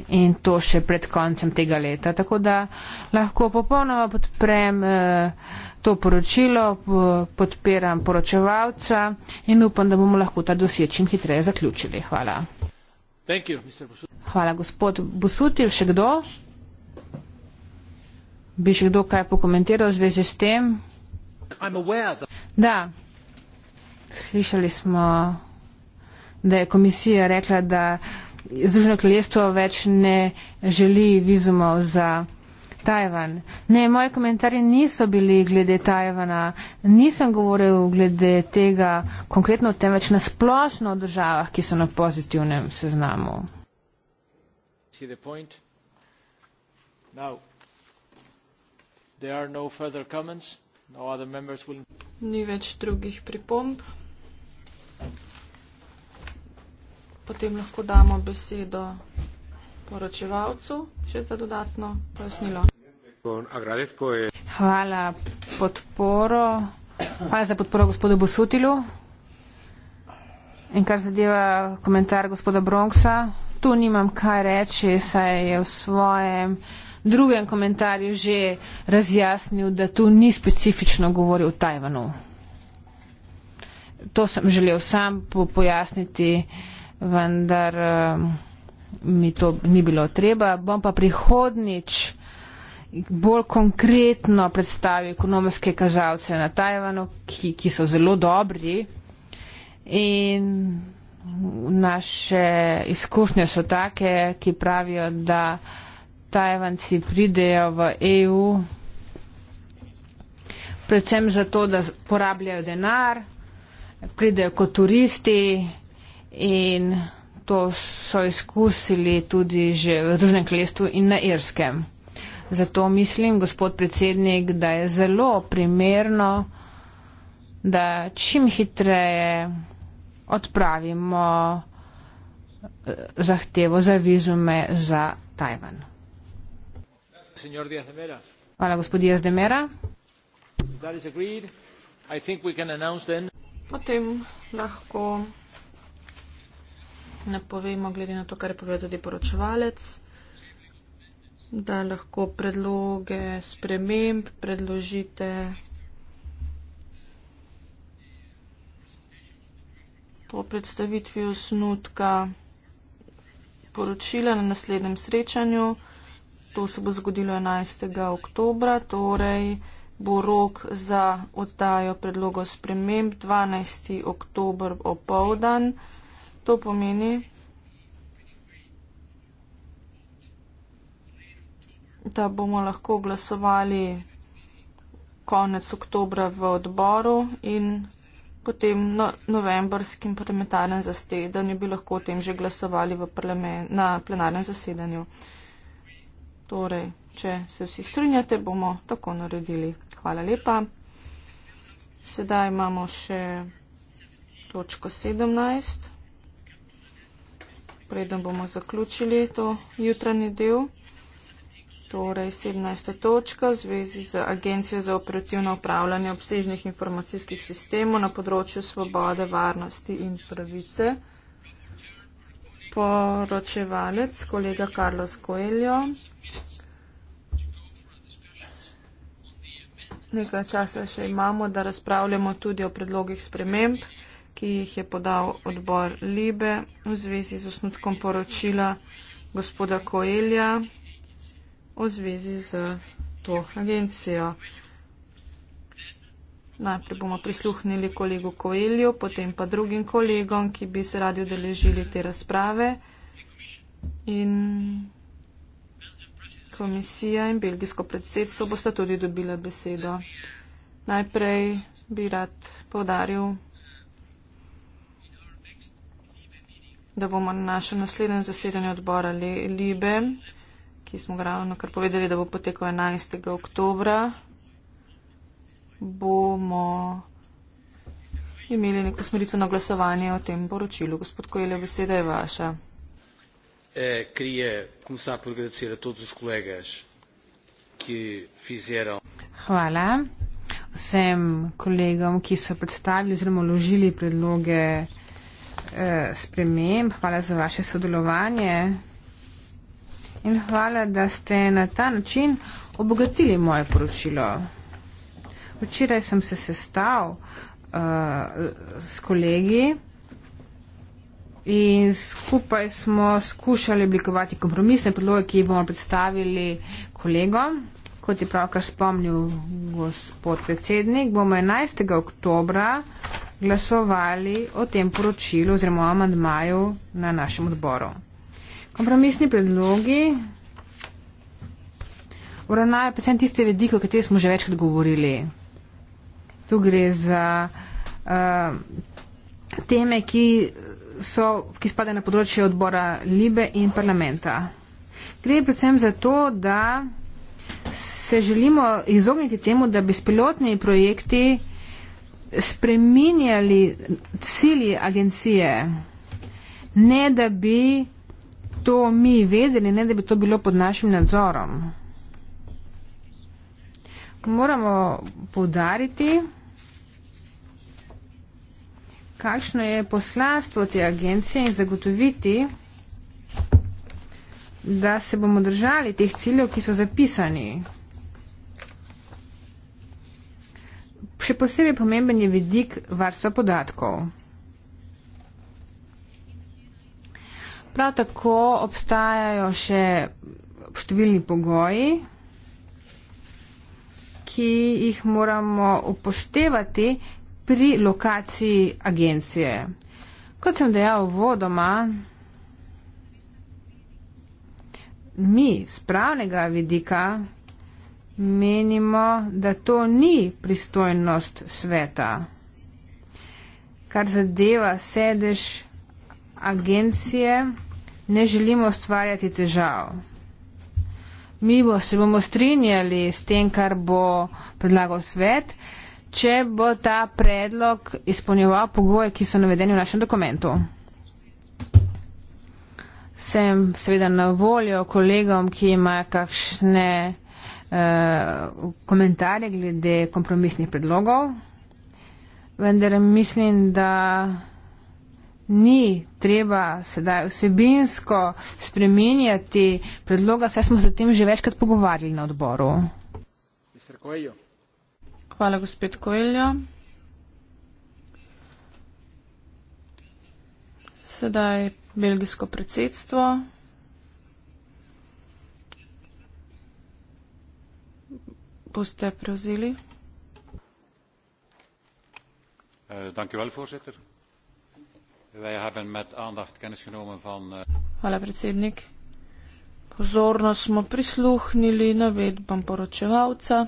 in to še pred koncem tega leta. Tako da lahko popolnoma podprem eh, to poročilo, podpiram poročevalca in upam, da bomo lahko ta dosje čim hitreje zaključili. Hvala. You, Hvala, gospod Busuti. Še kdo? Bi še kdo kaj pokomentiral v zvezi s tem? Da, slišali smo, da je komisija rekla, da Združeno kraljestvo več ne želi vizumov za Tajvan. Ne, moji komentarji niso bili glede Tajvana, nisem govoril glede tega konkretno, temveč na splošno o državah, ki so na pozitivnem seznamu. No no Ni več drugih pripomb potem lahko damo besedo poročevalcu še za dodatno pojasnilo. E- hvala, podporo. Hvala za podporo gospodu Bosutilu. In kar zadeva komentar gospoda Bronxa, tu nimam kaj reči, saj je v svojem drugem komentarju že razjasnil, da tu ni specifično govoril o Tajvanu. To sem želel sam pojasniti. Uh, vendar eh, mi to ni bilo treba. Bom pa prihodnič bolj konkretno predstavil ekonomske kazalce na Tajvanu, ki, ki so zelo dobri in naše izkušnje so take, ki pravijo, da Tajvanci pridejo v EU predvsem zato, da porabljajo denar, pridejo kot turisti in to so izkusili tudi že v Združenem kraljestvu in na Irskem. Zato mislim, gospod predsednik, da je zelo primerno, da čim hitreje odpravimo eh, zahtevo za vizume za Tajvan. Hvala, gospod Diaz de Mera. Potem lahko ne povemo, glede na to, kar je povedal tudi poročevalec, da lahko predloge sprememb predložite. Po predstavitvi osnutka poročila na naslednjem srečanju, to se bo zgodilo 11. oktobra, torej bo rok za oddajo predlogov sprememb 12. oktober opoldan to pomeni, da bomo lahko glasovali konec oktobra v odboru in potem no, novembrskim parlamentarnem zasedanju bi lahko o tem že glasovali na plenarnem zasedanju. Torej, če se vsi strinjate, bomo tako naredili. Hvala lepa. Sedaj imamo še točko 17 preden bomo zaključili to jutranji del. Torej, 17. točka v zvezi z Agencijo za operativno upravljanje obsežnih informacijskih sistemov na področju svobode, varnosti in pravice. Poročevalec, kolega Carlos Coelho. Nekaj časa še imamo, da razpravljamo tudi o predlogih sprememb ki jih je podal odbor Libe v zvezi z osnutkom poročila gospoda Koelja v zvezi z to agencijo. Najprej bomo prisluhnili kolegu Koelju, potem pa drugim kolegom, ki bi se radi udeležili te razprave. In komisija in belgijsko predsedstvo bosta tudi dobila besedo. Najprej bi rad povdaril da bomo na našem naslednjem zasedanju odbora Le Libe, ki smo ga ravno kar povedali, da bo potekal 11. oktobra, bomo imeli neko smeritev na glasovanje o tem poročilu. Gospod Kojelj, beseda je vaša. Eh, queria começar por agradecer a todos os colegas que fizeram. Hvala vsem kolegom, ki so predstavili oziroma vložili predloge Eh, sprememb, hvala za vaše sodelovanje in hvala, da ste na ta način obogatili moje poročilo. Včeraj sem se sestal uh, s kolegi in skupaj smo skušali oblikovati kompromisne predloge, ki jih bomo predstavili kolegom. Kot je pravkar spomnil gospod predsednik, bomo 11. oktobra glasovali o tem poročilu oziroma o amandmaju na našem odboru. Kompromisni predlogi uravnajo predvsem tiste vedike, o katerih smo že večkrat govorili. Tu gre za uh, teme, ki, so, ki spade na področje odbora Libe in parlamenta. Gre predvsem za to, da se želimo izogniti temu, da bi spilotni projekti spreminjali cilji agencije, ne da bi to mi vedeli, ne da bi to bilo pod našim nadzorom. Moramo povdariti, kakšno je poslanstvo te agencije in zagotoviti, da se bomo držali teh ciljev, ki so zapisani. Še posebej pomemben je vidik varstva podatkov. Prav tako obstajajo še številni pogoji, ki jih moramo upoštevati pri lokaciji agencije. Kot sem dejal vodoma, mi z pravnega vidika menimo, da to ni pristojnost sveta. Kar zadeva sedež agencije, ne želimo ustvarjati težav. Mi bo, se bomo strinjali s tem, kar bo predlagal svet, če bo ta predlog izpolnjeval pogoje, ki so navedeni v našem dokumentu sem seveda na voljo kolegom, ki imajo kakšne uh, komentarje glede kompromisnih predlogov, vendar mislim, da ni treba sedaj vsebinsko spremenjati predloga, saj smo se o tem že večkrat pogovarjali na odboru. Hvala, gospod Koeljo. Sedaj belgijsko predsedstvo. Boste prevzeli? Eh, eh, Hvala, predsednik. Pozorno smo prisluhnili navedbam poročevalca.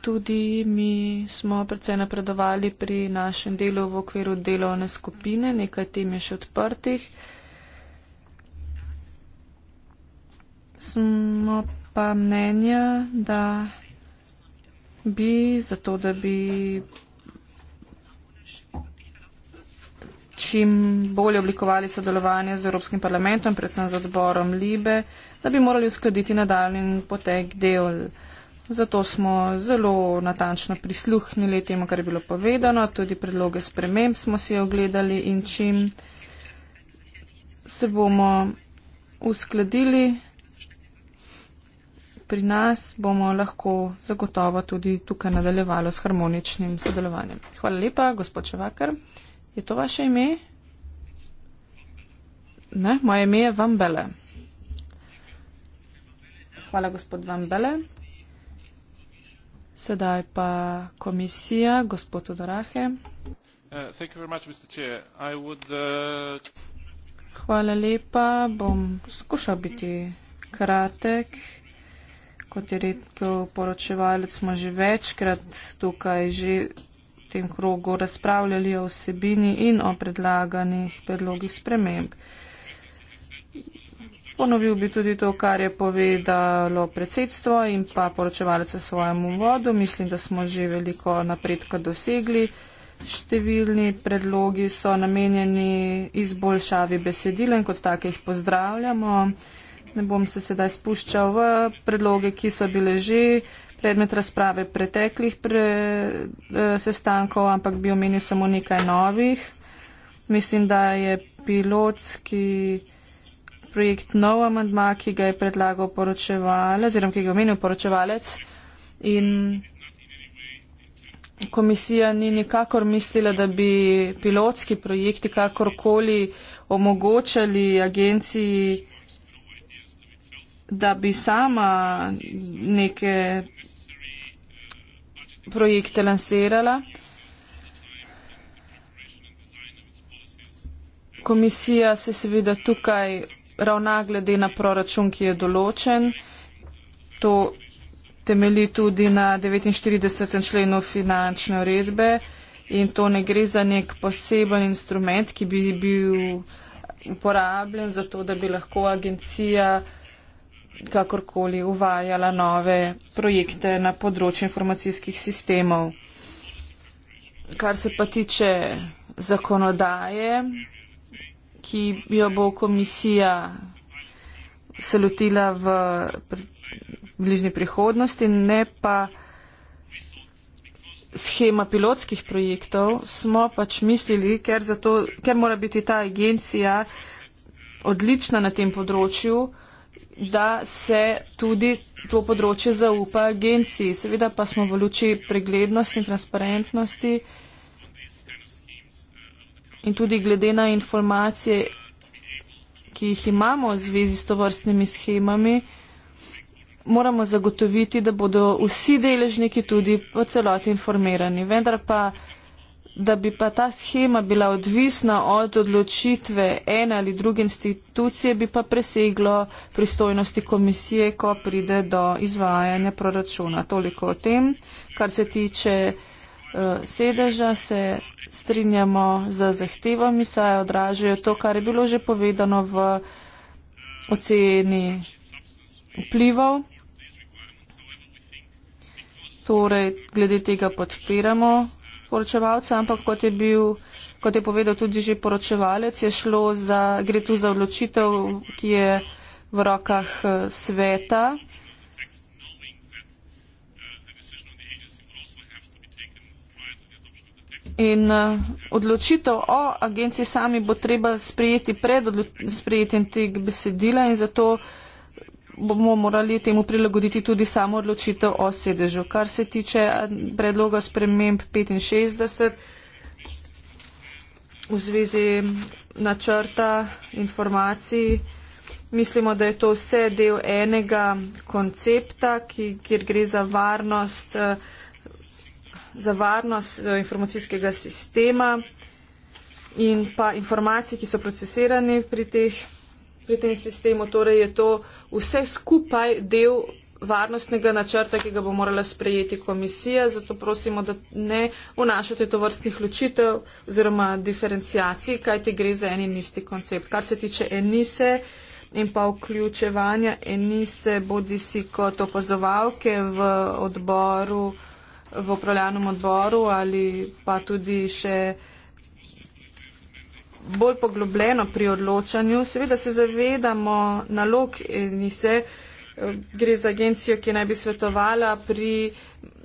Tudi mi smo precej napredovali pri našem delu v okviru delovne skupine, nekaj tem je še odprtih. Smo pa mnenja, da bi zato, da bi čim bolje oblikovali sodelovanje z Evropskim parlamentom, predvsem z odborom Libe, da bi morali uskladiti nadaljni potek delov. Zato smo zelo natančno prisluhnili temu, kar je bilo povedano, tudi predloge sprememb smo si ogledali in čim se bomo uskladili pri nas, bomo lahko zagotovo tudi tukaj nadaljevalo s harmoničnim sodelovanjem. Hvala lepa, gospod Čevakar. Je to vaše ime? Ne, moje ime je Vambele. Hvala, gospod Vambele. Sedaj pa komisija, gospod Odorahe. Uh, uh, Hvala lepa, bom skušal biti kratek. Kot je rekel poročevalec, smo že večkrat tukaj že v tem krogu razpravljali o vsebini in o predlaganih predlogih sprememb. Ponovil bi tudi to, kar je povedalo predsedstvo in pa poročevalce svojemu vodu. Mislim, da smo že veliko napredka dosegli. Številni predlogi so namenjeni izboljšavi besedila in kot take jih pozdravljamo. Ne bom se sedaj spuščal v predloge, ki so bile že predmet razprave preteklih pre, eh, sestankov, ampak bi omenil samo nekaj novih. Mislim, da je pilotski. ki projekt nov amandma, ki ga je predlagal poročevalec oziroma ki ga je omenil poročevalec in komisija ni nikakor mislila, da bi pilotski projekti kakorkoli omogočali agenciji, da bi sama neke projekte lansirala. Komisija se seveda tukaj ravna glede na proračun, ki je določen. To temeli tudi na 49. členu finančne uredbe in to ne gre za nek poseben instrument, ki bi bil uporabljen za to, da bi lahko agencija kakorkoli uvajala nove projekte na področju informacijskih sistemov. Kar se pa tiče zakonodaje, ki jo bo komisija se lotila v bližnji prihodnosti, ne pa schema pilotskih projektov, smo pač mislili, ker, zato, ker mora biti ta agencija odlična na tem področju, da se tudi to področje zaupa agenciji. Seveda pa smo v luči preglednosti in transparentnosti in tudi glede na informacije, ki jih imamo v zvezi s tovrstnimi schemami, moramo zagotoviti, da bodo vsi deležniki tudi v celoti informirani. Vendar pa, da bi pa ta schema bila odvisna od odločitve ene ali druge institucije, bi pa preseglo pristojnosti komisije, ko pride do izvajanja proračuna. Toliko o tem, kar se tiče uh, sedeža, se strinjamo z zahtevami, saj odražajo to, kar je bilo že povedano v oceni vplivov. Torej, glede tega podpiramo poročevalca, ampak kot je, bil, kot je povedal tudi že poročevalec, za, gre tu za odločitev, ki je v rokah eh, sveta. In uh, odločitev o agenciji sami bo treba sprejeti pred sprejetjem teh besedila in zato bomo morali temu prilagoditi tudi samo odločitev o sedežu. Kar se tiče eh, predloga sprememb 65 v zvezi načrta informacij, mislimo, da je to vse del enega koncepta, ki, kjer gre za varnost. Uh, za varnost eh, informacijskega sistema in pa informacij, ki so procesirani pri, teh, pri tem sistemu. Torej je to vse skupaj del varnostnega načrta, ki ga bo morala sprejeti komisija. Zato prosimo, da ne vnašate to vrstnih ločitev oziroma diferencijacij, kaj ti gre za en in isti koncept. Kar se tiče enise in pa vključevanja enise bodi si kot opazovalke v odboru v upravljanem odboru ali pa tudi še bolj poglobljeno pri odločanju. Seveda se zavedamo nalog Enise, gre za agencijo, ki naj bi svetovala pri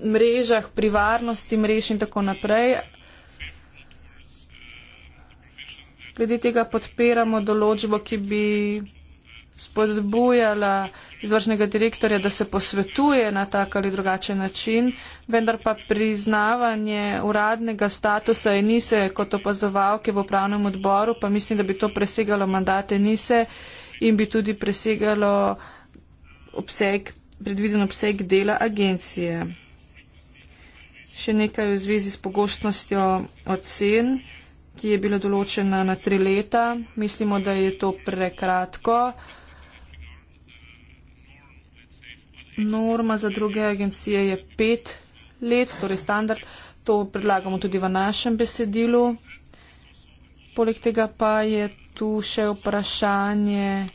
mrežah, pri varnosti mrež in tako naprej. Glede tega podpiramo določbo, ki bi spodbujala izvršnega direktorja, da se posvetuje na tak ali drugačen način, vendar pa priznavanje uradnega statusa enise kot opazovalke v upravnem odboru, pa mislim, da bi to presegalo mandate enise in bi tudi presegalo obseg, predviden obseg dela agencije. Še nekaj v zvezi s pogostnostjo ocen, ki je bila določena na tri leta. Mislimo, da je to prekratko. Norma za druge agencije je pet let, torej standard. To predlagamo tudi v našem besedilu. Poleg tega pa je tu še vprašanje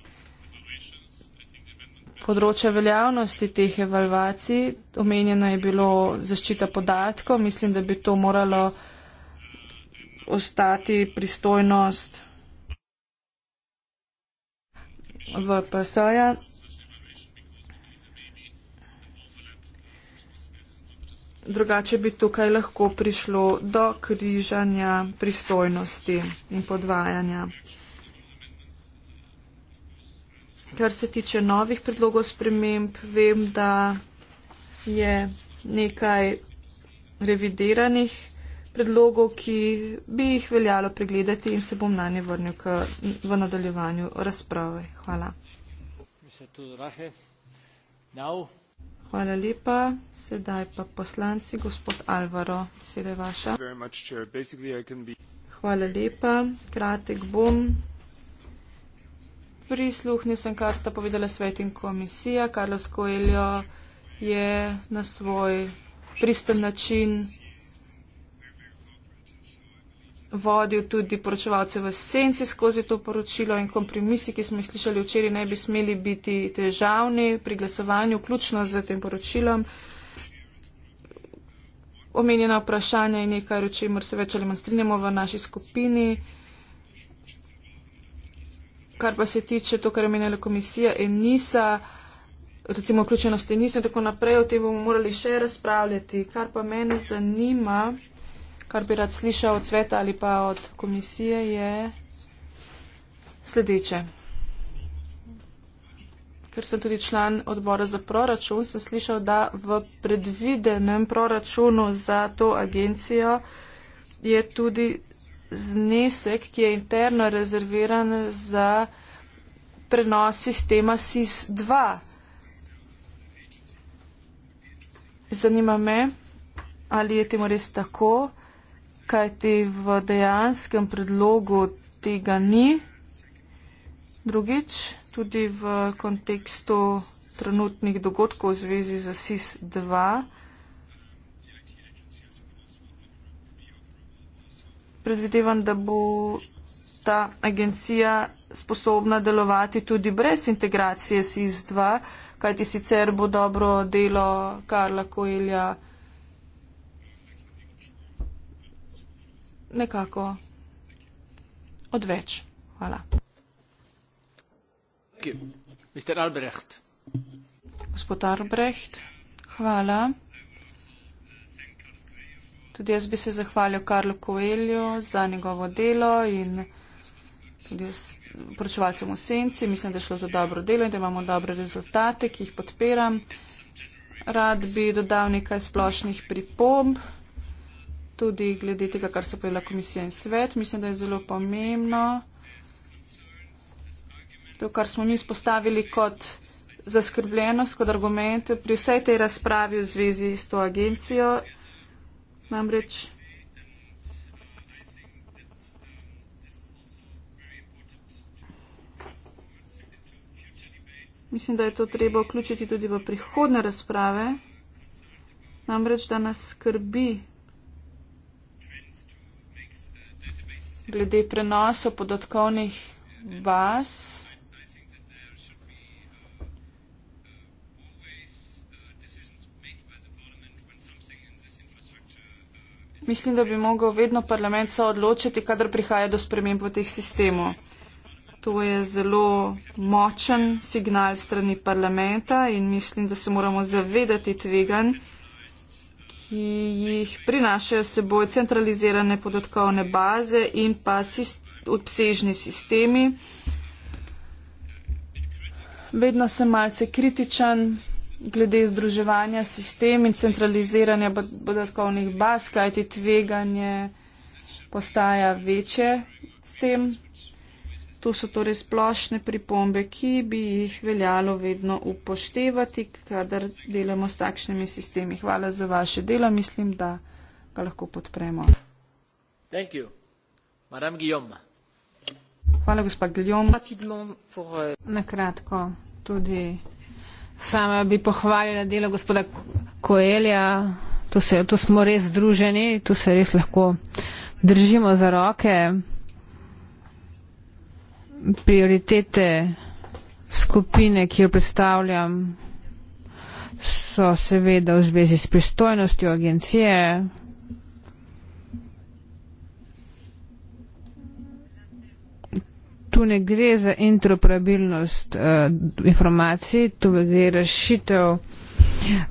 področja veljavnosti teh evalvacij. Omenjena je bilo zaščita podatkov. Mislim, da bi to moralo ostati pristojnost VPS-ja. drugače bi tukaj lahko prišlo do križanja pristojnosti in podvajanja. Kar se tiče novih predlogov sprememb, vem, da je nekaj revideranih predlogov, ki bi jih veljalo pregledati in se bom na ne vrnil k, v nadaljevanju razprave. Hvala. Now, Hvala lepa. Sedaj pa poslanci, gospod Alvaro, beseda je vaša. Hvala lepa. Kratek bom. Prisluhnil sem, kar sta povedala svet in komisija. Karlos Koeljo je na svoj pristen način vodil tudi poročevalce v senci skozi to poročilo in kompromisi, ki smo jih slišali včeraj, ne bi smeli biti težavni pri glasovanju, vključno z tem poročilom. Omenjena vprašanja je nekaj, o čemer se več ali manj strinjamo v naši skupini. Kar pa se tiče to, kar je omenjala komisija Enisa, recimo vključenosti Enisa in tako naprej, o tem bomo morali še razpravljati. Kar pa mene zanima, kar bi rad slišal od sveta ali pa od komisije, je sledeče. Ker sem tudi član odbora za proračun, sem slišal, da v predvidenem proračunu za to agencijo je tudi znesek, ki je interno rezerviran za prenos sistema SIS-2. Zanima me, ali je temu res tako kajti v dejanskem predlogu tega ni. Drugič, tudi v kontekstu trenutnih dogodkov v zvezi z SIS-2. Predvidevam, da bo ta agencija sposobna delovati tudi brez integracije SIS-2, kajti sicer bo dobro delo Karla Koelja. nekako odveč. Hvala. Gospod Albrecht, hvala. Tudi jaz bi se zahvalil Karlu Koelju za njegovo delo in tudi poročevalcem v senci. Mislim, da je šlo za dobro delo in da imamo dobre rezultate, ki jih podpiram. Rad bi dodal nekaj splošnih pripomb tudi glede tega, kar so povedala komisija in svet. Mislim, da je zelo pomembno to, kar smo mi spostavili kot zaskrbljenost, kot argument pri vsej tej razpravi v zvezi s to agencijo. Namreč. Mislim, da je to treba vključiti tudi v prihodne razprave. Namreč, da nas skrbi glede prenosa podatkovnih baz. Mislim, da bi mogel vedno parlament se odločiti, kadar prihaja do sprememb v teh sistemu. To je zelo močen signal strani parlamenta in mislim, da se moramo zavedati tveganj ki jih prinašajo seboj centralizirane podatkovne baze in pa obsežni sist sistemi. Vedno sem malce kritičen glede združevanja sistem in centraliziranja podatkovnih baz, kajti tveganje postaja večje s tem. To so torej splošne pripombe, ki bi jih veljalo vedno upoštevati, kadar delamo s takšnimi sistemi. Hvala za vaše delo, mislim, da ga lahko podpremo. Hvala, gospa Guillaume. Pour... Euh, Na kratko, tudi sama bi pohvalila delo gospoda Koelja. Tu, se, tu smo res združeni, tu se res lahko držimo za roke prioritete skupine, ki jo predstavljam, so seveda v zvezi s pristojnostjo agencije. Tu ne gre za interoperabilnost uh, informacij, tu gre rešitev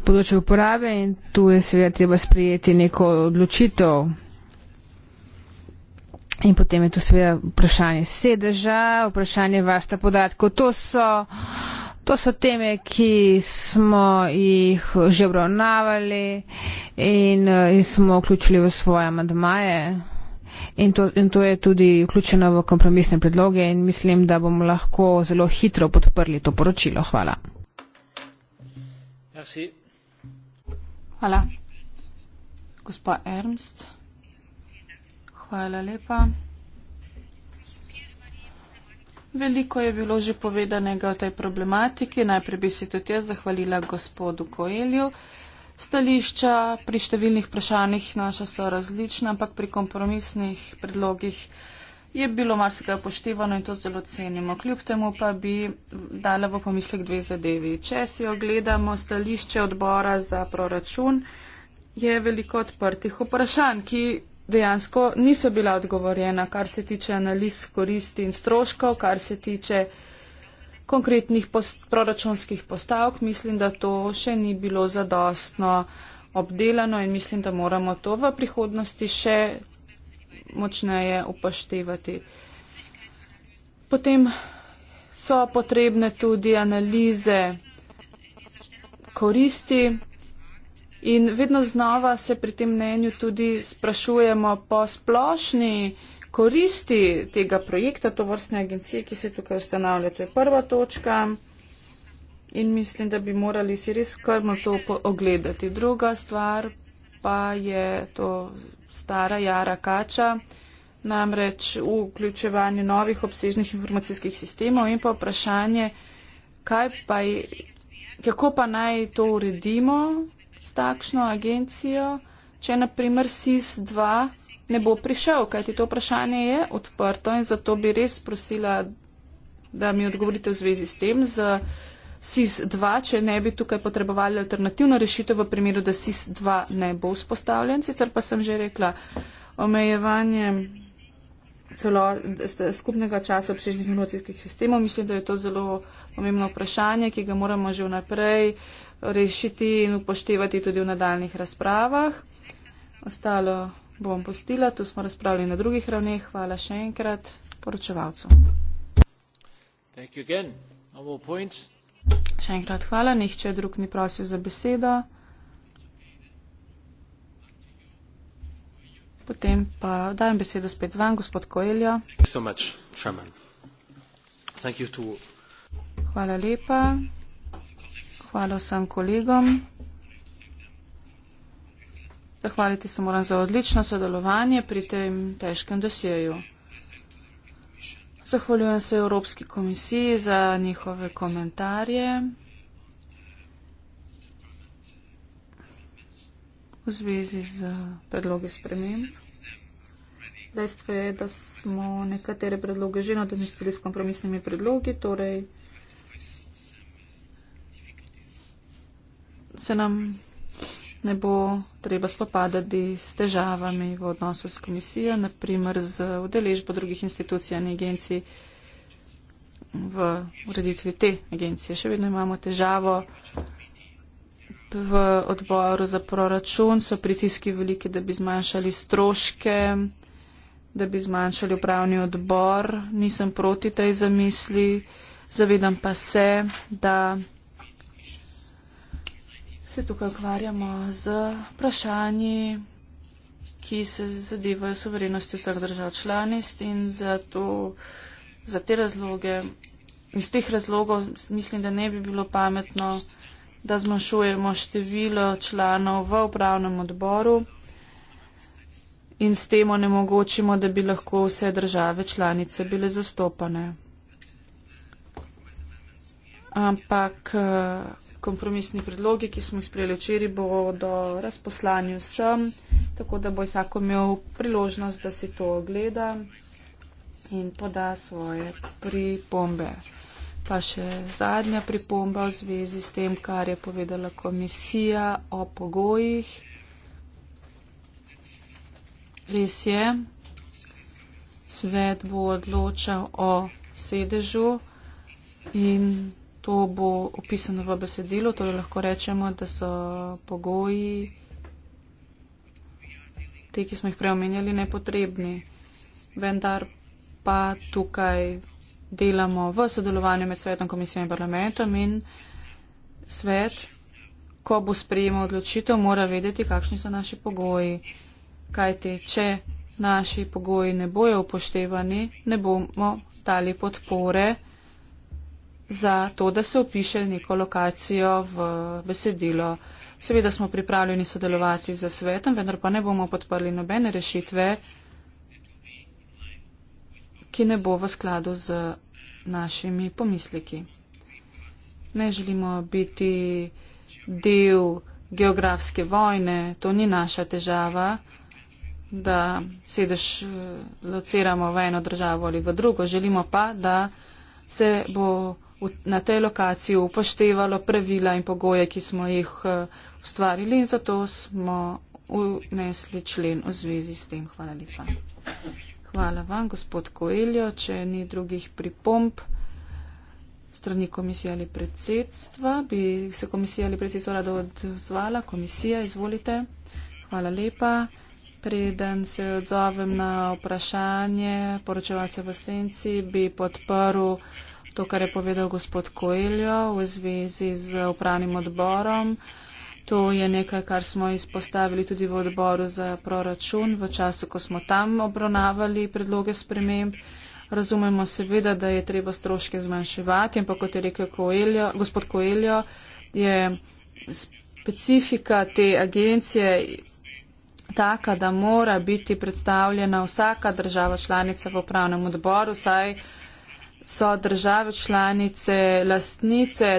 področja uporabe in tu je seveda treba sprejeti neko odločitev. In potem je tu seveda vprašanje sedeža, vprašanje vašta podatkov. To so, to so teme, ki smo jih že obravnavali in, eh, in smo vključili v svoje amadmaje. In to, in to je tudi vključeno v kompromisne predloge in mislim, da bomo lahko zelo hitro podprli to poročilo. Hvala. Merci. Hvala. Gospa Ernst. Hvala lepa. Veliko je bilo že povedanega o tej problematiki. Najprej bi se tudi jaz zahvalila gospodu Koelju. Stališča pri številnih vprašanjih naša so različna, ampak pri kompromisnih predlogih je bilo marsikaj upoštevano in to zelo cenimo. Kljub temu pa bi dala v pomislek dve zadevi. Če si ogledamo stališče odbora za proračun, je veliko odprtih vprašanj, ki dejansko niso bila odgovorjena, kar se tiče analiz koristi in stroškov, kar se tiče konkretnih post proračunskih postavk. Mislim, da to še ni bilo zadostno obdelano in mislim, da moramo to v prihodnosti še močneje upoštevati. Potem so potrebne tudi analize koristi In vedno znova se pri tem mnenju tudi sprašujemo po splošni koristi tega projekta, to vrstne agencije, ki se tukaj ustanavlja. To je prva točka in mislim, da bi morali si res skrbno to ogledati. Druga stvar pa je to stara jara kača, namreč v vključevanju novih obsežnih informacijskih sistemov in pa vprašanje, kaj pa je. Kako pa naj to uredimo, s takšno agencijo, če naprimer SIS-2 ne bo prišel, kajti to vprašanje je odprto in zato bi res prosila, da mi odgovorite v zvezi s tem, z SIS-2, če ne bi tukaj potrebovali alternativno rešitev v primeru, da SIS-2 ne bo vzpostavljen. Sicer pa sem že rekla, omejevanje celo skupnega časa obsežnih inovacijskih sistemov, mislim, da je to zelo pomembno vprašanje, ki ga moramo že vnaprej rešiti in upoštevati tudi v nadaljnih razpravah. Ostalo bom postila, tu smo razpravljali na drugih ravneh. Hvala še enkrat poročevalcu. No še enkrat hvala, nihče drug ni prosil za besedo. Potem pa dajem besedo spet vam, gospod Koeljo. Hvala lepa. Hvala vsem kolegom. Zahvaliti se moram za odlično sodelovanje pri tem težkem dosjeju. Zahvaljujem se Evropski komisiji za njihove komentarje. V zvezi z predlogi spremem. Dejstvo je, da smo nekatere predloge že nadomestili s kompromisnimi predlogi, torej se nam ne bo treba spopadati s težavami v odnosu s komisijo, naprimer z udeležbo drugih institucij in agencij v ureditvi te agencije. Še vedno imamo težavo v odboru za proračun, so pritiski veliki, da bi zmanjšali stroške, da bi zmanjšali upravni odbor. Nisem proti tej zamisli, zavedam pa se, da se tukaj ukvarjamo z vprašanji, ki se zadevajo soverenosti vseh držav članist in zato za te razloge, iz teh razlogov mislim, da ne bi bilo pametno, da zmanjšujemo število članov v upravnem odboru in s tem onemogočimo, da bi lahko vse države članice bile zastopane ampak eh, kompromisni predlogi, ki smo jih sprejeli včeraj, bodo razposlani vsem, tako da bo vsako imel priložnost, da si to ogleda in poda svoje pripombe. Pa še zadnja pripomba v zvezi s tem, kar je povedala komisija o pogojih. Res je, svet bo odločal o sedežu in To bo opisano v besedilu, torej lahko rečemo, da so pogoji, te, ki smo jih preomenjali, nepotrebni. Vendar pa tukaj delamo v sodelovanju med svetom, komisijo in parlamentom in svet, ko bo sprejemal odločitev, mora vedeti, kakšni so naši pogoji. Kajte, če naši pogoji ne bojo upoštevani, ne bomo dali podpore za to, da se opiše neko lokacijo v besedilo. Seveda smo pripravljeni sodelovati z svetom, vendar pa ne bomo podprli nobene rešitve, ki ne bo v skladu z našimi pomisliki. Ne želimo biti del geografske vojne, to ni naša težava, da sedež eh, lociramo v eno državo ali v drugo. Želimo pa, da se bo na tej lokaciji upoštevalo pravila in pogoje, ki smo jih eh, ustvarili in zato smo unesli člen v zvezi s tem. Hvala lepa. Hvala vam, gospod Koeljo. Če ni drugih pripomb strani komisije ali predsedstva, bi se komisija ali predsedstvo rada odzvala. Komisija, izvolite. Hvala lepa. Preden se odzovem na vprašanje poročevalce v senci, bi podprl to, kar je povedal gospod Koeljo v zvezi z upravnim odborom. To je nekaj, kar smo izpostavili tudi v odboru za proračun v času, ko smo tam obravnavali predloge sprememb. Razumemo seveda, da je treba stroške zmanjševati, ampak kot je rekel Koeljo, gospod Koeljo, je specifika te agencije taka, da mora biti predstavljena vsaka država članica v upravnem odboru, saj so države članice lastnice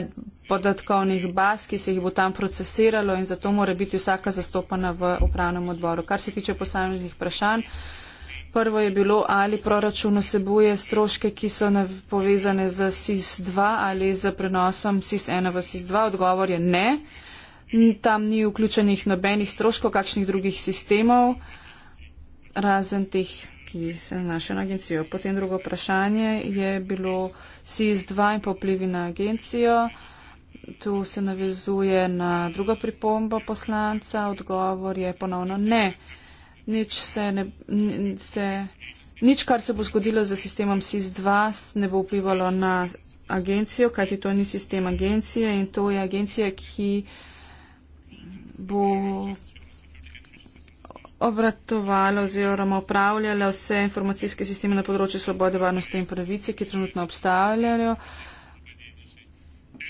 podatkovnih baz, ki se jih bo tam procesiralo in zato mora biti vsaka zastopana v upravnem odboru. Kar se tiče posameznih vprašanj, prvo je bilo, ali proračun osebuje stroške, ki so povezane z SIS-2 ali z prenosom SIS-1 v SIS-2. Odgovor je ne tam ni vključenih nobenih stroškov kakšnih drugih sistemov, razen teh, ki se nanašajo na agencijo. Potem drugo vprašanje je bilo SIS-2 in poplivi na agencijo. Tu se navezuje na drugo pripombo poslanca. Odgovor je ponovno ne. Nič, se ne, se, nič kar se bo zgodilo za sistemom SIS-2, ne bo vplivalo na agencijo, kajti to ni sistem agencije in to je agencija, ki bo obratovalo oziroma upravljalo vse informacijske sisteme na področju svobode, varnosti in pravice, ki trenutno obstavljajo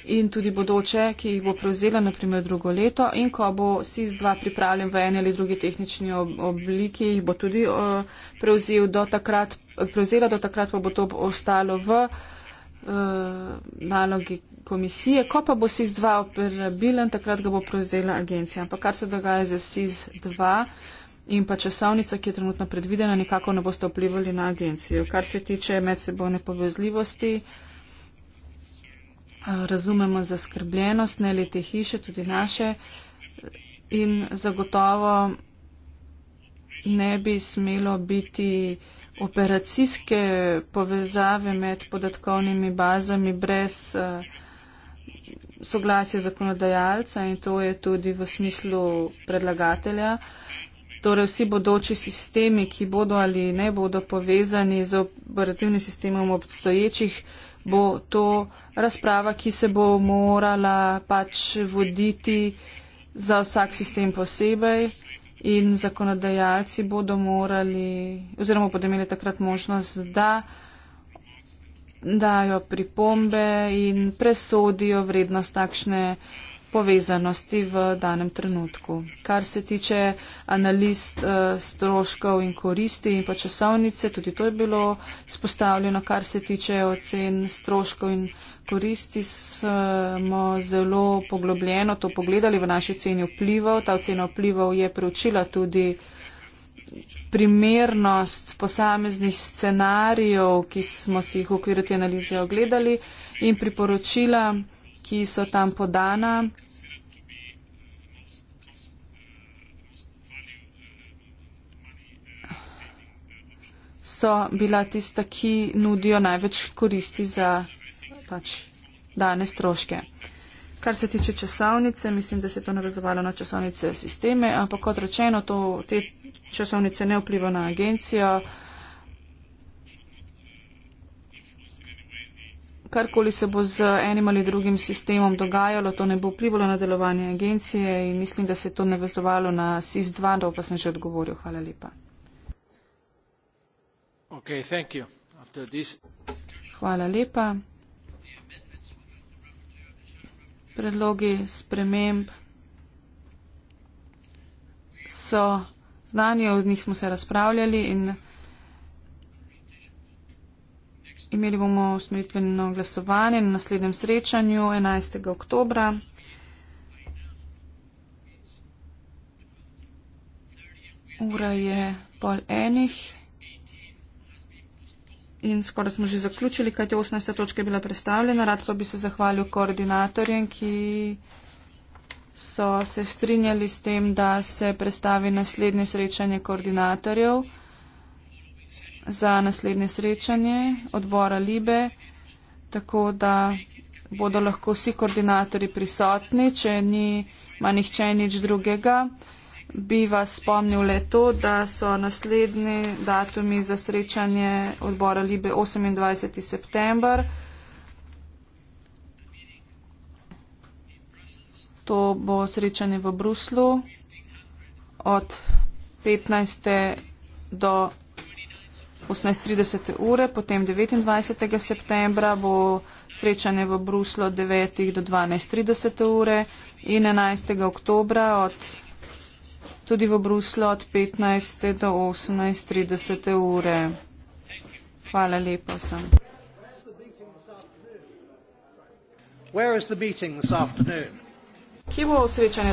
in tudi bodoče, ki jih bo prevzela naprimer drugo leto in ko bo SIS-2 pripravljen v eni ali drugi tehnični ob obliki, jih bo tudi eh, prevzel do takrat, prevzela do takrat pa bo to ostalo v uh, nalogi komisije. Ko pa bo SIS-2 operabilen, takrat ga bo prevzela agencija. Ampak kar se dogaja za SIS-2 in pa časovnica, ki je trenutno predvidena, nikako ne boste vplivali na agencijo. Kar se tiče medsebojne povezljivosti, razumemo zaskrbljenost, ne le te hiše, tudi naše. In zagotovo ne bi smelo biti operacijske povezave med podatkovnimi bazami brez uh, soglasje zakonodajalca in to je tudi v smislu predlagatelja. Torej vsi bodoči sistemi, ki bodo ali ne bodo povezani z operativnim sistemom obstoječih, bo to razprava, ki se bo morala pač voditi za vsak sistem posebej in zakonodajalci bodo morali oziroma bodo imeli takrat možnost, da dajo pripombe in presodijo vrednost takšne povezanosti v danem trenutku. Kar se tiče analiz uh, eh, stroškov in koristi in pa časovnice, tudi to je bilo spostavljeno, kar se tiče ocen stroškov in koristi, smo zelo poglobljeno to pogledali v naši oceni vplivov. Ta ocena vplivov je preučila tudi primernost posameznih scenarijev, ki smo si jih v okviru te analize ogledali in priporočila, ki so tam podana. so bila tista, ki nudijo največ koristi za pač, dane stroške. Kar se tiče časovnice, mislim, da se je to navezovalo na časovnice sisteme, ampak kot rečeno, to, te časovnice ne vpliva na agencijo. Karkoli se bo z enim ali drugim sistemom dogajalo, to ne bo vplivalo na delovanje agencije in mislim, da se je to navezovalo na SIS-2, to pa sem že odgovoril. Hvala lepa. Okay, this... Hvala lepa. Predlogi sprememb so znanje, od njih smo se razpravljali in imeli bomo usmeritveno glasovanje na naslednjem srečanju 11. oktobra. Ura je pol enih. In skoraj smo že zaključili, kajti 18. točka je bila predstavljena. Rad pa bi se zahvalil koordinatorjem, ki so se strinjali s tem, da se prestavi naslednje srečanje koordinatorjev za naslednje srečanje odbora Libe, tako da bodo lahko vsi koordinatorji prisotni, če ni manjhče nič drugega. Bi vas spomnil le to, da so naslednji datumi za srečanje odbora Libe 28. september. to bo srečanje v Bruslu od 15. do 18.30 ure, potem 29. septembra bo srečanje v Bruslu od 9. do 12.30 ure in 11. oktobra od, tudi v Bruslu od 15. do 18.30 ure. Hvala lepa sem. Where is the meeting this afternoon? Kje bo srečanje